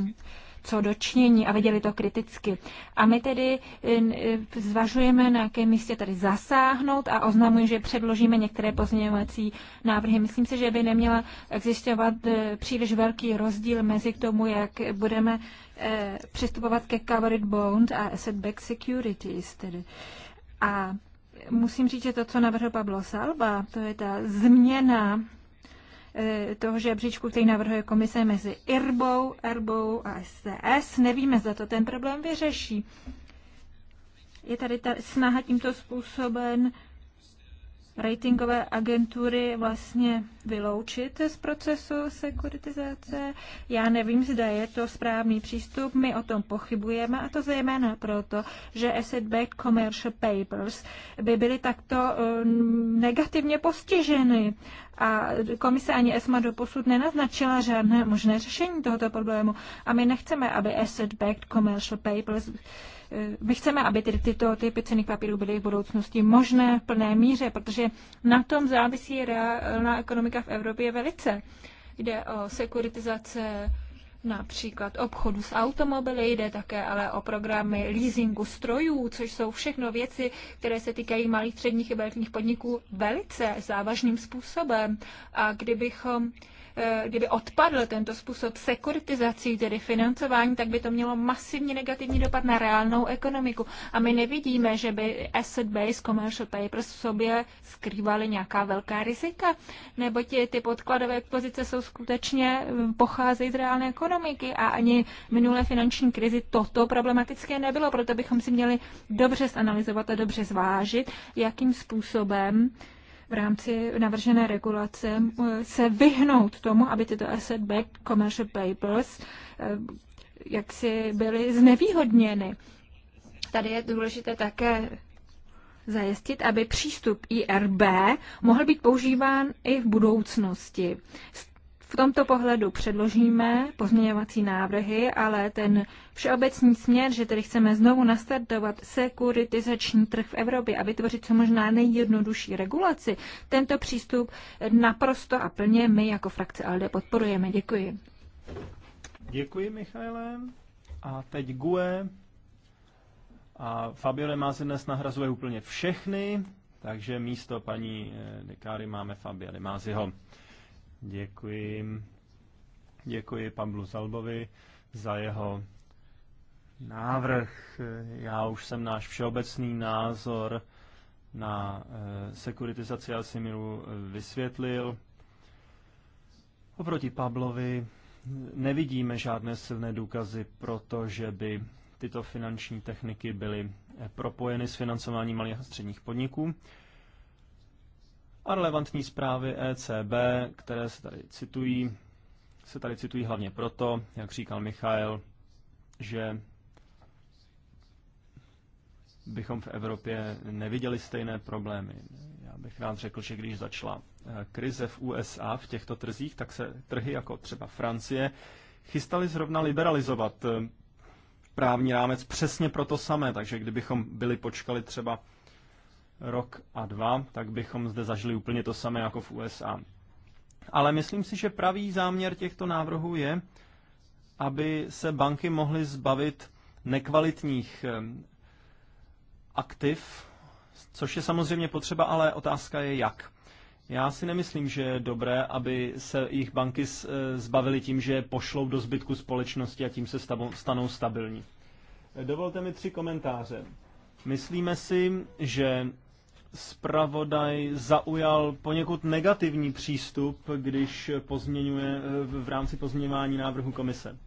co dočnění a viděli to kriticky. A my tedy eh, eh, zvažujeme, na jakém místě tady zasáhnout a oznamuji, že předložíme některé pozměňovací návrhy. Myslím si, že by neměla existovat eh, příliš velký rozdíl mezi k tomu, jak budeme přistupovat ke covered bond a asset back securities. Tedy. A musím říct, že to, co navrhl Pablo Salva, to je ta změna Eh, toho žebříčku, který navrhuje komise mezi IRBou, ERBou a STS. Nevíme, zda to ten problém vyřeší. Je tady ta snaha tímto způsobem ratingové agentury vlastně vyloučit z procesu sekuritizace. Já nevím, zda je to správný přístup, my o tom pochybujeme a to zejména proto, že asset-backed commercial papers by byly takto eh, negativně postiženy a komise ani ESMA doposud nenaznačila žádné možné řešení tohoto problému a my nechceme, aby asset-backed commercial papers Eh, my chceme, aby tedy tyto typy ceny papíru byly v budoucnosti možné v plné míře, protože na tom závisí reálná ekonomika v Evropě velice. Jde o sekuritizace například obchodu s automobily, jde také ale o programy leasingu strojů, což jsou všechno věci, které se týkají malých, středních i velkých podniků velice závažným způsobem. A kdybychom Eh, kdyby odpadl tento způsob sekuritizací, tedy financování, tak by to mělo masivně negativní dopad na reálnou ekonomiku. A my nevidíme, že by asset-based commercial papers v sobě skrývaly nějaká velká rizika, nebo ti, ty podkladové pozice jsou skutečně hm, pocházejí z reálné ekonomiky a ani minulé finanční krizi toto problematické nebylo, proto bychom si měli dobře zanalizovat a dobře zvážit, jakým způsobem v rámci navržené regulace eh, se vyhnout tomu, aby tyto asset-backed commercial papers eh, jaksi byly znevýhodněny. Tady je důležité také zajistit, aby přístup IRB mohl být používán i v budoucnosti. V tomto pohledu předložíme pozměňovací návrhy, ale ten všeobecný směr, že tedy chceme znovu nastartovat sekuritizační trh v Evropě a vytvořit co možná nejjednodušší regulaci, tento přístup naprosto a plně my jako frakce ALDE podporujeme. Děkuji. Děkuji, Michaile. A teď GUE. A Fabiole má se dnes nahrazuje úplně všechny, takže místo paní eh, Dekáry máme Fabia Limáziho. Děkuji. Děkuji Pablu Zalbovi za jeho návrh. Já už jsem náš všeobecný názor na eh, sekuritizaci Asimilu eh, vysvětlil. Oproti Pablovi nevidíme žádné silné důkazy, protože by tyto finanční techniky byly eh, propojeny s financováním malých a středních podniků. A relevantní zprávy ECB, které se tady citují, se tady citují hlavně proto, jak říkal Michal, že bychom v Evropě neviděli stejné problémy. Já bych rád řekl, že když začala eh, krize v USA v těchto trzích, tak se trhy jako třeba Francie chystali zrovna liberalizovat eh, právní rámec přesně pro to samé. Takže kdybychom byli počkali třeba rok a dva, tak bychom zde zažili úplně to samé jako v USA. Ale myslím si, že pravý záměr těchto návrhů je, aby se banky mohly zbavit nekvalitních aktiv, což je samozřejmě potřeba, ale otázka je jak. Já si nemyslím, že je dobré, aby se jich banky e, zbavily tím, že pošlou do zbytku společnosti a tím se stanou stabilní. Dovolte mi tři komentáře. Myslíme si, že zpravodaj zaujal poněkud negativní přístup, když pozměňuje v rámci pozměňování návrhu komise.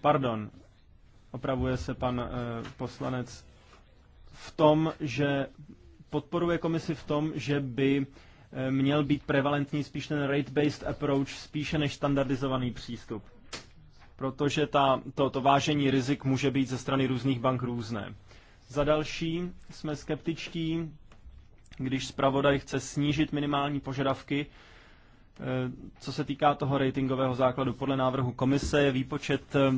Pardon, opravuje se pan eh, poslanec v tom, že podporuje komisi v tom, že by eh, měl být prevalentní spíš ten rate-based approach spíše než standardizovaný přístup. Protože ta, to, to vážení rizik může být ze strany různých bank různé. Za další jsme skeptičtí, když zpravodaj chce snížit minimální požadavky, eh, co se týká toho ratingového základu, podle návrhu komise je výpočet eh,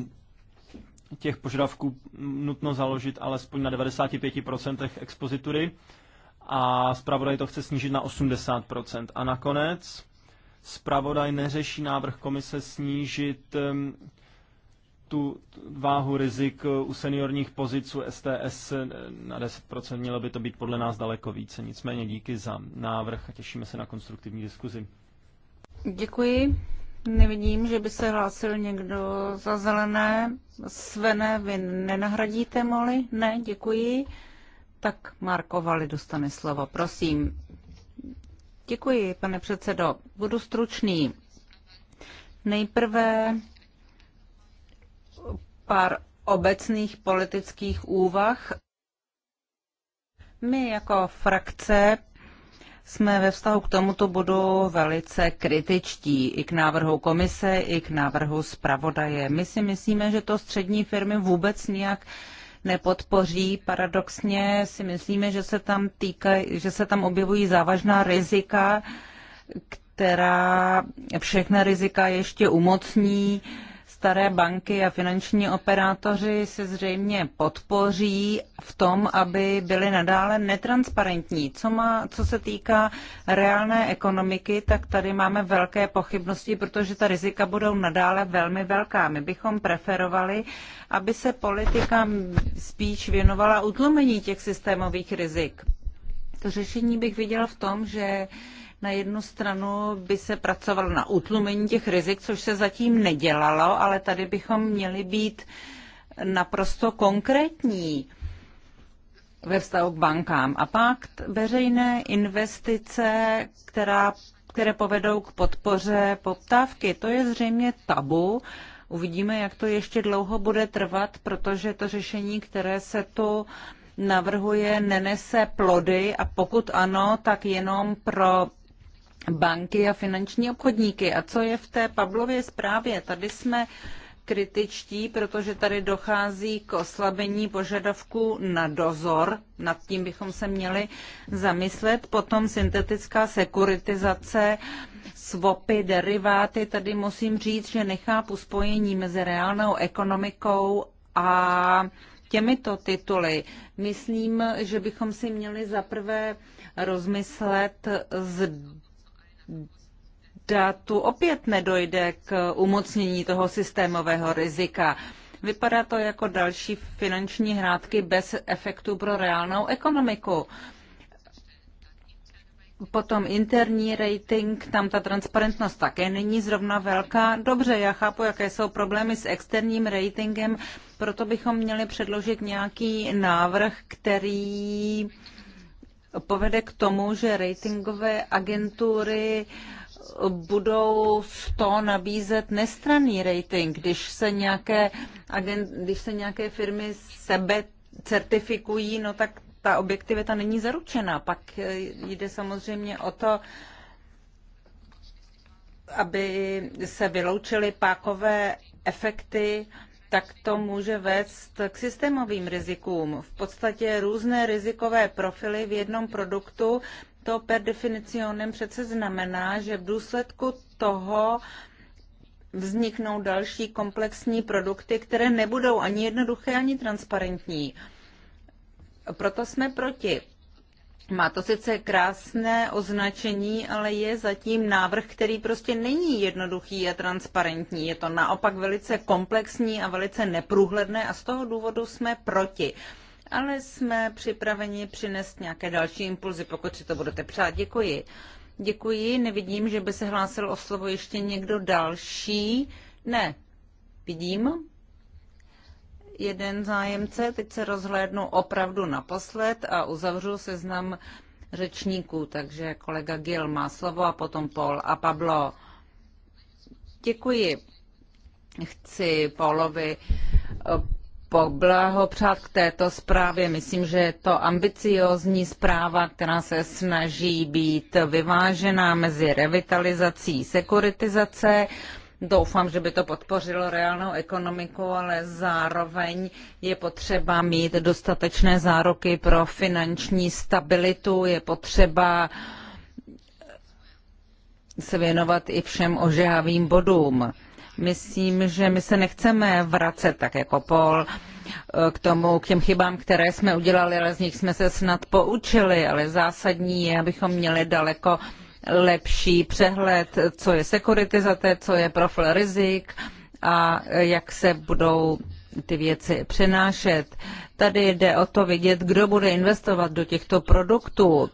těch požadavků nutno založit alespoň na 95% expozitury a zpravodaj to chce snížit na 80%. A nakonec zpravodaj neřeší návrh komise snížit eh, tu váhu rizik u seniorních pozic u STS na 10%, mělo by to být podle nás daleko více. Nicméně díky za návrh a těšíme se na konstruktivní diskuzi. Děkuji. Nevidím, že by se hlásil někdo za zelené. Svené, vy nenahradíte Moli? Ne, děkuji. Tak Marko Vali dostane slovo, prosím. Děkuji, pane předsedo. Budu stručný. Nejprve pár obecných politických úvah. My jako frakce jsme ve vztahu k tomuto bodu velice kritičtí i k návrhu komise, i k návrhu zpravodaje. My si myslíme, že to střední firmy vůbec nijak nepodpoří. Paradoxně si myslíme, že se tam, týka, že se tam objevují závažná rizika, která všechna rizika ještě umocní. Uh, staré banky a finanční operátoři se zřejmě podpoří v tom, aby byly nadále netransparentní. Co, má, co se týká reálné ekonomiky, tak tady máme velké pochybnosti, protože ta rizika budou nadále velmi velká. My bychom preferovali, aby se politika spíš věnovala utlumení těch systémových rizik. To řešení bych viděla v tom, že na jednu stranu by se pracovalo na utlumení těch rizik, což se zatím nedělalo, ale tady bychom měli být naprosto konkrétní ve vztahu k bankám. A pak veřejné investice, která, které povedou k podpoře poptávky, to je zřejmě tabu. Uvidíme, jak to ještě dlouho bude trvat, protože to řešení, které se tu navrhuje, nenese plody a pokud ano, tak jenom pro banky a finanční obchodníky. A co je v té Pavlově zprávě? Tady jsme kritičtí, protože tady dochází k oslabení požadavku na dozor. Nad tím bychom se měli zamyslet. Potom syntetická sekuritizace, swapy, deriváty. Tady musím říct, že nechápu spojení mezi reálnou ekonomikou a těmito tituly. Myslím, že bychom si měli zaprvé rozmyslet, zda datu opět nedojde k umocnění toho systémového rizika. Vypadá to jako další finanční hrádky bez efektu pro reálnou ekonomiku. Potom interní rating, tam ta transparentnost také není zrovna velká. Dobře, já chápu, jaké jsou problémy s externím ratingem, proto bychom měli předložit nějaký návrh, který uh, povede k tomu, že ratingové agentury budou z toho nabízet nestranný rating, když se nějaké, agent, když se nějaké firmy sebe certifikují, no tak ta objektivita není zaručená. Pak eh, jde samozřejmě o to, aby se vyloučily pákové efekty tak to může vést k systémovým rizikům. V podstatě různé rizikové profily v jednom produktu, to per definicionem přece znamená, že v důsledku toho vzniknou další komplexní produkty, které nebudou ani jednoduché, ani transparentní. Proto jsme proti. Má to sice krásné označení, ale je zatím návrh, který prostě není jednoduchý a transparentní. Je to naopak velice komplexní a velice neprůhledné a z toho důvodu jsme proti. Ale jsme připraveni přinést nějaké další impulzy, pokud si to budete přát. Děkuji. Děkuji. Nevidím, že by se hlásil o slovo ještě někdo další. Ne. Vidím jeden zájemce. Teď se rozhlédnu opravdu naposled a uzavřu seznam řečníků. Takže kolega Gil má slovo a potom Paul a Pablo. Děkuji. Chci Paulovi eh, poblahopřát k této zprávě. Myslím, že je to ambiciózní zpráva, která se snaží být vyvážená mezi revitalizací sekuritizace. sekuritizace Doufám, že by to podpořilo reálnou ekonomiku, ale zároveň je potřeba mít dostatečné zároky pro finanční stabilitu, je potřeba se věnovat i všem ožehavým bodům. Myslím, že my se nechceme vracet tak jako Paul k tomu, k těm chybám, které jsme udělali, ale z nich jsme se snad poučili, ale zásadní je, abychom měli daleko lepší přehled, co je sekuritizace, co je profil rizik a jak se budou ty věci přenášet. Tady jde o to vidět, kdo bude investovat do těchto produktů.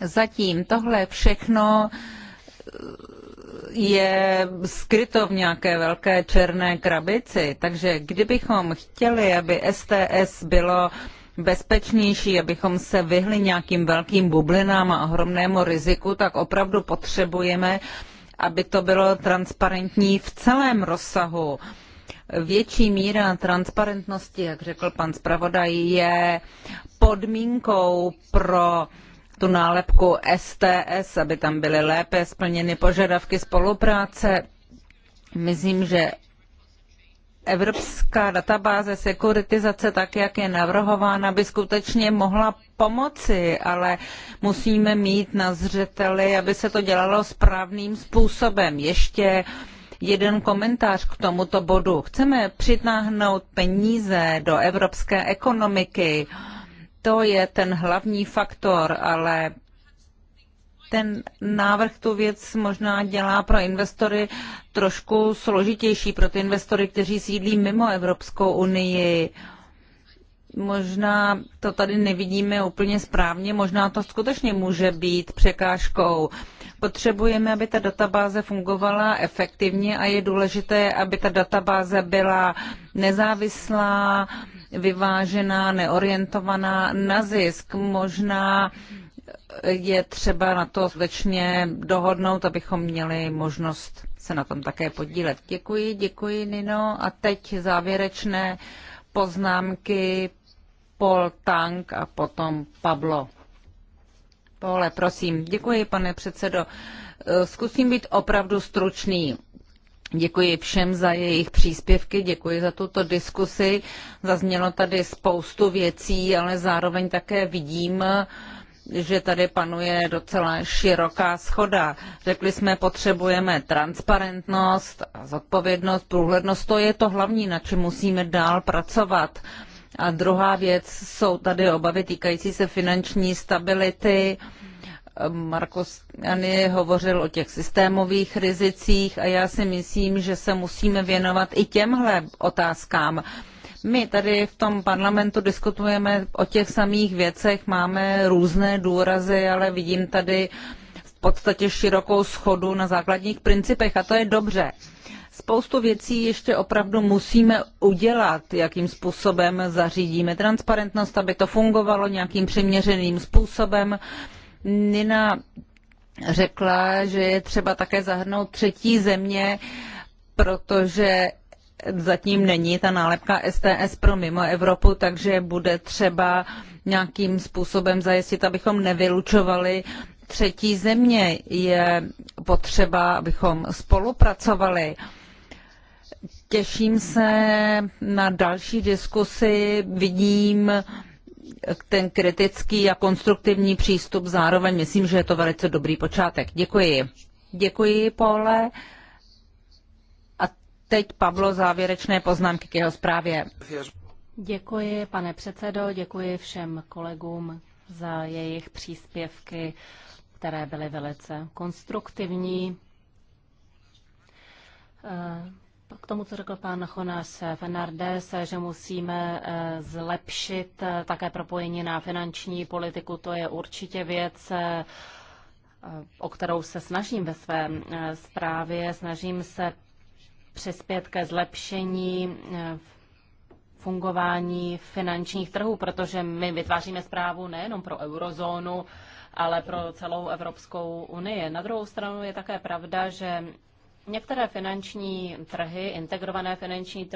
Zatím tohle všechno je skryto v nějaké velké černé krabici, takže kdybychom chtěli, aby STS bylo uh, bezpečnější, abychom se vyhli nějakým velkým bublinám a ohromnému riziku, tak opravdu potřebujeme, aby to bylo transparentní v celém rozsahu. Větší míra transparentnosti, jak řekl pan zpravodaj, je podmínkou pro tu nálepku STS, aby tam byly lépe splněny požadavky spolupráce. Myslím, že evropská databáze sekuritizace, tak jak je navrhována, by skutečně mohla pomoci, ale musíme mít na zřeteli, aby se to dělalo správným způsobem. Ještě jeden komentář k tomuto bodu. Chceme přitáhnout peníze do evropské ekonomiky. To je ten hlavní faktor, ale ten návrh tu věc možná dělá pro investory trošku složitější, pro ty investory, kteří sídlí mimo Evropskou unii. Možná to tady nevidíme úplně správně, možná to skutečně může být překážkou. Potřebujeme, aby ta databáze fungovala efektivně a je důležité, aby ta databáze byla nezávislá, vyvážená, neorientovaná na zisk. Možná je třeba na to skutečně dohodnout, abychom měli možnost se na tom také podílet. Děkuji, děkuji Nino. A teď závěrečné poznámky Paul Tank a potom Pablo. Pole, prosím. Děkuji, pane předsedo. Zkusím být opravdu stručný. Děkuji všem za jejich příspěvky, děkuji za tuto diskusi. Zaznělo tady spoustu věcí, ale zároveň také vidím, uh, že tady panuje docela široká schoda. Řekli jsme, potřebujeme transparentnost, zodpovědnost, průhlednost, to je to hlavní, na čem musíme dál pracovat. A druhá věc jsou tady obavy týkající se finanční stability. Markus Jany hovořil o těch systémových rizicích a já si myslím, že se musíme věnovat i těmhle otázkám my tady v tom parlamentu diskutujeme o těch samých věcech, máme různé důrazy, ale vidím tady v podstatě širokou schodu na základních principech a to je dobře. Spoustu věcí ještě opravdu musíme udělat, jakým způsobem zařídíme transparentnost, aby to fungovalo nějakým přiměřeným způsobem. Nina řekla, že je třeba také zahrnout třetí země, protože zatím není ta nálepka STS pro mimo Evropu, takže bude třeba nějakým způsobem zajistit, abychom nevylučovali třetí země. Je potřeba, abychom spolupracovali. Těším se na další diskusi. Vidím ten kritický a konstruktivní přístup zároveň. Myslím, že je to velice dobrý počátek. Děkuji. Děkuji, Pole teď Pavlo závěrečné poznámky k jeho zprávě. Děkuji, pane předsedo, děkuji všem kolegům za jejich příspěvky, které byly velice konstruktivní. Eh, k tomu, co řekl pán Chonáš Fernandez, že musíme eh, zlepšit eh, také propojení na finanční politiku, to je určitě věc, o kterou se snažím ve své zprávě. Snažím se přispět ke zlepšení eh, fungování finančních trhů, protože my vytváříme zprávu nejenom pro eurozónu, ale pro celou Evropskou unii. Na druhou stranu je také pravda, že některé finanční trhy, integrované finanční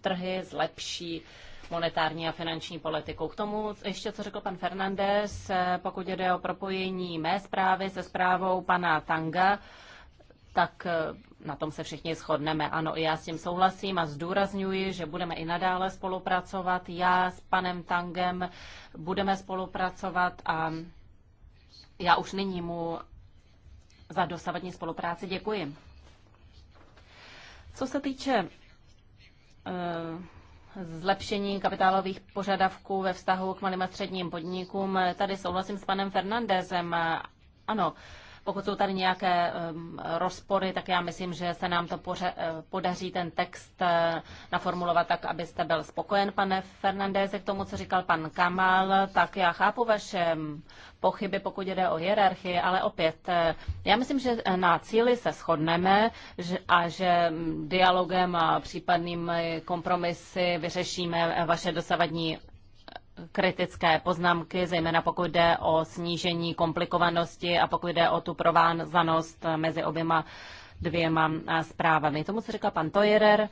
trhy zlepší monetární a finanční politiku. K tomu ještě, co řekl pan Fernandez, eh, pokud jde o propojení mé zprávy se zprávou pana Tanga, tak eh, na tom se všichni shodneme. Ano, já s tím souhlasím a zdůrazňuji, že budeme i nadále spolupracovat. Já s panem Tangem budeme spolupracovat a já už nyní mu za dosavadní spolupráci děkuji. Co se týče eh, zlepšení kapitálových požadavků ve vztahu k malým a středním podnikům, tady souhlasím s panem Fernandezem. Ano, pokud jsou tady nějaké rozpory, tak já myslím, že se nám to eh, podaří ten text eh, naformulovat tak, abyste byl spokojen, pane Fernandéze, k tomu, co říkal pan Kamal. Tak já chápu vaše pochyby, pokud jde o hierarchii, ale opět, eh, já myslím, že na cíli se shodneme a že dialogem a případným kompromisy vyřešíme vaše dosavadní kritické poznámky, zejména pokud jde o snížení komplikovanosti a pokud jde o tu provázanost mezi oběma dvěma eh, zprávami. Tomu se říká pan Tojerer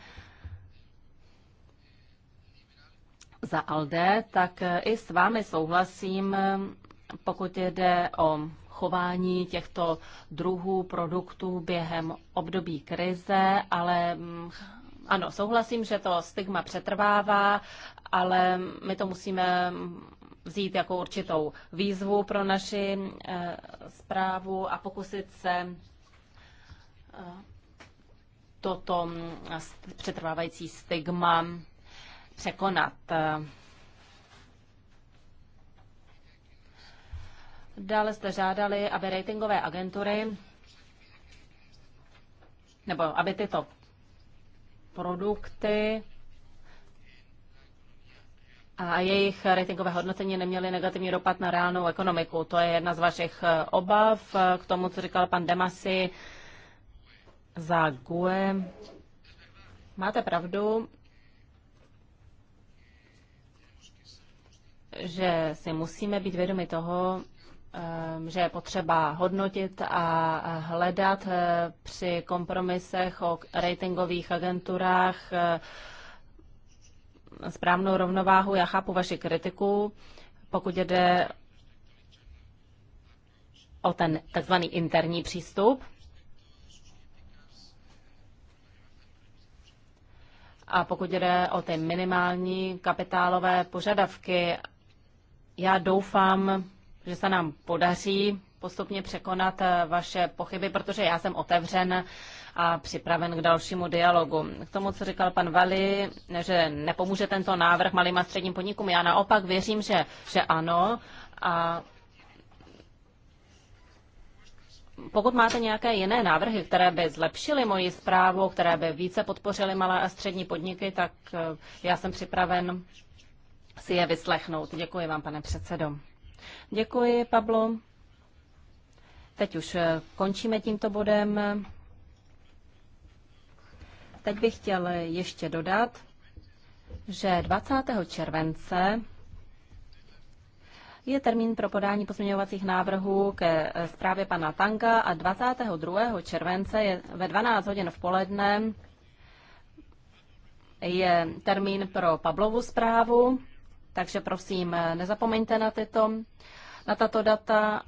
za ALDE, tak eh, i s vámi souhlasím, eh, pokud jde o chování těchto druhů produktů během období krize, ale mm, ano, souhlasím, že to stigma přetrvává, ale my to musíme vzít jako určitou výzvu pro naši eh, zprávu a pokusit se eh, toto eh, přetrvávající stigma překonat. Dále jste žádali, aby ratingové agentury nebo aby tyto produkty a jejich ratingové hodnocení neměly negativní dopad na reálnou ekonomiku. To je jedna z vašich eh, obav eh, k tomu, co říkal pan Demasi za GUE. Máte pravdu, že si musíme být vědomi toho, Ehm, že je potřeba hodnotit a hledat eh, při kompromisech o ratingových agenturách eh, správnou rovnováhu. Já chápu vaši kritiku, pokud jde o ten takzvaný interní přístup. A pokud jde o ty minimální kapitálové požadavky, já doufám, že se nám podaří postupně překonat eh, vaše pochyby, protože já jsem otevřen a připraven k dalšímu dialogu. K tomu, co říkal pan Vali, že nepomůže tento návrh malým a středním podnikům, já naopak věřím, že, že ano. A pokud máte nějaké jiné návrhy, které by zlepšily moji zprávu, které by více podpořily malé a střední podniky, tak eh, já jsem připraven si je vyslechnout. Děkuji vám, pane předsedo. Děkuji, Pablo. Teď už eh, končíme tímto bodem. Teď bych chtěl eh, ještě dodat, že 20. července je termín pro podání pozměňovacích návrhů ke eh, zprávě pana Tanga a 22. července je ve 12 hodin v poledne je termín pro Pablovu zprávu takže prosím, nezapomeňte na, tyto, na tato data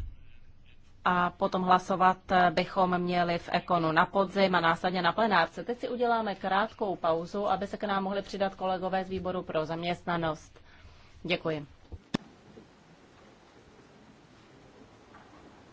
a potom hlasovat bychom měli v Ekonu na podzim a následně na plenárce. Teď si uděláme krátkou pauzu, aby se k nám mohli přidat kolegové z výboru pro zaměstnanost. Děkuji.